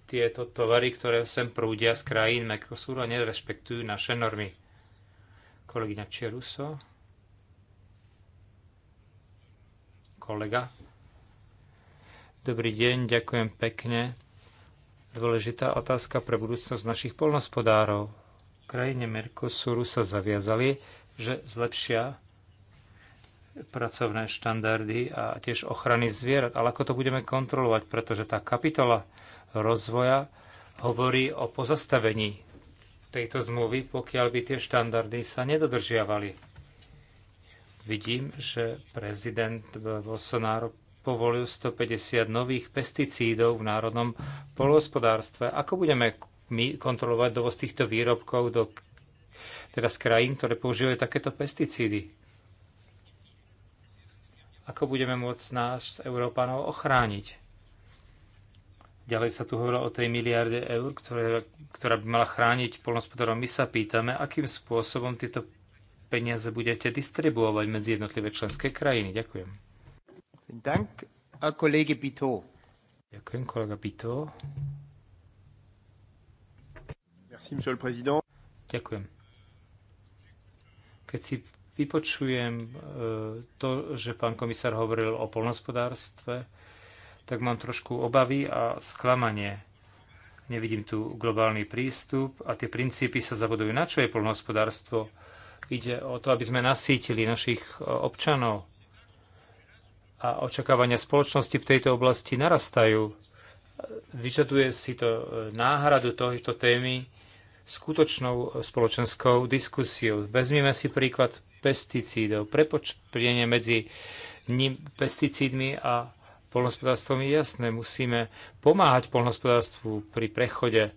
tieto tovary, ktoré sem prúdia z krajín Mercosuru a nerespektujú naše normy. Kolegyňa Čeruso. Kolega. Dobrý deň, ďakujem pekne. Dôležitá otázka pre budúcnosť našich polnospodárov. V krajine Mercosuru sa zaviazali, že zlepšia pracovné štandardy a tiež ochrany zvierat. Ale ako to budeme kontrolovať, pretože tá kapitola rozvoja hovorí o pozastavení tejto zmluvy, pokiaľ by tie štandardy sa nedodržiavali. Vidím, že prezident Bolsonaro povolil 150 nových pesticídov v národnom polohospodárstve. Ako budeme my kontrolovať dovoz týchto výrobkov do teda z krajín, ktoré používajú takéto pesticídy? Ako budeme môcť nás, Európanov, ochrániť? Ďalej sa tu hovorilo o tej miliarde eur, ktoré, ktorá by mala chrániť polnospodárov. My sa pýtame, akým spôsobom tieto peniaze budete distribuovať medzi jednotlivé členské krajiny. Ďakujem. Ďakujem, kolega Bito. Merci, monsieur le président. Ďakujem. Keď si vypočujem e, to, že pán komisár hovoril o polnospodárstve, tak mám trošku obavy a sklamanie. Nevidím tu globálny prístup a tie princípy sa zabudujú. Na čo je polnospodárstvo? Ide o to, aby sme nasítili našich e, občanov a očakávania spoločnosti v tejto oblasti narastajú. Vyžaduje si to e, náhradu tohto témy skutočnou spoločenskou diskusiou. Vezmime si príklad pesticídov. Prepočenie medzi pesticídmi a polnospodárstvom je jasné. Musíme pomáhať polnospodárstvu pri prechode e,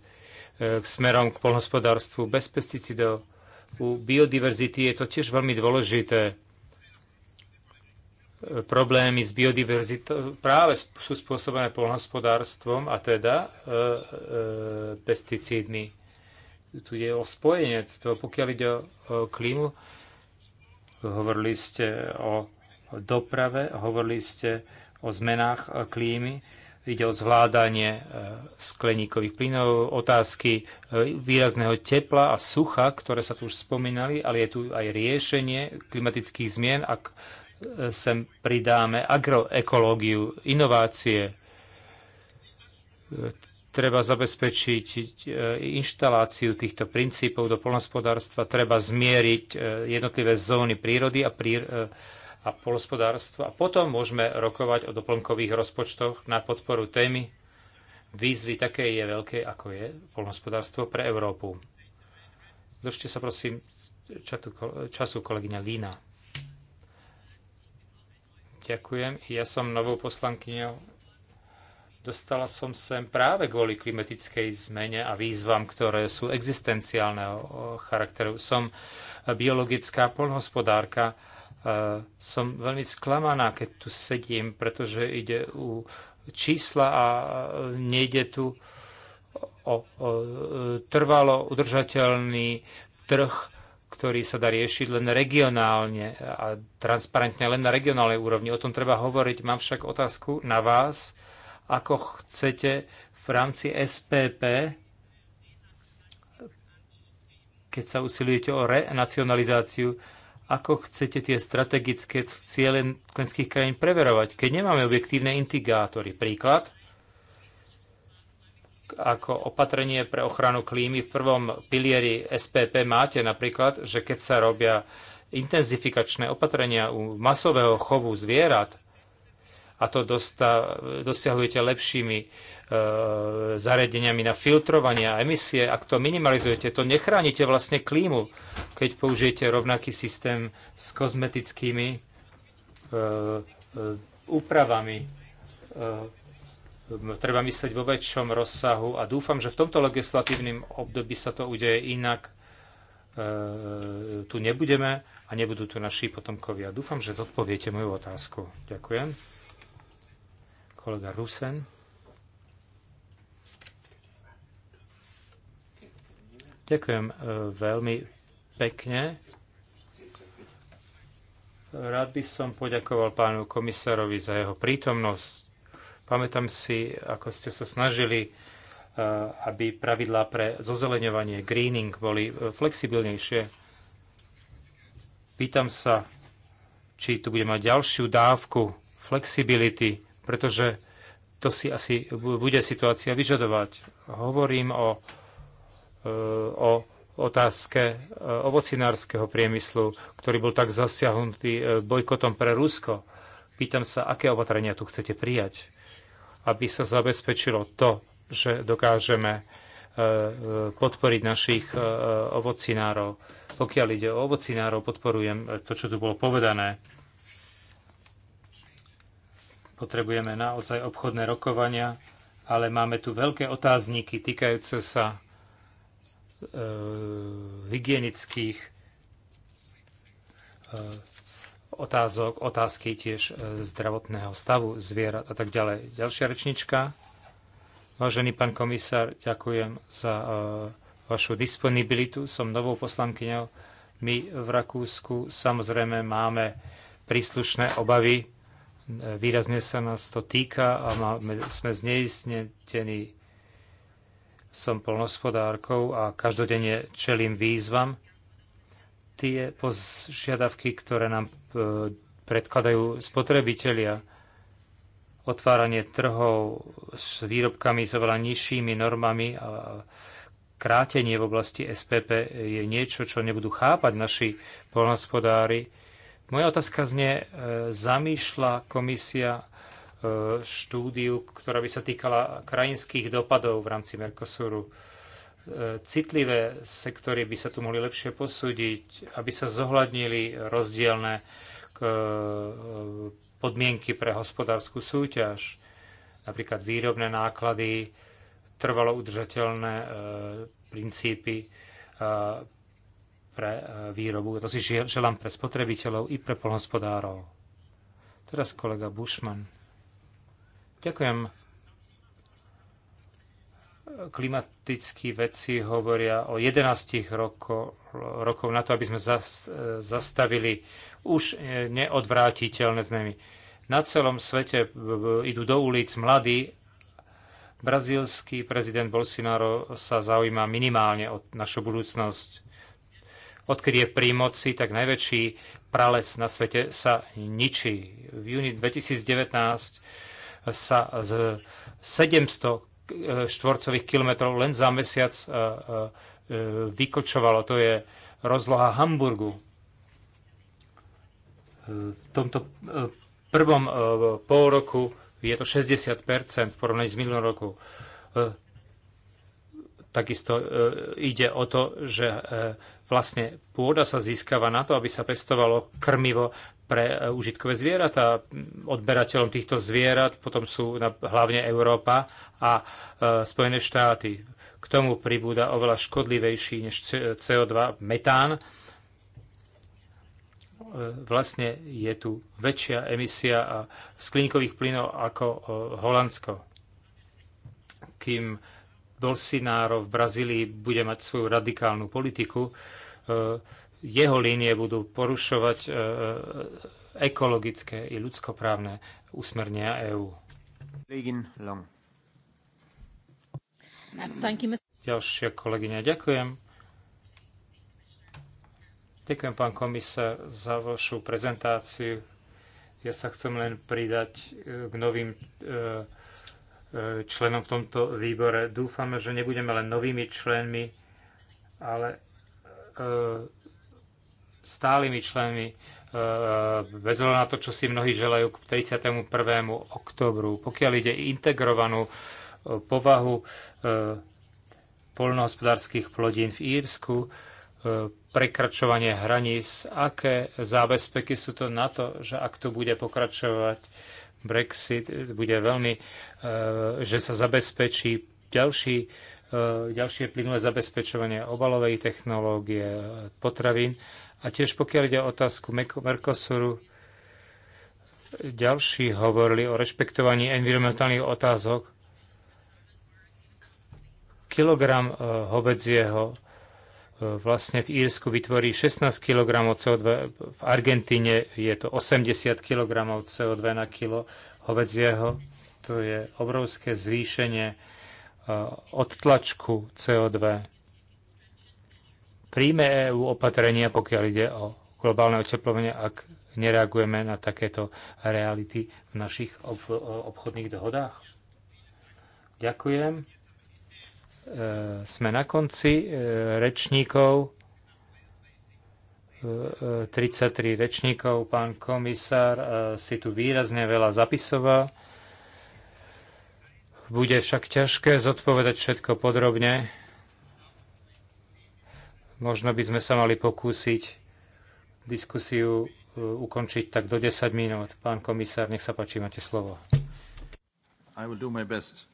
k smerom k polnospodárstvu bez pesticídov. U biodiverzity je to tiež veľmi dôležité problémy s biodiverzitou práve sú spôsobené polnohospodárstvom a teda e, e, pesticídmi. Tu je o spojenectvo. Pokiaľ ide o, o klímu, hovorili ste o doprave, hovorili ste o zmenách e, klímy, ide o zvládanie e, skleníkových plynov, otázky e, výrazného tepla a sucha, ktoré sa tu už spomínali, ale je tu aj riešenie klimatických zmien, ak sem pridáme agroekológiu, inovácie. Treba zabezpečiť e, inštaláciu týchto princípov do polnospodárstva, treba zmieriť e, jednotlivé zóny prírody a, prí, e, a polnospodárstva. A potom môžeme rokovať o doplnkových rozpočtoch na podporu témy výzvy také je veľké, ako je polnospodárstvo pre Európu. Držte sa prosím času kolegyňa Lína. Ďakujem. Ja som novou poslankyňou. Dostala som sem práve kvôli klimatickej zmene a výzvam, ktoré sú existenciálneho charakteru. Som biologická polnohospodárka. E, som veľmi sklamaná, keď tu sedím, pretože ide u čísla a e, nejde tu o, o e, trvalo udržateľný trh ktorý sa dá riešiť len regionálne a transparentne len na regionálnej úrovni. O tom treba hovoriť. Mám však otázku na vás, ako chcete v rámci SPP, keď sa usilujete o renacionalizáciu, ako chcete tie strategické ciele členských krajín preverovať, keď nemáme objektívne indikátory. Príklad, ako opatrenie pre ochranu klímy v prvom pilieri SPP máte napríklad, že keď sa robia intenzifikačné opatrenia u masového chovu zvierat, a to dosta, dosiahujete lepšími e, zariadeniami na filtrovanie a emisie, ak to minimalizujete, to nechránite vlastne klímu, keď použijete rovnaký systém s kozmetickými e, e, úpravami. E, treba myslieť vo väčšom rozsahu a dúfam, že v tomto legislatívnym období sa to udeje inak. E, tu nebudeme a nebudú tu naši potomkovia. Dúfam, že zodpoviete moju otázku. Ďakujem. Kolega Rusen. Ďakujem e, veľmi pekne. Rád by som poďakoval pánu komisárovi za jeho prítomnosť Pamätám si, ako ste sa snažili, eh, aby pravidlá pre zozeleňovanie, greening, boli eh, flexibilnejšie. Pýtam sa, či tu bude mať ďalšiu dávku flexibility, pretože to si asi bude situácia vyžadovať. Hovorím o, eh, o otázke ovocinárskeho priemyslu, ktorý bol tak zasiahnutý bojkotom pre Rusko. Pýtam sa, aké opatrenia tu chcete prijať aby sa zabezpečilo to, že dokážeme e, e, podporiť našich e, ovocinárov. Pokiaľ ide o ovocinárov, podporujem to, čo tu bolo povedané. Potrebujeme naozaj obchodné rokovania, ale máme tu veľké otázniky týkajúce sa hygienických otázok, otázky tiež e, zdravotného stavu zvierat a tak ďalej. Ďalšia rečnička. Vážený pán komisár, ďakujem za e, vašu disponibilitu. Som novou poslankyňou. My v Rakúsku samozrejme máme príslušné obavy. E, výrazne sa nás to týka a máme, sme zneistnetení. Som polnospodárkou a každodenne čelím výzvam. Tie požiadavky, ktoré nám E, predkladajú spotrebitelia. Otváranie trhov s výrobkami s oveľa nižšími normami a krátenie v oblasti SPP je niečo, čo nebudú chápať naši polnospodári. Moja otázka znie, e, zamýšľa komisia e, štúdiu, ktorá by sa týkala krajinských dopadov v rámci Mercosuru citlivé sektory by sa tu mohli lepšie posúdiť, aby sa zohľadnili rozdielne e, podmienky pre hospodárskú súťaž, napríklad výrobné náklady, trvalo udržateľné e, princípy e, pre výrobu. To si želám pre spotrebiteľov i pre polnospodárov. Teraz kolega Bušman. Ďakujem klimatickí vedci hovoria o 11 roko, rokov na to, aby sme zas, zastavili už e, neodvrátiteľné zmeny. Na celom svete e, e, idú do ulic mladí. Brazílsky prezident Bolsonaro sa zaujíma minimálne o našu budúcnosť. Odkedy je pri moci, tak najväčší pralec na svete sa ničí. V júni 2019 sa z 700 E, štvorcových kilometrov len za mesiac e, e, vykočovalo. To je rozloha Hamburgu. V tomto prvom pol roku je to 60 v porovnaní s minulým roku. Takisto ide o to, že vlastne pôda sa získava na to, aby sa pestovalo krmivo pre e, užitkové zvieratá. Odberateľom týchto zvierat potom sú hlavne Európa a e, Spojené štáty. K tomu pribúda oveľa škodlivejší než CO2 metán. E, vlastne je tu väčšia emisia sklinkových plynov ako Holandsko. Kým Bolsonaro v Brazílii bude mať svoju radikálnu politiku, jeho línie budú porušovať e, e, ekologické i ľudskoprávne usmernenia EÚ. Ďalšia kolegyňa, ďakujem. Ďakujem, pán komisár, za vašu prezentáciu. Ja sa chcem len pridať e, k novým členom v tomto výbore. Dúfame, že nebudeme len novými členmi, ale stálymi členmi e, e, bez na to, čo si mnohí želajú k 31. oktobru. Pokiaľ ide integrovanú e, povahu polnohospodárských plodín v Írsku, prekračovanie hraníc, aké zábezpeky sú to na to, že ak tu bude pokračovať Brexit, bude veľmi, že sa zabezpečí ďalší, ďalšie plynulé zabezpečovanie obalovej technológie potravín a tiež pokiaľ ide o otázku Mercosuru, ďalší hovorili o rešpektovaní environmentálnych otázok. Kilogram e, hovedzieho e, vlastne v Írsku vytvorí 16 kg CO2, v Argentíne je to 80 kg CO2 na kilo hovedzieho. To je obrovské zvýšenie e, odtlačku CO2 príjme EÚ opatrenia, pokiaľ ide o globálne oteplovanie, ak nereagujeme na takéto reality v našich ob obchodných dohodách? Ďakujem. E, sme na konci e, rečníkov. E, 33 e, rečníkov. Pán komisár e, si tu výrazne veľa zapisoval. Bude však ťažké zodpovedať všetko podrobne. Možno by sme sa mali pokúsiť diskusiu e, ukončiť tak do 10 minút. Pán komisár, nech sa páči, máte slovo.
I will do my best.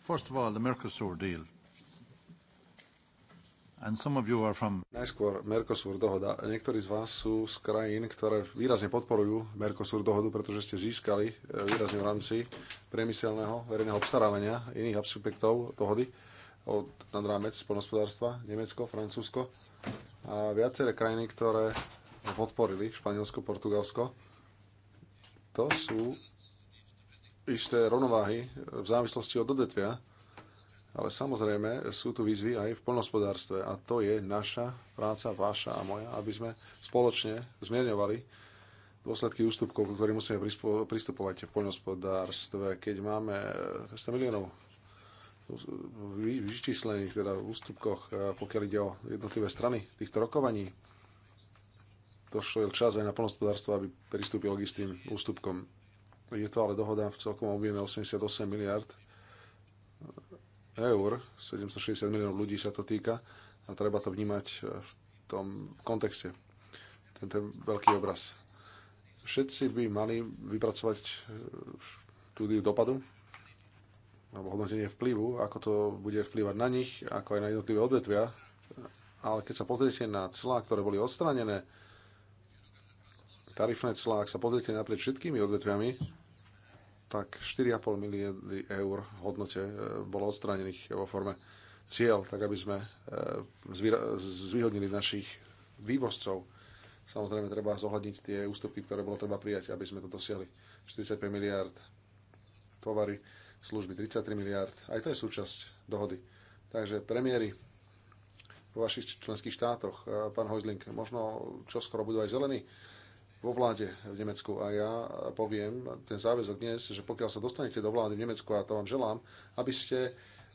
First of all, the Mercosur deal. And some of you are from... Najskôr Mercosur dohoda. Niektorí z vás sú z krajín, ktoré výrazne podporujú Mercosur dohodu, pretože ste získali e, výrazne v rámci priemyselného verejného obstarávania iných subjektov dohody od, nad rámec spolnospodárstva Nemecko, Francúzsko a viaceré krajiny, ktoré podporili Španielsko, Portugalsko. To sú isté rovnováhy v závislosti od odvetvia, ale samozrejme sú tu výzvy aj v poľnohospodárstve a to je naša práca, váša a moja, aby sme spoločne zmierňovali dôsledky ústupkov, ktorým musíme pristupovať v poľnohospodárstve. Keď máme 100 miliónov vyčíslených, teda v ústupkoch, pokiaľ ide o jednotlivé strany týchto rokovaní, došiel čas aj na plnospodárstvo, aby pristúpilo k istým ústupkom. Je to ale dohoda v celkom objeme 88 miliard eur, 760 miliónov ľudí sa to týka a treba to vnímať v tom kontexte. Tento veľký obraz. Všetci by mali vypracovať eh, štúdiu dopadu alebo hodnotenie vplyvu, ako to bude vplyvať na nich, ako aj na jednotlivé odvetvia. Ale keď sa pozriete na clá, ktoré boli odstranené, tarifné clá, ak sa pozriete naprieč všetkými odvetviami, tak 4,5 miliardy eur v hodnote e, bolo odstranených vo forme cieľ, tak aby sme e, zvýhodnili našich vývozcov. Samozrejme, treba zohľadniť tie ústupky, ktoré bolo treba prijať, aby sme to dosiahli. 45 miliard tovary služby 33 miliard. Aj to je súčasť dohody. Takže premiéry vo vašich členských štátoch, eh, pán Hojzling, možno čo skoro budú aj zelení vo vláde v Nemecku a ja poviem ten záväzok dnes, že pokiaľ sa dostanete do vlády v Nemecku, a to vám želám, aby ste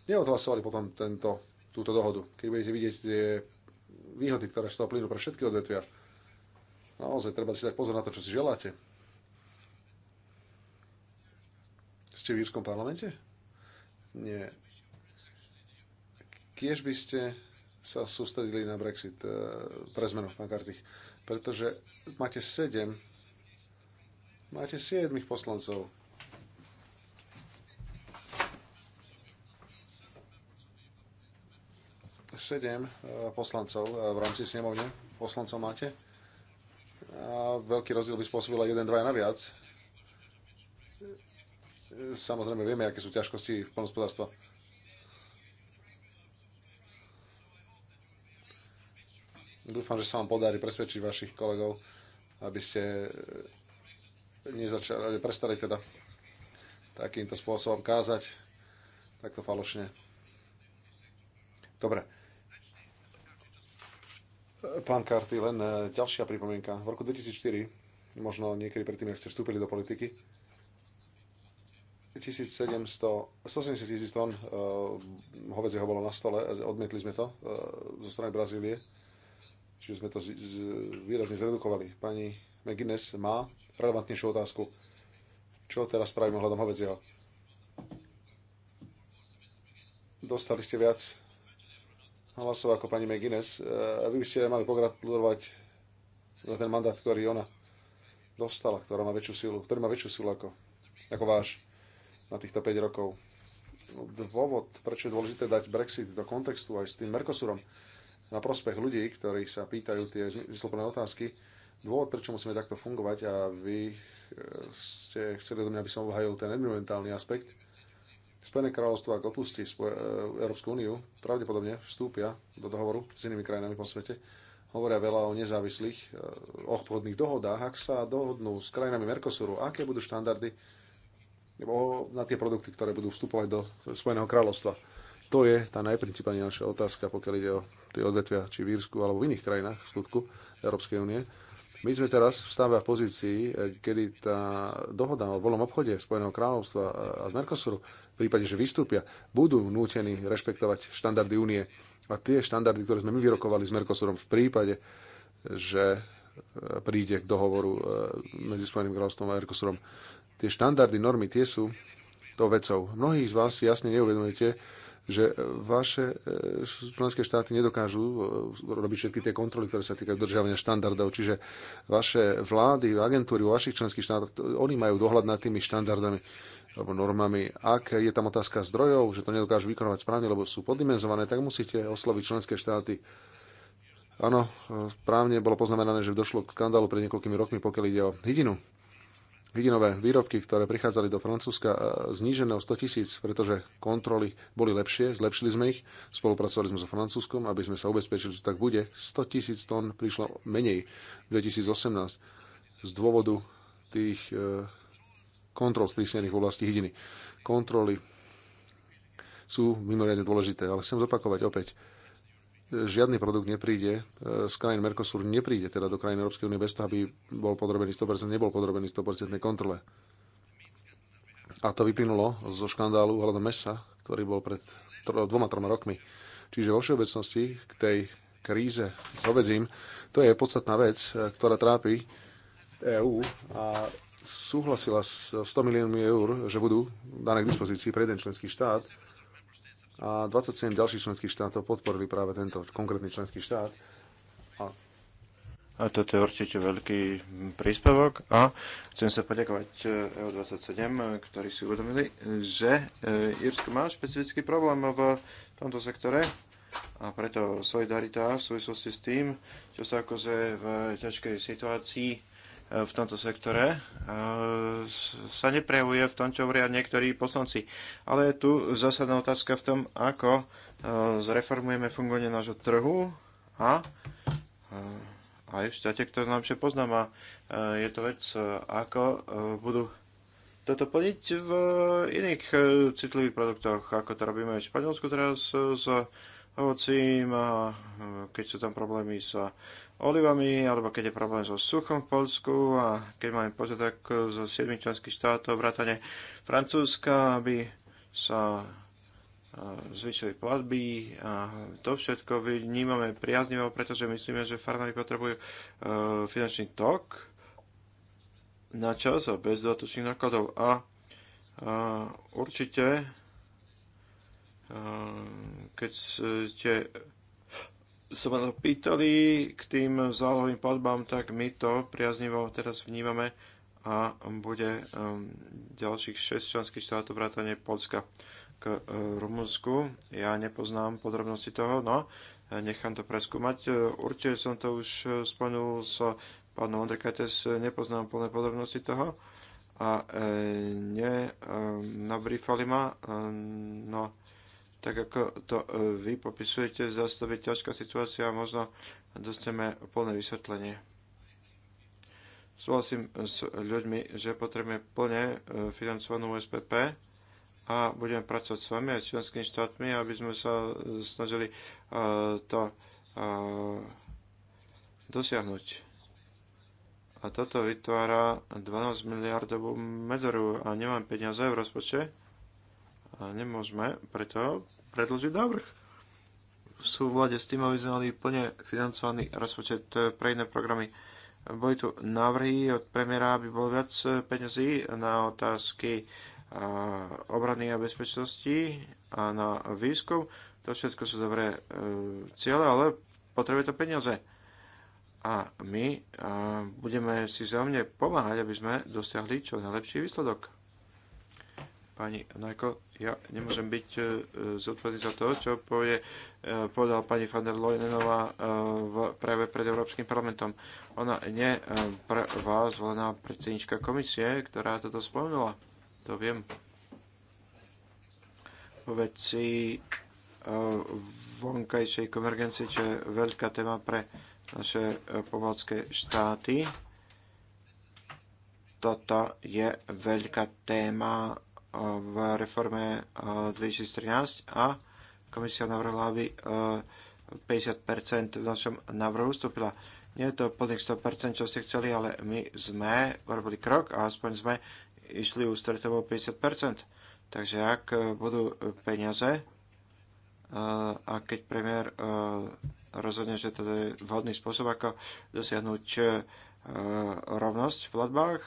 neodhlasovali potom tento, túto dohodu, keď budete vidieť tie výhody, ktoré z toho plynú pre všetky odvetvia. Naozaj treba si dať pozor na to, čo si želáte Ste v Írskom parlamente? Nie. Kiež by ste sa sústredili na Brexit e, pre zmenu, pán Kartich, pretože máte sedem, máte siedmých poslancov. Sedem e, poslancov e, v rámci snemovne. Poslancov máte. A veľký rozdiel by spôsobila jeden, dva naviac Samozrejme vieme, aké sú ťažkosti v polnospodárstva. Dúfam, že sa vám podarí presvedčiť vašich kolegov, aby ste eh, nezačali, prestali teda takýmto spôsobom kázať, takto falošne. Dobre. Pán Karty, len eh, ďalšia pripomienka. V roku 2004, možno niekedy predtým, ak ste vstúpili do politiky, 180 170 tisíc tón eh, hovedzieho bolo na stole, odmietli sme to eh, zo strany Brazílie, čiže sme to z, z, výrazne zredukovali. Pani McGuinness má relevantnejšiu otázku. Čo teraz spravíme hľadom hovedzieho? Dostali ste viac hlasov ako pani McGuinness. Eh, vy by ste mali pogratulovať za ten mandát, ktorý ona dostala, ktorá má väčšiu silu, ktorý má väčšiu silu ako, ako váš na týchto 5 rokov. No, dôvod, prečo je dôležité dať Brexit do kontextu aj s tým Mercosurom na prospech ľudí, ktorí sa pýtajú tie zmysluplné otázky, dôvod, prečo musíme takto fungovať a vy eh, ste chceli do mňa, aby som obhajil ten environmentálny aspekt. Spojené kráľovstvo, ak opustí eh, Európsku úniu, pravdepodobne vstúpia do dohovoru s inými krajinami po svete. Hovoria veľa o nezávislých eh, obchodných dohodách. Ak sa dohodnú s krajinami Mercosuru, aké budú štandardy na tie produkty, ktoré budú vstupovať do Spojeného kráľovstva. To je tá najprincipálnejšia otázka, pokiaľ ide o tie odvetvia, či v Írsku alebo v iných krajinách v skutku Európskej únie. My sme teraz v stave a pozícii, eh, kedy tá dohoda o voľnom obchode Spojeného kráľovstva eh, a z Mercosuru, v prípade, že vystúpia, budú nútení rešpektovať štandardy únie a tie štandardy, ktoré sme my vyrokovali s Mercosurom v prípade, že eh, príde k dohovoru medzi Spojeným kráľovstvom a Mercosurom tie štandardy, normy, tie sú to vecou. Mnohí z vás si jasne neuvedomujete, že vaše e, členské štáty nedokážu e, robiť všetky tie kontroly, ktoré sa týkajú dodržiavania štandardov. Čiže vaše vlády, agentúry vašich členských štátov, oni majú dohľad nad tými štandardami alebo normami. Ak je tam otázka zdrojov, že to nedokážu vykonovať správne, lebo sú poddimenzované, tak musíte osloviť členské štáty. Áno, e, správne bolo poznamenané, že došlo k skandálu pred niekoľkými rokmi, pokiaľ ide o hydinu hydinové výrobky, ktoré prichádzali do Francúzska, e, znížené o 100 tisíc, pretože kontroly boli lepšie, zlepšili sme ich, spolupracovali sme so Francúzskom, aby sme sa ubezpečili, že tak bude. 100 tisíc tón prišlo menej v 2018 z dôvodu tých e, kontrol sprísnených v oblasti hydiny. Kontroly sú mimoriadne dôležité, ale chcem zopakovať opäť, žiadny produkt nepríde, e, z krajín Mercosur nepríde teda do krajín Európskej únie bez toho, aby bol podrobený 100%, nebol podrobený 100% kontrole. A to vyplynulo zo škandálu hľadom mesa, ktorý bol pred dvoma, troma rokmi. Čiže vo všeobecnosti k tej kríze s obezím, to je podstatná vec, e, ktorá trápi EÚ a súhlasila s 100 miliónmi eur, že budú dané k dispozícii pre jeden členský štát a 27 ďalších členských štátov podporili práve tento konkrétny členský štát. A a toto je určite veľký
príspevok a chcem sa poďakovať EU27, e ktorí si uvedomili, že e, Irsko má špecifický problém v tomto sektore a preto solidarita v súvislosti s tým, čo sa akože v ťažkej situácii v tomto sektore e, sa neprejavuje v tom, čo hovoria niektorí poslanci. Ale je tu zásadná otázka v tom, ako e, zreformujeme fungovanie nášho trhu a e, aj v štáte, ktoré nám všetko poznám. A je to vec, ako budú toto plniť v iných citlivých produktoch, ako to robíme v Španielsku teraz s ovocím a keď sú tam problémy sa olivami, alebo keď je problém so suchom v Polsku a keď máme požiadavok zo 7 členských štátov, vrátane Francúzska, aby sa e, zvyšili platby a to všetko vnímame priaznivo, pretože myslíme, že farmári potrebujú e, finančný tok na čas a bez dodatočných nákladov a e, určite keď ste sa ma pýtali k tým zálohovým platbám, tak my to priaznivo teraz vnímame a bude um, ďalších 6 členských štátov vrátane Polska k uh, Rumunsku. Ja nepoznám podrobnosti toho, no nechám to preskúmať. Určite som to už uh, spomenul s pánom Andrekates, nepoznám plné podrobnosti toho a e, ne, e, nabrýfali ma, e, no tak ako to e, vy popisujete, zastaviť ťažká situácia a možno dostaneme plné vysvetlenie. Súhlasím e, s ľuďmi, že potrebujeme plne e, financovanú SPP a budeme pracovať s vami a členskými štátmi, aby sme sa snažili to dosiahnuť. A toto vytvára 12 miliardovú medzeru a nemám peniaze v rozpočte. A nemôžeme preto predlžiť návrh. Sú vláde s tým, aby sme mali plne financovaný rozpočet e, pre iné programy. Boli tu návrhy od premiéra, aby bolo viac e, peňazí na otázky e, obrany a bezpečnosti a na výskum. To všetko sú dobré e, ciele, ale potrebuje to peniaze. A my budeme si vzájomne pomáhať, aby sme dosiahli čo najlepší výsledok pani Najko, ja nemôžem byť e, zodpovedný za to, čo povie, e, povedal pani van der Leunenová e, v prejave pred Európskym parlamentom. Ona nie pre vás zvolená predsednička komisie, ktorá toto spomenula. To viem. Po veci vonkajšej konvergencie, čo je veľká téma pre naše pobaltské štáty toto je veľká téma v reforme 2013 a komisia navrhla, aby 50% v našom návrhu vstúpila. Nie je to plných 100%, čo ste chceli, ale my sme robili krok a aspoň sme išli stretovou 50%. Takže ak e, budú peniaze e, a keď premiér e, rozhodne, že to je vhodný spôsob, ako dosiahnuť rovnosť v platbách,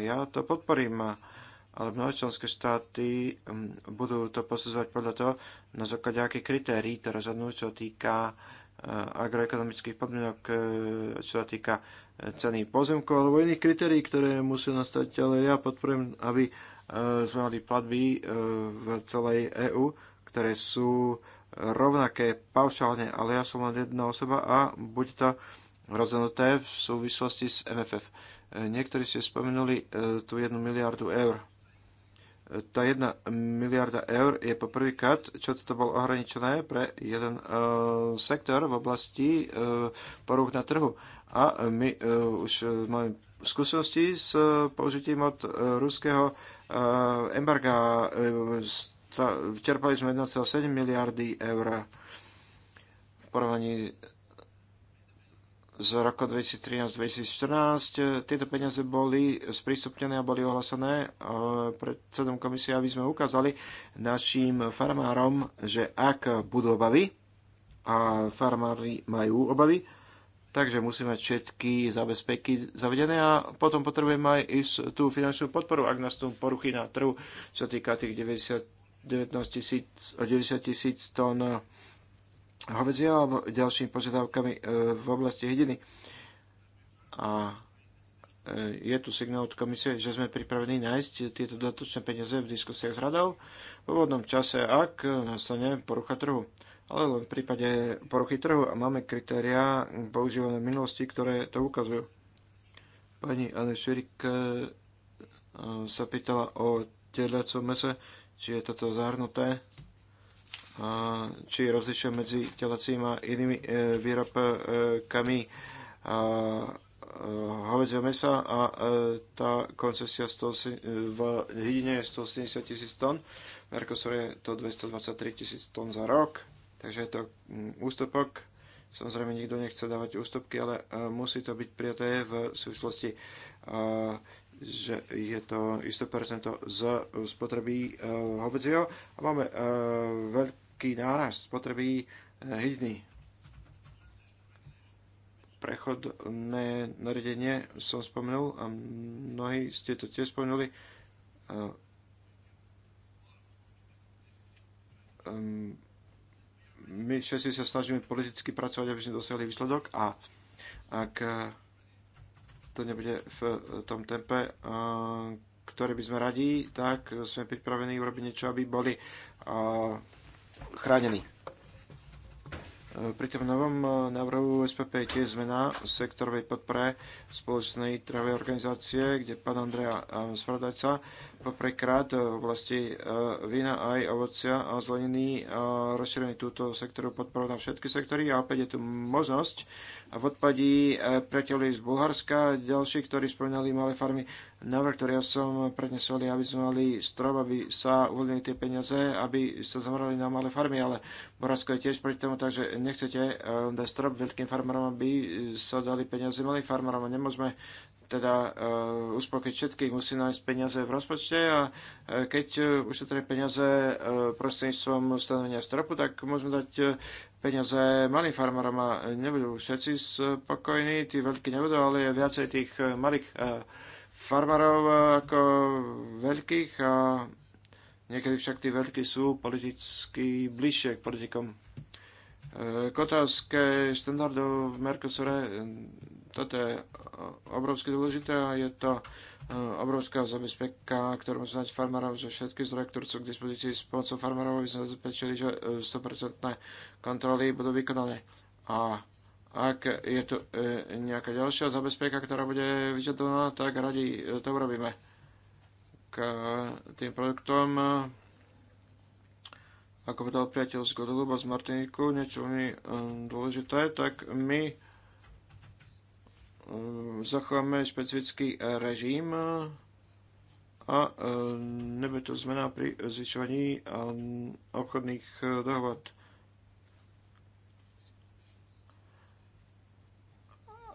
ja to podporím ale mnohé členské štáty mm, budú to posudzovať podľa toho, na základe akých kritérií to rozhodnú, čo týka eh, agroekonomických podmienok, eh, čo sa týka eh, ceny pozemkov alebo iných kritérií, ktoré musia nastať, ale ja podporujem, aby sme mali platby v celej EÚ, ktoré sú rovnaké paušálne, ale ja som len jedna osoba a bude to rozhodnuté v súvislosti s MFF. Niektorí ste spomenuli tú jednu miliardu eur tá jedna miliarda eur je poprvýkrát, čo to bolo ohraničené pre jeden e, sektor v oblasti e, porúch na trhu. A my e, už máme skúsenosti s použitím od ruského embarga. Čerpali sme 1,7 miliardy eur v porovnaní z roku 2013-2014. Tieto peniaze boli sprístupnené a boli ohlasené e, predsedom komisie, aby sme ukázali našim farmárom, že ak budú obavy, a farmári majú obavy, takže musíme mať všetky zabezpeky zavedené a potom potrebujeme aj ísť tú finančnú podporu, ak nás tu poruchy na trhu, čo týka tých 90, tisíc, 90 tisíc tón hovedzi alebo ďalšími požiadavkami e, v oblasti hydiny. A e, je tu signál od komisie, že sme pripravení nájsť tieto dodatočné peniaze v diskusiách s radou v úvodnom čase, ak nastane porucha trhu. Ale len v prípade poruchy trhu a máme kritériá používané v minulosti, ktoré to ukazujú. Pani Anne Širik e, sa pýtala o telecom mese, či je toto zahrnuté či rozlišujem medzi telacím a inými e, výrobkami e, hovedzieho mesa a e, tá koncesia v Hydine je 180 tisíc tón, v Mercosur je to 223 tisíc tón za rok, takže je to ústupok. Samozrejme, nikto nechce dávať ústupky, ale musí to byť prijaté v súvislosti, že je to isté percento z spotreby hovedzieho a máme veľkú prudký nárast spotreby e, hydiny. Prechodné naredenie som spomenul a mnohí ste to tiež spomenuli. E, my všetci sa snažíme politicky pracovať, aby sme dosiahli výsledok a ak e, to nebude v tom tempe, ktoré by sme radi, tak sme pripravení urobiť niečo, aby boli chránený. E, pri tom novom e, návrhu SPP je tiež zmena sektorovej podpore spoločnej trhovej organizácie, kde pán Andrea e, Svrdajca Poprekrát e, v oblasti e, vína aj ovocia a zeleniny rozšírený túto sektoru podporu na všetky sektory a opäť je tu možnosť v odpadí e, priateľi z Bulharska, ďalší, ktorí spomínali malé farmy. Návrh, ktorý ja som prednesol, aby sme mali strop, aby sa uvoľnili tie peniaze, aby sa zamerali na malé farmy, ale Bulharsko je tiež proti tomu, takže nechcete dať strop veľkým farmárom, aby sa dali peniaze malým farmárom a nemôžeme teda uh, uspokojiť všetkých, musí nájsť peniaze v rozpočte a uh, keď uh, eh, ušetria peniaze uh, prostredníctvom stanovenia stropu, tak môžeme dať uh, peniaze malým farmárom a nebudú všetci spokojní, tí veľkí nebudú, ale je viacej tých uh, malých uh, farmárov uh, ako veľkých a niekedy však tí veľkí sú politicky bližšie k politikom. K otázke štandardov v Mercosure toto je e, obrovsky dôležité a je to e, obrovská zabezpeka, ktorú musí dať farmárov, že všetky zdroje, ktoré sú k dispozícii s pomocou farmárov, aby sme zabezpečili, že 100% e, kontroly budú vykonané. A ak je tu nejaká ďalšia zabezpeka, ktorá bude vyžadovaná, tak radi to urobíme. K tým produktom, ako povedal priateľ z Godoluba z Martiniku, niečo mi dôležité, tak my Ehm, zachováme špecifický e, režim e, a e, nebude to zmena pri zvyšovaní obchodných dohod.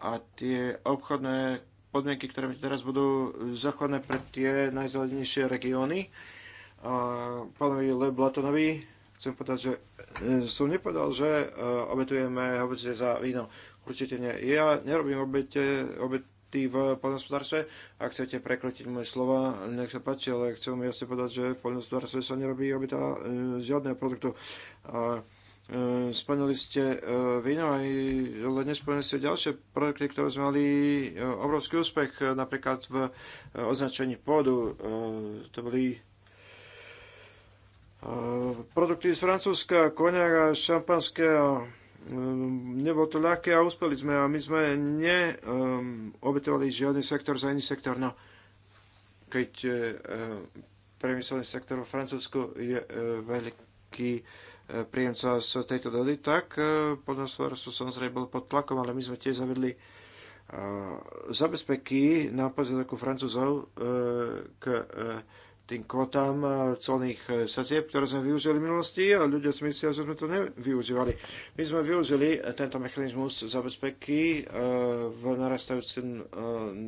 A tie obchodné podmienky, ktoré teraz budú zachované pre tie najzelenejšie regióny, pánovi Le Blatonovi chcem povedať, že som nepovedal, že obetujeme hovoríte za víno. Určite nie. Ja nerobím obete, obety v poľnohospodárstve. Ak chcete prekletiť moje slova, nech sa páči, ale chcem jasne povedať, že v poľnohospodárstve sa nerobí obeta e, žiadneho produktu. A, e, splnili ste e, víno, aj, ale nesplnili ste ďalšie produkty, ktoré sme mali e, obrovský úspech, e, napríklad v e, označení pôdu. E, to boli e, produkty z Francúzska, koniak a šampanské a Ehm, nebolo to ľahké a uspeli sme a my sme neobetovali um, žiadny sektor za iný sektor. No, keď uh, priemyselný sektor v Francúzsku je uh, veľký uh, príjemca z tejto dody, tak uh, som zrejme bol pod tlakom, ale my sme tiež zavedli zabezpeky na požiadavku Francúzov k uh, tým kvotám colných e, sazieb, ktoré sme využili v minulosti a ľudia si myslia, že sme to nevyužívali. My sme využili tento mechanizmus zabezpeky e, v narastajúcim e,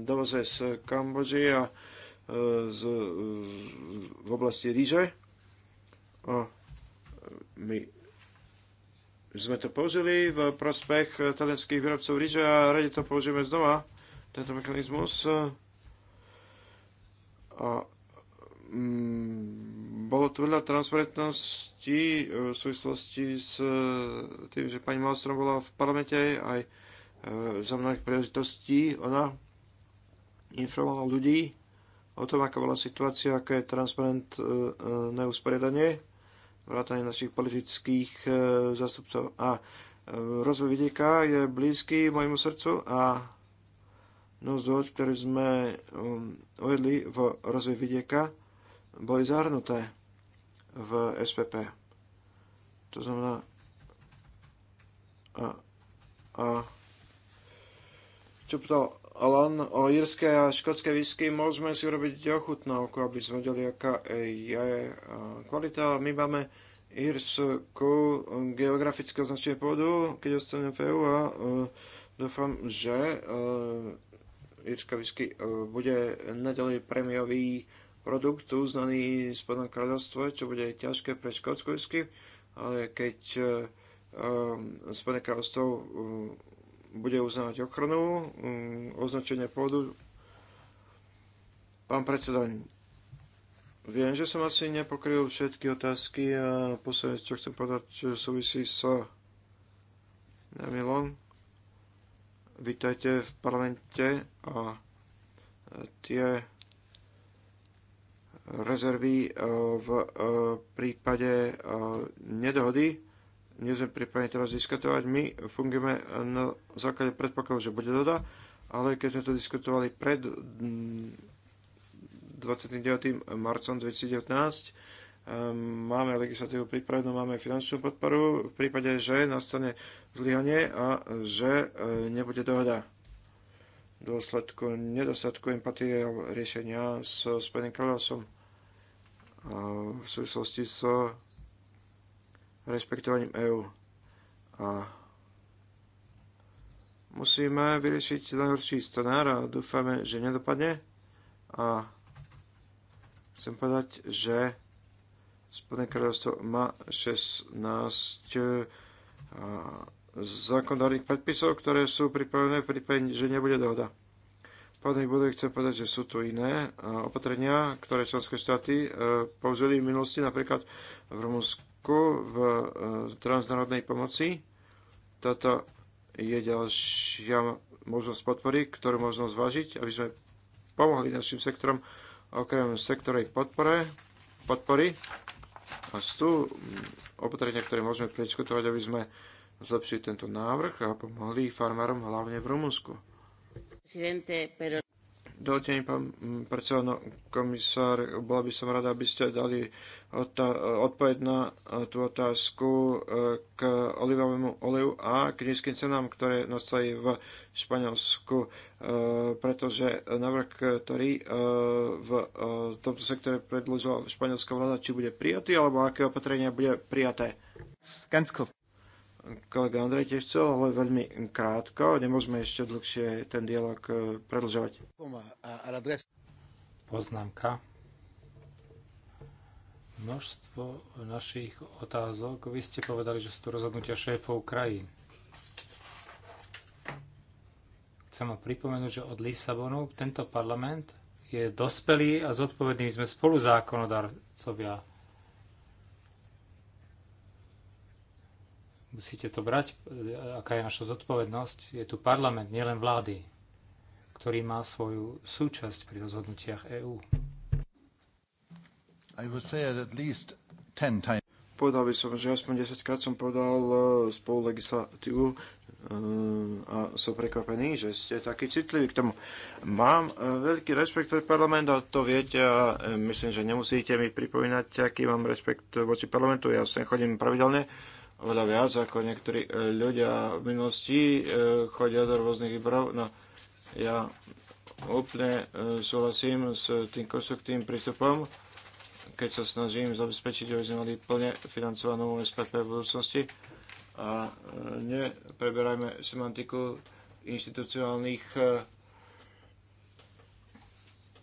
dovoze z Kambodži a z, v oblasti ríže. A my sme to použili v prospech talianských výrobcov ríže a radi to použijeme znova, tento mechanizmus. A Mm, bolo tu veľa transparentnosti e, v súvislosti s e, tým, že pani Malstrom bola v parlamente aj e, za mnohých príležitostí. Ona informovala ľudí o tom, aká bola situácia, aké je transparentné usporiadanie, vrátanie našich politických zástupcov. A rozvoj vidieka je blízky môjmu srdcu a nosť, ktorý sme um, uvedli v rozvoj vidieka, boli zahrnuté v SPP. To znamená, a, a, čo ptal Alan o írske a škótske whisky, môžeme si urobiť ochutnávku, aby sme vedeli, aká je kvalita. My máme írsku geografické označenie pôdu, keď ostanem v EU a uh, dúfam, že uh, e, írska whisky uh, e, bude nadalej premiový uh, produkt uznaný z Spodnom kráľovstva, čo bude ťažké pre Škótsko ale keď eh, eh, Spodné kráľovstvo eh, bude uznávať ochranu, označenie pôdu. Pán predseda, viem, že som asi nepokryl všetky otázky a posledné, čo chcem povedať, súvisí s Nemilom. Vítajte v parlamente a tie rezervy e, v e, prípade e, nedohody. Nie sme pripravení teraz diskutovať. My fungujeme na základe predpokladu, že bude doda, ale keď sme to diskutovali pred 29. Mm, marcom 2019, ehm, máme legislatívu pripravenú, máme finančnú podporu v prípade, že nastane zlyhanie a že nebude dohoda dôsledku nedostatku empatie a riešenia s Spojeným kráľovstvom v súvislosti s rešpektovaním EÚ. A musíme vyriešiť najhorší scenár a dúfame, že nedopadne. A chcem povedať, že Spodné kráľovstvo má 16 e, zákonodárnych predpisov, ktoré sú pripravené v prípade, že nebude dohoda. Pádnej budovy chcem povedať, že sú tu iné e, opatrenia, ktoré členské štáty e, použili v minulosti, napríklad v Rumunsku v e, transnárodnej pomoci. Toto je ďalšia možnosť podpory, ktorú možno zvážiť, aby sme pomohli našim sektorom okrem sektorej podpore, podpory. A sú opatrenia, ktoré môžeme prediskutovať, aby sme zlepšili tento návrh a pomohli farmárom hlavne v Rumunsku. Dovolte mi, pán predseda, no, komisár, bola by som rada, aby ste dali odpoveď na e, tú otázku e, k olivovému oleju a k nízkym cenám, ktoré nastali v Španielsku, e, pretože návrh, ktorý v tomto sektore predložila španielská vláda, či bude prijatý, alebo aké opatrenia bude prijaté.
Skansko
kolega Andrej tiež chcel, ale veľmi krátko. Nemôžeme ešte dlhšie ten dialog e,
predlžovať. Poznámka. Množstvo našich otázok. Vy ste povedali, že sú to rozhodnutia šéfov krajín. Chcem vám pripomenúť, že od Lisabonu tento parlament je dospelý a zodpovedný. My sme spolu zákonodarcovia Musíte to brať, e, aká je naša zodpovednosť. Je tu parlament, nielen vlády, ktorý má svoju súčasť pri rozhodnutiach EÚ.
Povedal by som, že aspoň 10 krát som povedal e, spolu legislatívu e, a som prekvapený, že ste takí citliví k tomu. Mám veľký rešpekt pre parlament a to viete a myslím, že nemusíte mi pripomínať, aký mám rešpekt voči parlamentu. Ja sem chodím pravidelne oveľa viac ako niektorí e, ľudia v minulosti e, chodia do rôznych výborov. No, ja úplne e, súhlasím s tým konstruktívnym prístupom, keď sa snažím zabezpečiť, aby sme mali plne financovanú SPP v budúcnosti a nepreberajme semantiku inštitucionálnych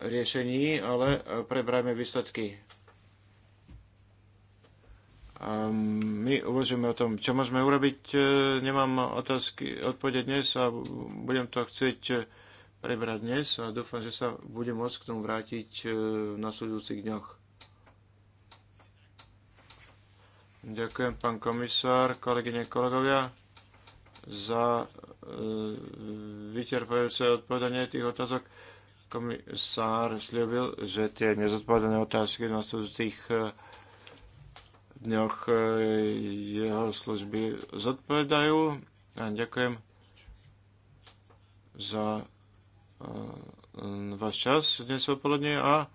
riešení, ale prebrajme výsledky my uvažujeme o tom, čo môžeme urobiť. E, nemám otázky, odpovede dnes a budem to chcieť prebrať dnes a dúfam, že sa budem môcť k tomu vrátiť e, v nasledujúcich dňoch. Ďakujem, pán komisár, kolegyne, kolegovia, za e, vyčerpajúce odpovedanie tých otázok. Komisár slúbil, že tie nezodpovedané otázky v nasledujúcich dňoch e, jeho služby zodpovedajú. A ďakujem za e, váš čas dnes odpoledne a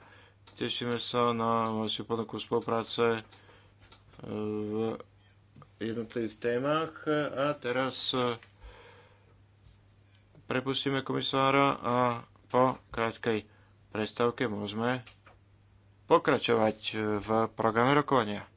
tešíme sa na vašu ponuku spolupráce e, v jednotlivých témach. A teraz prepustíme komisára a po krátkej prestávke môžeme pokračovať v programe rokovania.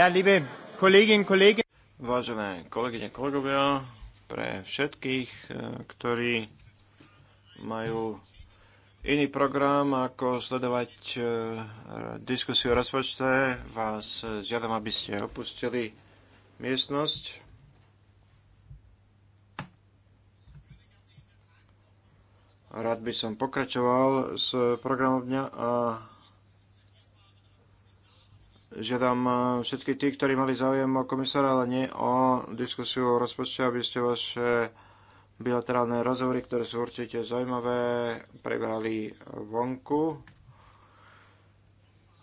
Ja, liebe kolegyne, kolegy.
Vážené kolegyne, kolegovia, pre všetkých, eh, ktorí majú iný program, ako sledovať eh, diskusiu o rozpočte, vás eh, žiadam, aby ste opustili miestnosť. Rád by som pokračoval s programom dňa a žiadam eh, všetky tí, ktorí mali záujem o komisára, ale nie o diskusiu o rozpočte, aby ste vaše bilaterálne rozhovory, ktoré sú určite zaujímavé, prebrali vonku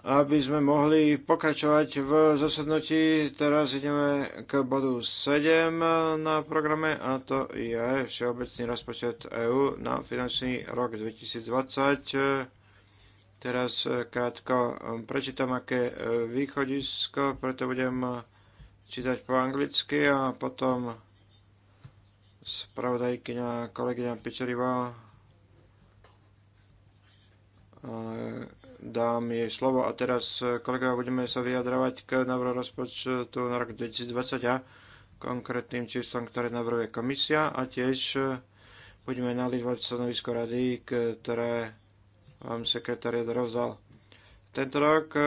aby sme mohli pokračovať v zasadnutí. Teraz ideme k bodu 7 na programe a to je Všeobecný rozpočet EÚ na finančný rok 2020. Teraz e, krátko e, prečítam, aké e, východisko, preto budem čítať po anglicky a potom spravodajkyňa kolegyňa Pičerivá dám jej slovo. A teraz, kolega, budeme sa vyjadrovať k návrhu rozpočtu na rok 2020 a konkrétnym číslom, ktoré navrhuje komisia a tiež budeme nalývať stanovisko rady, ktoré vám sekretariat rozdal. Tento rok e,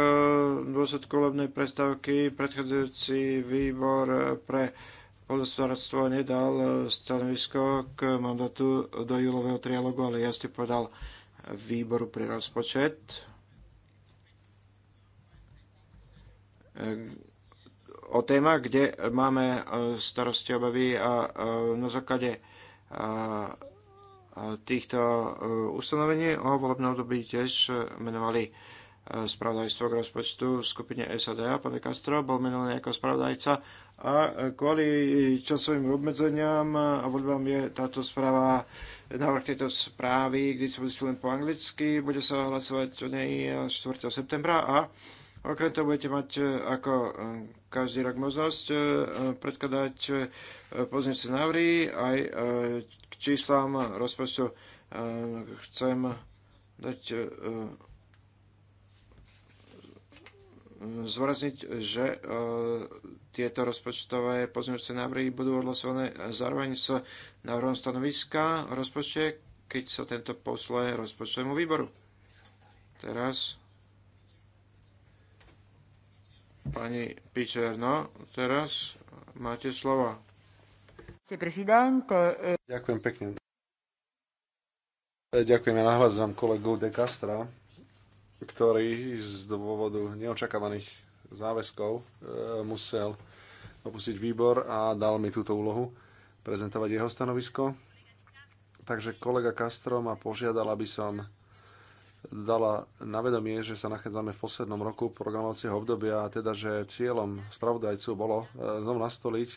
v dôsledku volebnej prestávky predchádzajúci výbor pre hospodárstvo nedal e, stanovisko k mandátu do júlového trialogu, ale ja ste povedal výboru pre rozpočet e, o téma, kde máme starosti, obavy a na základe týchto eh, ustanovení o volebnom období tiež menovali eh, spravodajstvo k rozpočtu v skupine SAD a pán Castro bol menovaný ako spravodajca a kvôli časovým obmedzeniam a voľbám je táto správa návrh tejto správy k dispozícii len po anglicky. Bude sa hlasovať o nej eh, 4. septembra a Okrem toho budete mať e, ako e, každý rok možnosť e, predkladať pozniečné návry aj k číslám rozpočtu. Chcem dať zvorazniť, že tieto rozpočtové pozmeňujúce návry budú odhlasované zároveň s návrhom stanoviska rozpočte, keď sa tento pošle rozpočtovému výboru. Teraz Pani Pičerno, teraz
máte slova. Ďakujem pekne. E, ďakujem, ja nahvádzam kolegu De Castra, ktorý z dôvodu neočakávaných záväzkov e, musel opustiť výbor a dal mi túto úlohu prezentovať jeho stanovisko. Takže kolega Castro ma požiadal, aby som dala na vedomie, že sa nachádzame v poslednom roku programovacieho obdobia a teda, že cieľom spravodajcu bolo e, znovu nastoliť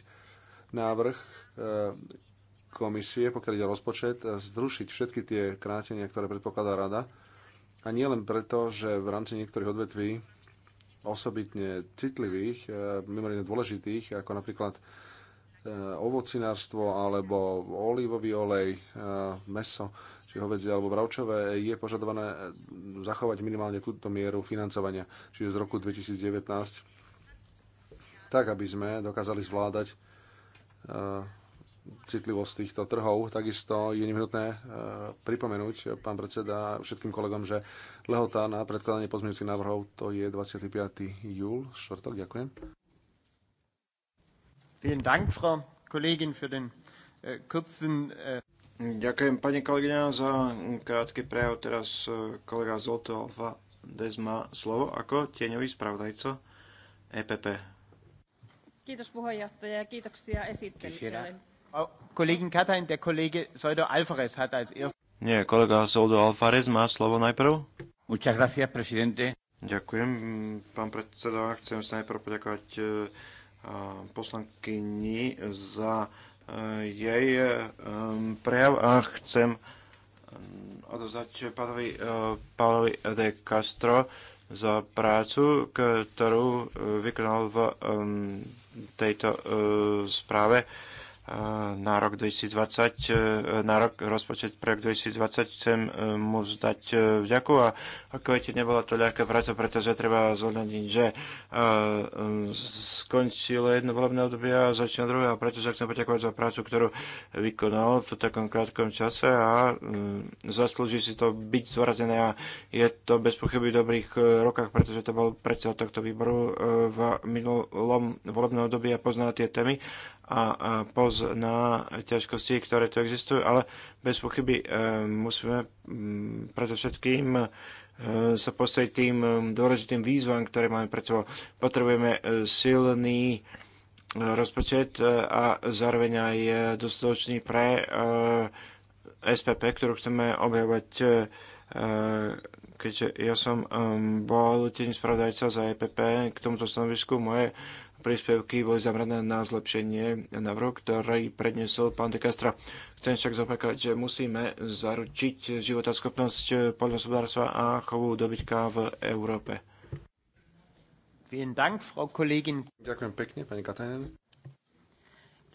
návrh e, komisie, pokiaľ ide rozpočet, e, zrušiť všetky tie krátenia, ktoré predpokladá rada. A nie len preto, že v rámci niektorých odvetví osobitne citlivých, mimoriadne dôležitých, ako napríklad ovocinárstvo alebo olivový olej, meso, či hovedzie alebo bravčové, je požadované zachovať minimálne túto mieru financovania, čiže z roku 2019, tak aby sme dokázali zvládať e, citlivosť týchto trhov. Takisto je uh, pripomenúť, pán predseda, všetkým kolegom, že lehota na predkladanie pozmeňujúcich návrhov to je 25. júl, štvrtok. Ďakujem.
Vielen Dank, Frau Kollegin, für den äh, kurzen... Äh, Ďakujem pani
kolegyňa za krátky prejav. Teraz e, kolega Zolto Alfa Dez má
slovo ako tieňový spravodajco EPP. Kiitos puheenjohtaja ja kiitoksia esittelijöille. Kollegin Katain, der Kollege Soldo Alvarez hat als erst...
Nie, kolega Soldo Alvarez má slovo najprv. Muchas gracias, presidente. Ďakujem, pán predseda. Chcem sa najprv poďakovať e, poslankyni za jej eh, prejav a chcem odozvať pánovi eh, Pavlovi de Castro za prácu, ktorú eh, vykonal v tejto správe na rok 2020, e, na rok, rozpočet pre rok 2020 chcem e, mu zdať e, vďaku a ako viete, nebola to ľahká práca, pretože treba zohľadniť, že skončilo jedno volebné obdobie a začína druhé a preto sa chcem poďakovať za prácu, ktorú vykonal v takom krátkom čase a zaslúži si to byť zvrazené a je to bez pochyby v dobrých rokach, pretože to bol predseda tohto výboru v minulom volebnom období a pozná tie témy a pozná ťažkosti, ktoré tu existujú, ale bez pochyby e, musíme mm, všetkým e, sa postaviť tým e, dôležitým výzvam, ktoré máme pred sebou. Potrebujeme silný rozpočet a zároveň aj dostatočný pre SPP, ktorú chceme objavovať, keďže ja som bol tým spravodajca za EPP k tomuto stanovisku. Moje príspevky boli zamerané na zlepšenie návrhu, ktorý predniesol pán de Castro. Chcem však zopakovať, že musíme zaručiť životaschopnosť poľnohospodárstva a chovu dobytka v Európe.
Ďakujem pekne, pani Katajnen.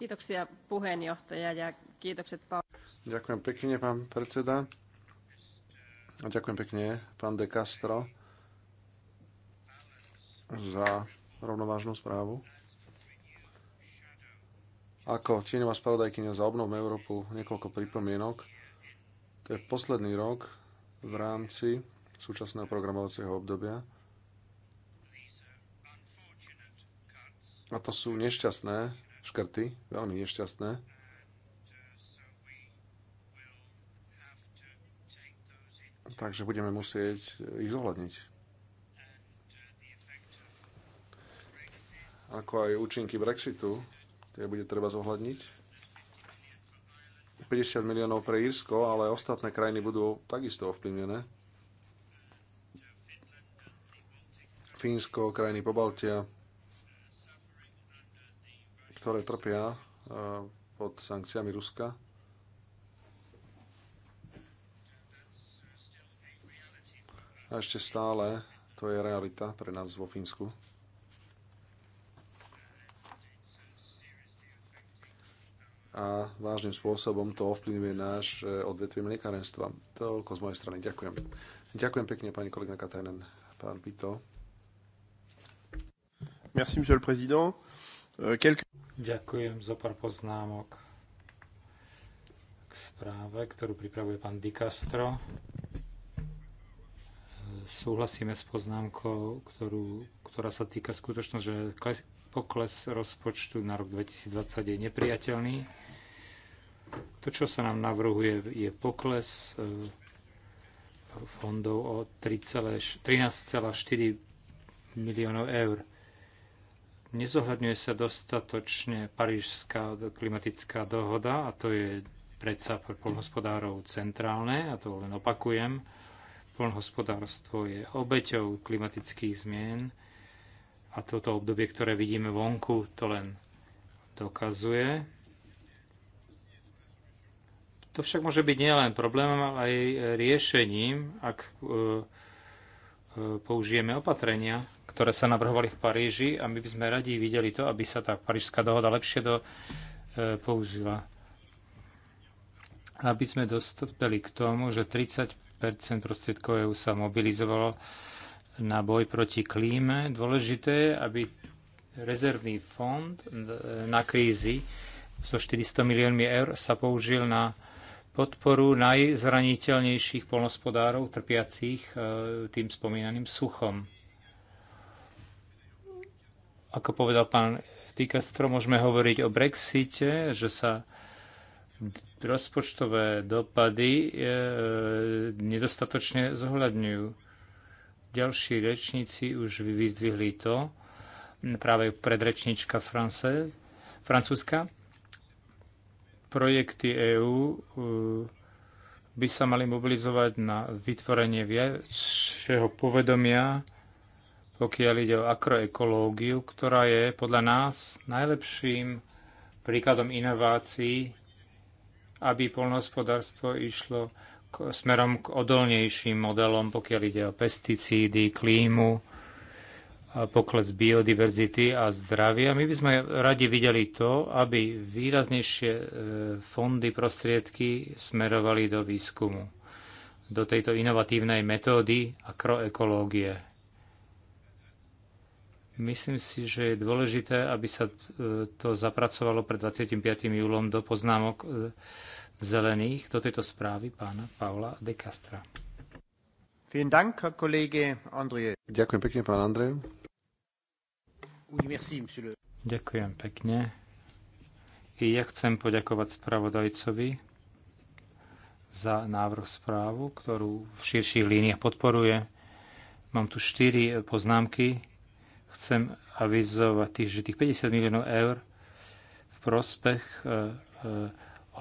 Kiitoksia puheenjohtaja ja kiitokset Paul.
Ďakujem pekne, pán predseda. A ďakujem pekne, pán De Castro, za rovnovážnu správu. Ako tieňová spravodajkynia za obnovu Európu niekoľko pripomienok. To je posledný rok v rámci súčasného programovacieho obdobia. A to sú nešťastné škrty, veľmi nešťastné. Takže budeme musieť ich zohľadniť. ako aj účinky Brexitu, tie bude treba zohľadniť. 50 miliónov pre Írsko, ale ostatné krajiny budú takisto ovplyvnené. Fínsko, krajiny Po Baltia. ktoré trpia e, pod sankciami Ruska. A ešte stále to je realita pre nás vo Fínsku. a vážnym spôsobom to ovplyvňuje náš e, odvetvie mliekárenstva. Toľko z mojej strany. Ďakujem. Ďakujem pekne, pani kolegyna Katajnen. Pán Pito.
Merci, monsieur
le président. Euh,
Ďakujem za pár poznámok k správe, ktorú pripravuje pán Castro. Súhlasíme s poznámkou, ktorú, ktorá sa týka skutočnosti, že pokles rozpočtu na rok 2020 je nepriateľný to, čo sa nám navrhuje, je pokles e, fondov o 13,4 miliónov eur. Nezohľadňuje sa dostatočne parížská klimatická dohoda a to je predsa pre polnohospodárov centrálne a to len opakujem. Polnohospodárstvo je obeťou klimatických zmien a toto obdobie, ktoré vidíme vonku, to len dokazuje. To však môže byť nielen problémom, ale aj riešením, ak e, e, použijeme opatrenia, ktoré sa navrhovali v Paríži a my by sme radi videli to, aby sa tá parížská dohoda lepšie do, e, použila. Aby sme dostali k tomu, že 30 prostriedkov EU sa mobilizovalo na boj proti klíme. Dôležité, aby rezervný fond e, na krízi so 400 miliónmi eur sa použil na podporu najzraniteľnejších polnospodárov trpiacich e, tým spomínaným suchom. Ako povedal pán Dicastro, môžeme hovoriť o Brexite, že sa rozpočtové dopady e, nedostatočne zohľadňujú. Ďalší rečníci už vyzdvihli to, práve predrečníčka francúzska, Projekty EÚ e, by sa mali mobilizovať na vytvorenie väčšieho povedomia, pokiaľ ide o akroekológiu, ktorá je podľa nás najlepším príkladom inovácií, aby polnohospodárstvo išlo k, smerom k odolnejším modelom, pokiaľ ide o pesticídy, klímu, pokles biodiverzity a zdravia. My by sme radi videli to, aby výraznejšie e, fondy, prostriedky smerovali do výskumu, do tejto inovatívnej metódy akroekológie. Myslím si, že je dôležité, aby sa e, to zapracovalo pred 25. júlom do poznámok e, zelených, do tejto správy pána Paula de Castra.
Ďakujem pekne, pán Andrej. Ďakujem pekne.
I ja chcem poďakovať spravodajcovi za návrh správu, ktorú v širších líniách podporuje. Mám tu štyri poznámky. Chcem avizovať, tých, že tých 50 miliónov eur v prospech e, e,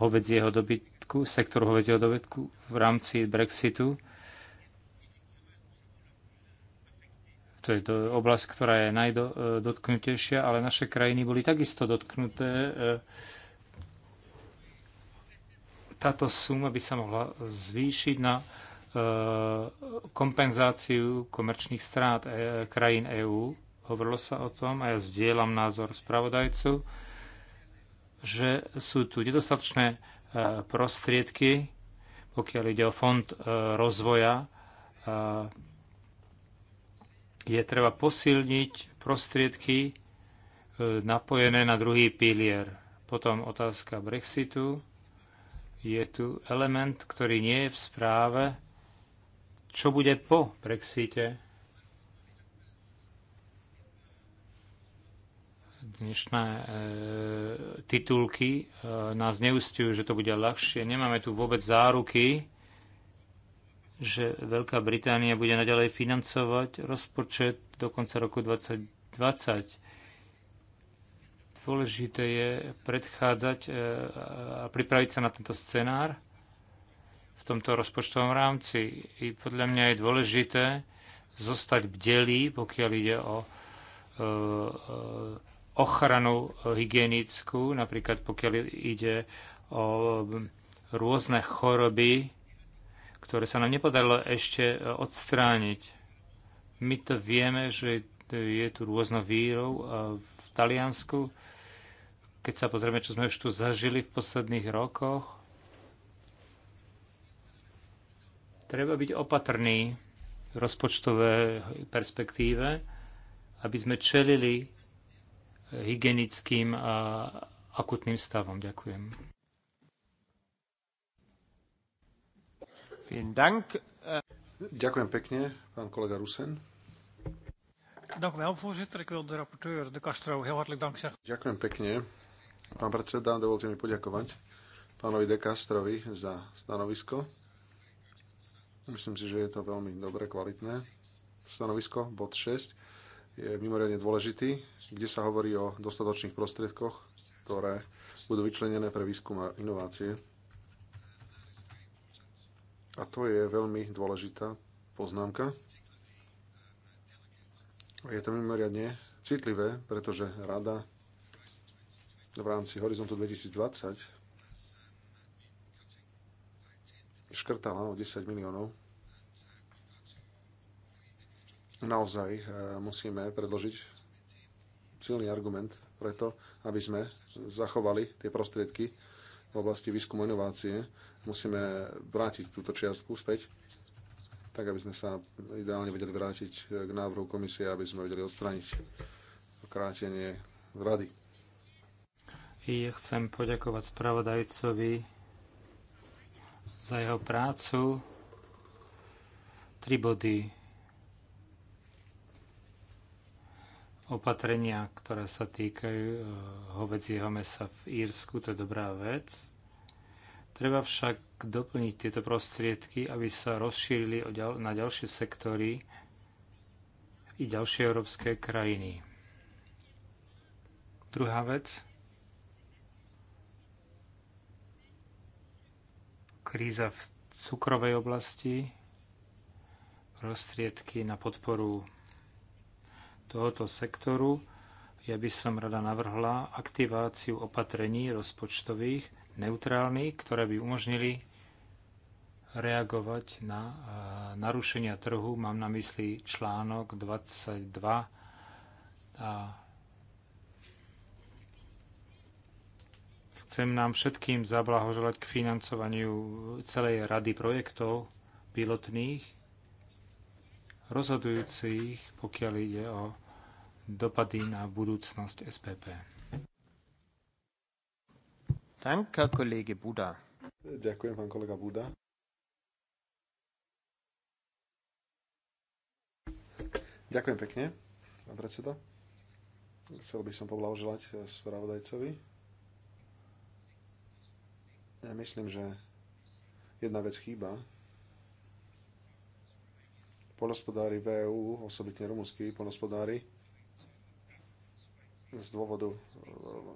hovedzieho dobytku, sektoru hovedzieho dobytku v rámci Brexitu To je to oblasť, ktorá je najdotknutejšia, ale naše krajiny boli takisto dotknuté. E, táto suma by sa mohla zvýšiť na e, kompenzáciu komerčných strát e, krajín EÚ. Hovorilo sa o tom a ja zdieľam názor spravodajcu, že sú tu nedostatočné prostriedky, pokiaľ ide o fond rozvoja je treba posilniť prostriedky e, napojené na druhý pilier. Potom otázka Brexitu. Je tu element, ktorý nie je v správe. Čo bude po Brexite? Dnešné e, titulky e, nás neustujú, že to bude ľahšie. Nemáme tu vôbec záruky, že Veľká Británia bude naďalej financovať rozpočet do konca roku 2020. Dôležité je predchádzať e, a pripraviť sa na tento scenár v tomto rozpočtovom rámci. I podľa mňa je dôležité zostať v delí, pokiaľ ide o e, e, ochranu hygienickú, napríklad pokiaľ ide o rôzne choroby, ktoré sa nám nepodarilo ešte e, odstrániť. My to vieme, že je tu rôzno vírov e, v Taliansku. Keď sa pozrieme, čo sme už tu zažili v posledných rokoch, treba byť opatrný v rozpočtovej perspektíve, aby sme čelili hygienickým a e, akutným stavom. Ďakujem.
Ďakujem pekne, pán kolega Rusen. Ďakujem pekne. Pán predseda, dovolte mi poďakovať pánovi De Castrovi za stanovisko. Myslím si, že je to veľmi dobre, kvalitné. Stanovisko, bod 6, je mimoriadne dôležitý, kde sa hovorí o dostatočných prostriedkoch, ktoré budú vyčlenené pre výskum a inovácie a to je veľmi dôležitá poznámka. Je to mimoriadne citlivé, pretože rada v rámci Horizontu 2020 škrtala o 10 miliónov. Naozaj eh, musíme predložiť silný argument preto, aby sme zachovali tie prostriedky v oblasti výskumu inovácie musíme vrátiť túto čiastku späť, tak aby sme sa ideálne vedeli vrátiť k návrhu komisie, aby sme vedeli odstrániť krátenie rady.
I chcem poďakovať spravodajcovi za jeho prácu. Tri body opatrenia, ktoré sa týkajú eh, hovedzieho mesa v Írsku, to je dobrá vec Treba však doplniť tieto prostriedky, aby sa rozšírili na ďalšie sektory i ďalšie európske krajiny. Druhá vec. Kríza v cukrovej oblasti. Prostriedky na podporu tohoto sektoru. Ja by som rada navrhla aktiváciu opatrení rozpočtových, neutrálny, ktoré by umožnili reagovať na narušenia trhu. Mám na mysli článok 22 a chcem nám všetkým zablahoželať k financovaniu celej rady projektov pilotných, rozhodujúcich, pokiaľ ide o dopady na budúcnosť SPP. Danke, Buda.
Ďakujem, pán kolega Buda. Ďakujem pekne, pán predseda. Chcel by som poblahoželať eh, spravodajcovi. Ja myslím, že jedna vec chýba. Polnospodári v e osobitne rumúnsky polnospodári, z dôvodu eh,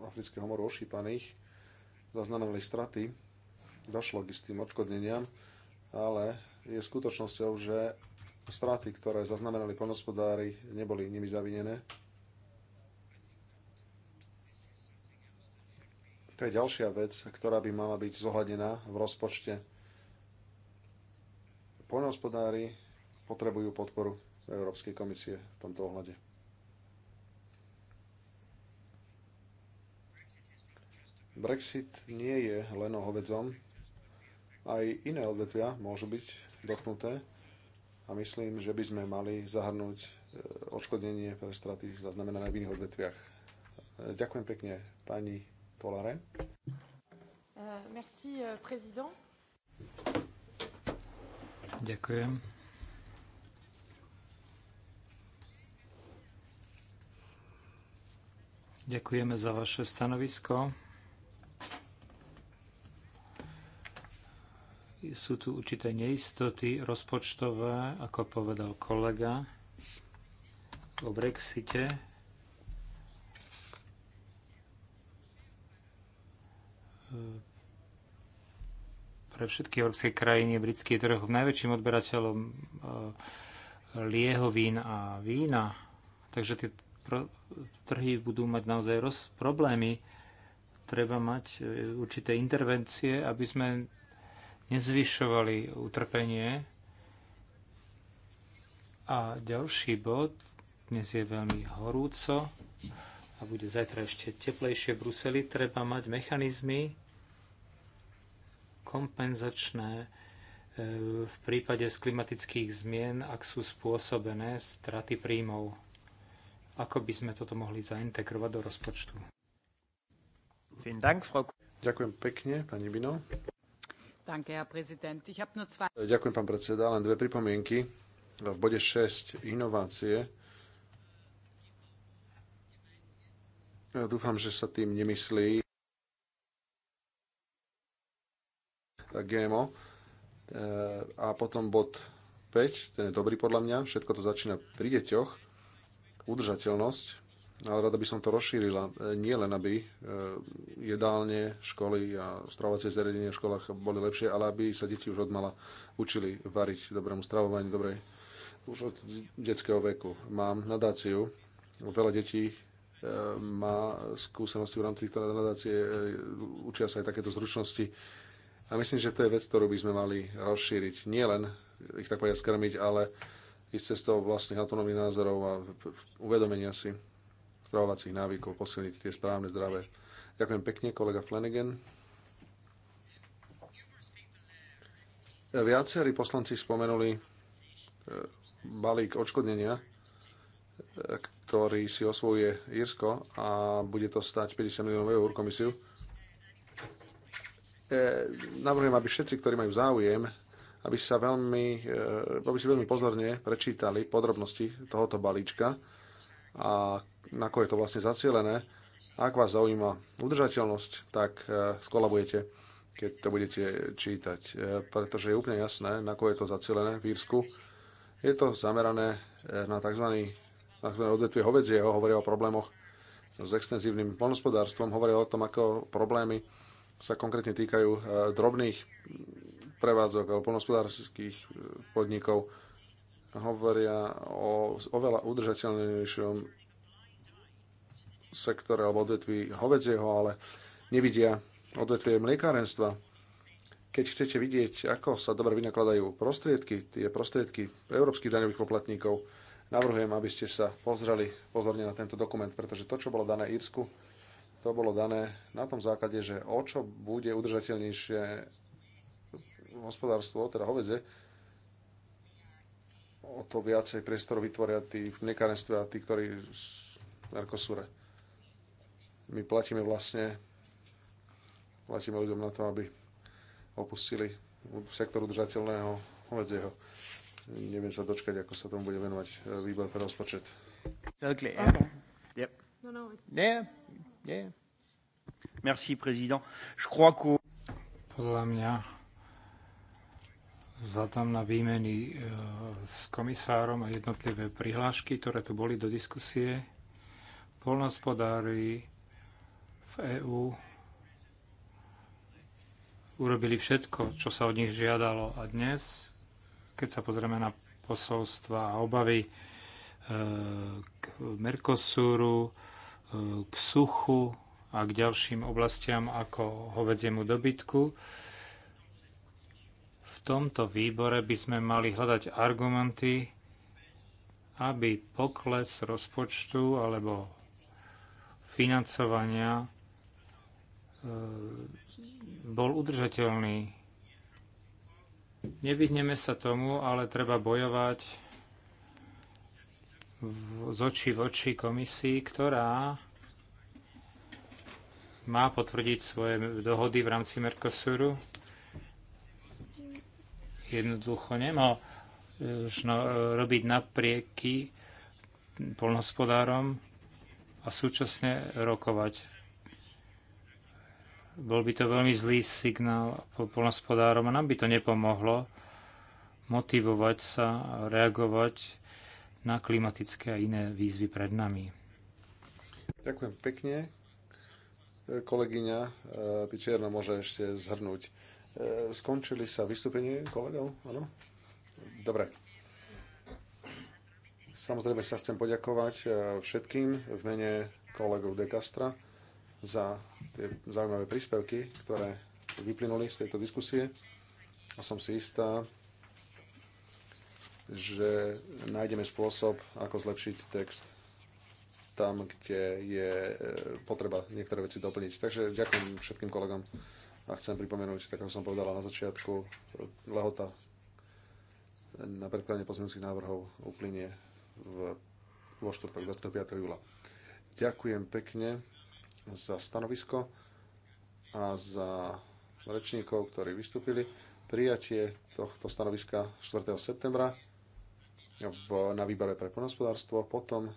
afrického moru ošípaných, zaznamenali straty, došlo k istým odškodneniam, ale je skutočnosťou, že straty, ktoré zaznamenali poľnohospodári, neboli nimi zavinené. To je ďalšia vec, ktorá by mala byť zohľadená v rozpočte. Poľnohospodári potrebujú podporu Európskej komisie v tomto ohľade. Brexit nie je len o hovedzom, aj iné odvetvia môžu byť dotknuté a myslím, že by sme mali zahrnúť eh, odškodnenie pre straty zaznamenané v iných odvetviach. Eh, ďakujem pekne pani Polare.
Eh, merci, prezident. Ďakujem. Ďakujeme za vaše stanovisko. sú tu určité neistoty rozpočtové, ako povedal kolega o Brexite. Pre všetky európske krajiny je britský trh najväčším odberateľom eh, liehovín a vína. Takže tie trhy budú mať naozaj roz, problémy. Treba mať eh, určité intervencie, aby sme nezvyšovali utrpenie. A ďalší bod, dnes je veľmi horúco a bude zajtra ešte teplejšie v Bruseli, treba mať mechanizmy kompenzačné e, v prípade z klimatických zmien, ak sú spôsobené straty príjmov. Ako by sme toto mohli zaintegrovať do rozpočtu?
Ďakujem pekne, pani Bino.
Ďakujem,
pán predseda. Len dve pripomienky. V bode 6 inovácie. Ja dúfam, že sa tým nemyslí GMO. A potom bod 5, ten je dobrý podľa mňa, všetko to začína pri deťoch. Udržateľnosť, ale rada by som to rozšírila. E, nie len, aby e, jedálne, školy a stravovacie zariadenia v školách boli lepšie, ale aby sa deti už odmala učili variť dobrému stravovaniu, dobrej už od detského veku. Mám nadáciu, veľa detí e, má skúsenosti v rámci týchto teda nadácie, učia sa aj takéto zručnosti. A myslím, že to je vec, ktorú by sme mali rozšíriť. Nie len ich tak povedať skrmiť, ale ísť cestou vlastných autonómnych názorov a uvedomenia si stravovacích návykov posilniť tie správne zdravé. Ďakujem pekne, kolega Flanagan. Viacerí poslanci spomenuli e, balík odškodnenia, e, ktorý si osvojuje Írsko a bude to stať 50 miliónov eur komisiu. E, navrhujem, aby všetci, ktorí majú záujem, aby, sa veľmi, aby si veľmi pozorne prečítali podrobnosti tohoto balíčka, a na koho je to vlastne zacielené. Ak vás zaujíma udržateľnosť, tak e, skolabujete, keď to budete čítať, e, pretože je úplne jasné, na koho je to zacielené v Írsku. Je to zamerané e, na tzv. tzv. odvetvie hovedzieho, hovoria o problémoch s extenzívnym poľnospodárstvom, hovoria o tom, ako problémy sa konkrétne týkajú drobných prevádzok alebo poľnospodárských podnikov hovoria o oveľa udržateľnejšom sektore alebo odvetví hovedzieho, ale nevidia odvetvie mliekárenstva. Keď chcete vidieť, ako sa dobre vynakladajú prostriedky, tie prostriedky európskych daňových poplatníkov, navrhujem, aby ste sa pozreli pozorne na tento dokument, pretože to, čo bolo dané Írsku, to bolo dané na tom základe, že o čo bude udržateľnejšie hospodárstvo, teda hovedze, o to viacej priestor vytvoria tí v nekanestve a tí, ktorí v Mercosure. My platíme vlastne, platíme ľuďom na to, aby opustili sektor udržateľného hovedzieho. Neviem sa dočkať, ako sa tomu bude venovať eh, výbor pre rozpočet. Eh? okay. Yep. No, no. Yeah. Yeah.
Merci, prezident. Je crois que... Podľa mňa vzhľadom na výmeny e, s komisárom a jednotlivé prihlášky, ktoré tu boli do diskusie, polnospodári v EÚ urobili všetko, čo sa od nich žiadalo. A dnes, keď sa pozrieme na posolstva a obavy e, k Mercosuru, e, k suchu a k ďalším oblastiam ako hovedziemu dobytku, tomto výbore by sme mali hľadať argumenty, aby pokles rozpočtu alebo financovania e, bol udržateľný. Nevyhneme sa tomu, ale treba bojovať z očí v oči komisii, ktorá má potvrdiť svoje dohody v rámci Mercosuru Jednoducho nemal e, e, robiť naprieky polnospodárom a súčasne rokovať. Bol by to veľmi zlý signál polnospodárom a nám by to nepomohlo motivovať sa a reagovať na klimatické a iné výzvy pred nami.
Ďakujem pekne. E, kolegyňa Pičierna môže ešte zhrnúť. E, skončili sa vystúpenie kolegov? Áno? Dobre. Samozrejme sa chcem poďakovať e, všetkým v mene kolegov De Castra za tie zaujímavé príspevky, ktoré vyplynuli z tejto diskusie. A som si istá, že nájdeme spôsob, ako zlepšiť text tam, kde je e, potreba niektoré veci doplniť. Takže ďakujem všetkým kolegom. A chcem pripomenúť, tak ako som povedala na začiatku, lehota na predkladanie pozmeňujúcich návrhov uplynie v, vo štvrtok 25. júla. Ďakujem pekne za stanovisko a za rečníkov, ktorí vystúpili. Prijatie tohto stanoviska 4. septembra v, na výbore pre poľnohospodárstvo, potom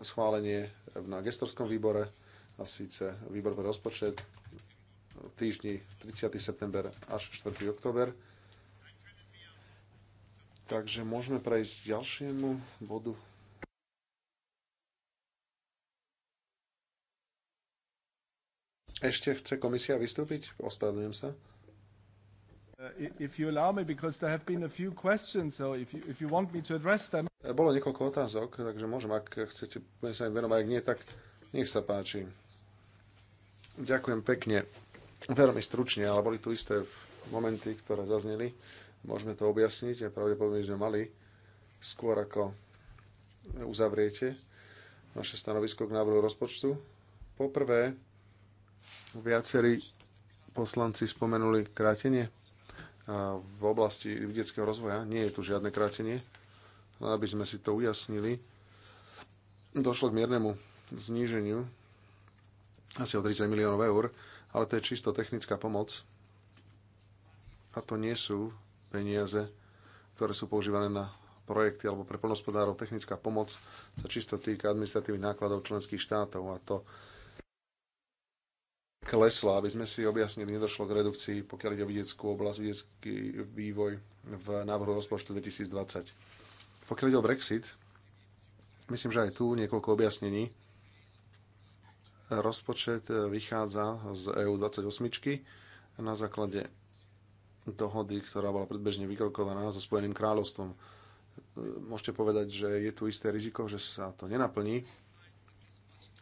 schválenie na gestorskom výbore a síce výbor pre rozpočet týždni 30. september až 4. október. Takže môžeme prejsť k ďalšiemu bodu Ešte chce komisia vystúpiť? Ospravedlňujem sa. Uh, uh, bolo niekoľko otázok, takže môžem, ak chcete, budem sa im venovať, ak nie, tak nech sa páči. Ďakujem pekne. Veľmi stručne, ale boli tu isté momenty, ktoré zazneli. Môžeme to objasniť a pravdepodobne sme mali skôr ako uzavriete naše stanovisko k návrhu rozpočtu. Poprvé, viacerí poslanci spomenuli krátenie v oblasti vedeckého rozvoja. Nie je tu žiadne krátenie. Aby sme si to ujasnili, došlo k miernemu zníženiu asi o 30 miliónov eur ale to je čisto technická pomoc a to nie sú peniaze, ktoré sú používané na projekty alebo pre plnospodárov. Technická pomoc sa čisto týka administratívnych nákladov členských štátov a to klesla, aby sme si objasnili, nedošlo k redukcii, pokiaľ ide o vidieckú oblasť, vidiecký vývoj v návrhu rozpočtu 2020. Pokiaľ ide o Brexit, myslím, že aj tu niekoľko objasnení Rozpočet e, vychádza z EU28 na základe dohody, ktorá bola predbežne vykrokovaná so Spojeným kráľovstvom. E, môžete povedať, že je tu isté riziko, že sa to nenaplní,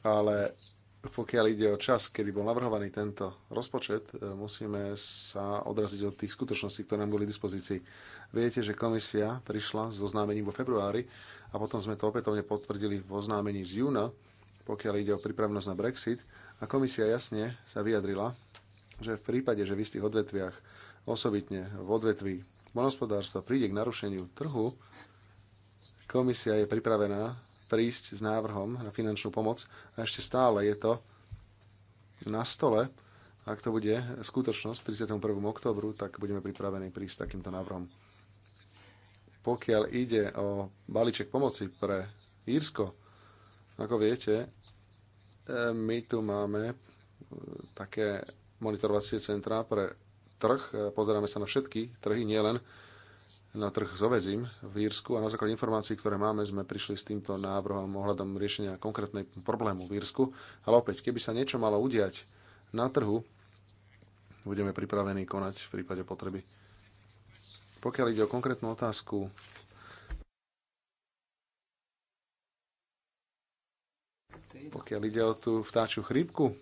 ale pokiaľ ide o čas, kedy bol navrhovaný tento rozpočet, e, musíme sa odraziť od tých skutočností, ktoré nám boli v dispozícii. Viete, že komisia prišla s oznámením vo februári a potom sme to opätovne potvrdili v oznámení z júna pokiaľ ide o pripravnosť na Brexit. A komisia jasne sa vyjadrila, že v prípade, že v istých odvetviach, osobitne v odvetví monospodárstva, príde k narušeniu trhu, komisia je pripravená prísť s návrhom na finančnú pomoc a ešte stále je to na stole. Ak to bude skutočnosť 31. oktobru, tak budeme pripravení prísť s takýmto návrhom. Pokiaľ ide o balíček pomoci pre Írsko, ako viete, e, my tu máme e, také monitorovacie centrá pre trh. E, pozeráme sa na všetky trhy, nielen na trh s ovezím v Írsku a na základe informácií, ktoré máme, sme prišli s týmto návrhom ohľadom riešenia konkrétnej problému v Írsku. Ale opäť, keby sa niečo malo udiať na trhu, budeme pripravení konať v prípade potreby. Pokiaľ ide o konkrétnu otázku Pokiaľ ide o tú vtáčiu chrípku,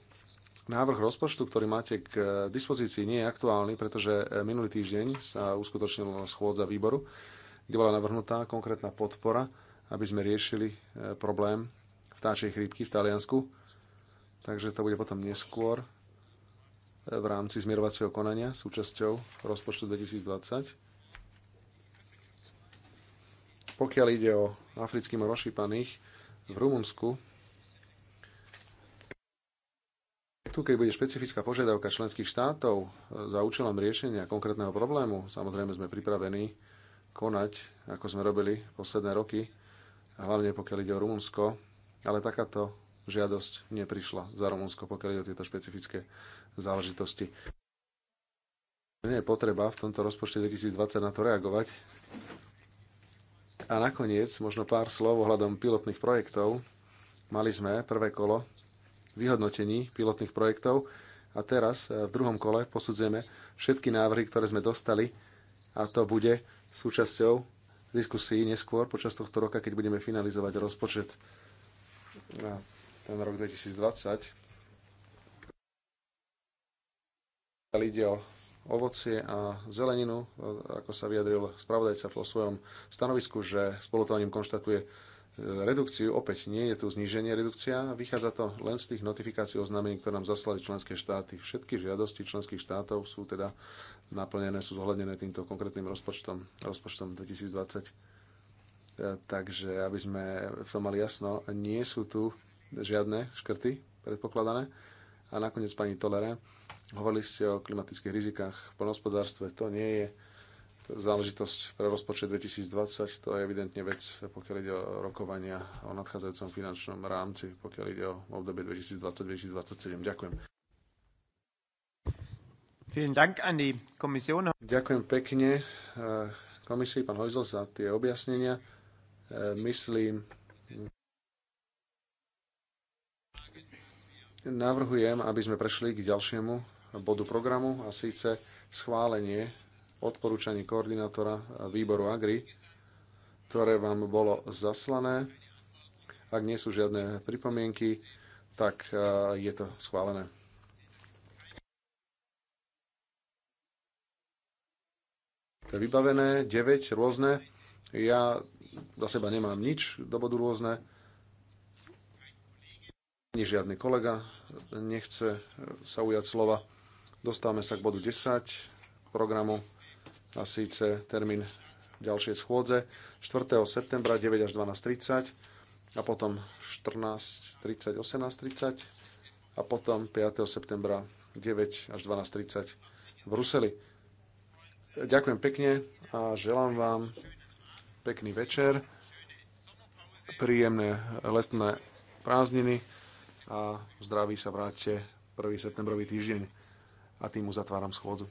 návrh rozpočtu, ktorý máte k eh, dispozícii, nie je aktuálny, pretože eh, minulý týždeň sa uskutočnil schôdza výboru, kde bola navrhnutá konkrétna podpora, aby sme riešili eh, problém vtáčej chrípky v Taliansku. Takže to bude potom neskôr v rámci zmierovacieho konania súčasťou rozpočtu 2020. Pokiaľ ide o afrických morošipaných, v Rumunsku aktu, keď bude špecifická požiadavka členských štátov e, za účelom riešenia konkrétneho problému, samozrejme sme pripravení konať, ako sme robili posledné roky, hlavne pokiaľ ide o Rumunsko, ale takáto žiadosť neprišla za Rumunsko, pokiaľ ide o tieto špecifické záležitosti. Nie je potreba v tomto rozpočte 2020 na to reagovať. A nakoniec možno pár slov ohľadom pilotných projektov. Mali sme prvé kolo vyhodnotení pilotných projektov a teraz eh, v druhom kole posudzujeme všetky návrhy, ktoré sme dostali a to bude súčasťou diskusí neskôr počas tohto roka, keď budeme finalizovať rozpočet na ten rok 2020. Ide o ovocie a zeleninu, eh, ako sa vyjadril spravodajca vo svojom stanovisku, že spolutovaním konštatuje redukciu. Opäť nie je tu zníženie redukcia, vychádza to len z tých notifikácií oznámení, ktoré nám zaslali členské štáty. Všetky žiadosti členských štátov sú teda naplnené, sú zohľadnené týmto konkrétnym rozpočtom, rozpočtom 2020. E, takže, aby sme v tom mali jasno, nie sú tu žiadne škrty predpokladané. A nakoniec, pani Tolera, hovorili ste o klimatických rizikách v poľnohospodárstve. To nie je záležitosť pre rozpočet 2020. To je evidentne vec, pokiaľ ide o rokovania o nadchádzajúcom finančnom rámci, pokiaľ ide o obdobie 2020-2027. Ďakujem. Ďakujem pekne eh, komisii, pán Hojzel, za tie objasnenia. Eh, myslím, navrhujem, aby sme prešli k ďalšiemu bodu programu a síce schválenie odporúčaní koordinátora výboru AGRI, ktoré vám bolo zaslané. Ak nie sú žiadne pripomienky, tak e, je to schválené. To je vybavené, 9 rôzne. Ja za seba nemám nič do bodu rôzne. Ani žiadny kolega nechce sa ujať slova. Dostávame sa k bodu 10 programu a síce termín ďalšej schôdze 4. septembra 9 až 12.30 a potom 14.30, 18.30 a potom 5. septembra 9 až 12.30 v Bruseli. Ďakujem pekne a želám vám pekný večer, príjemné letné prázdniny a zdraví sa vráte 1. septembrový týždeň a tým uzatváram schôdzu.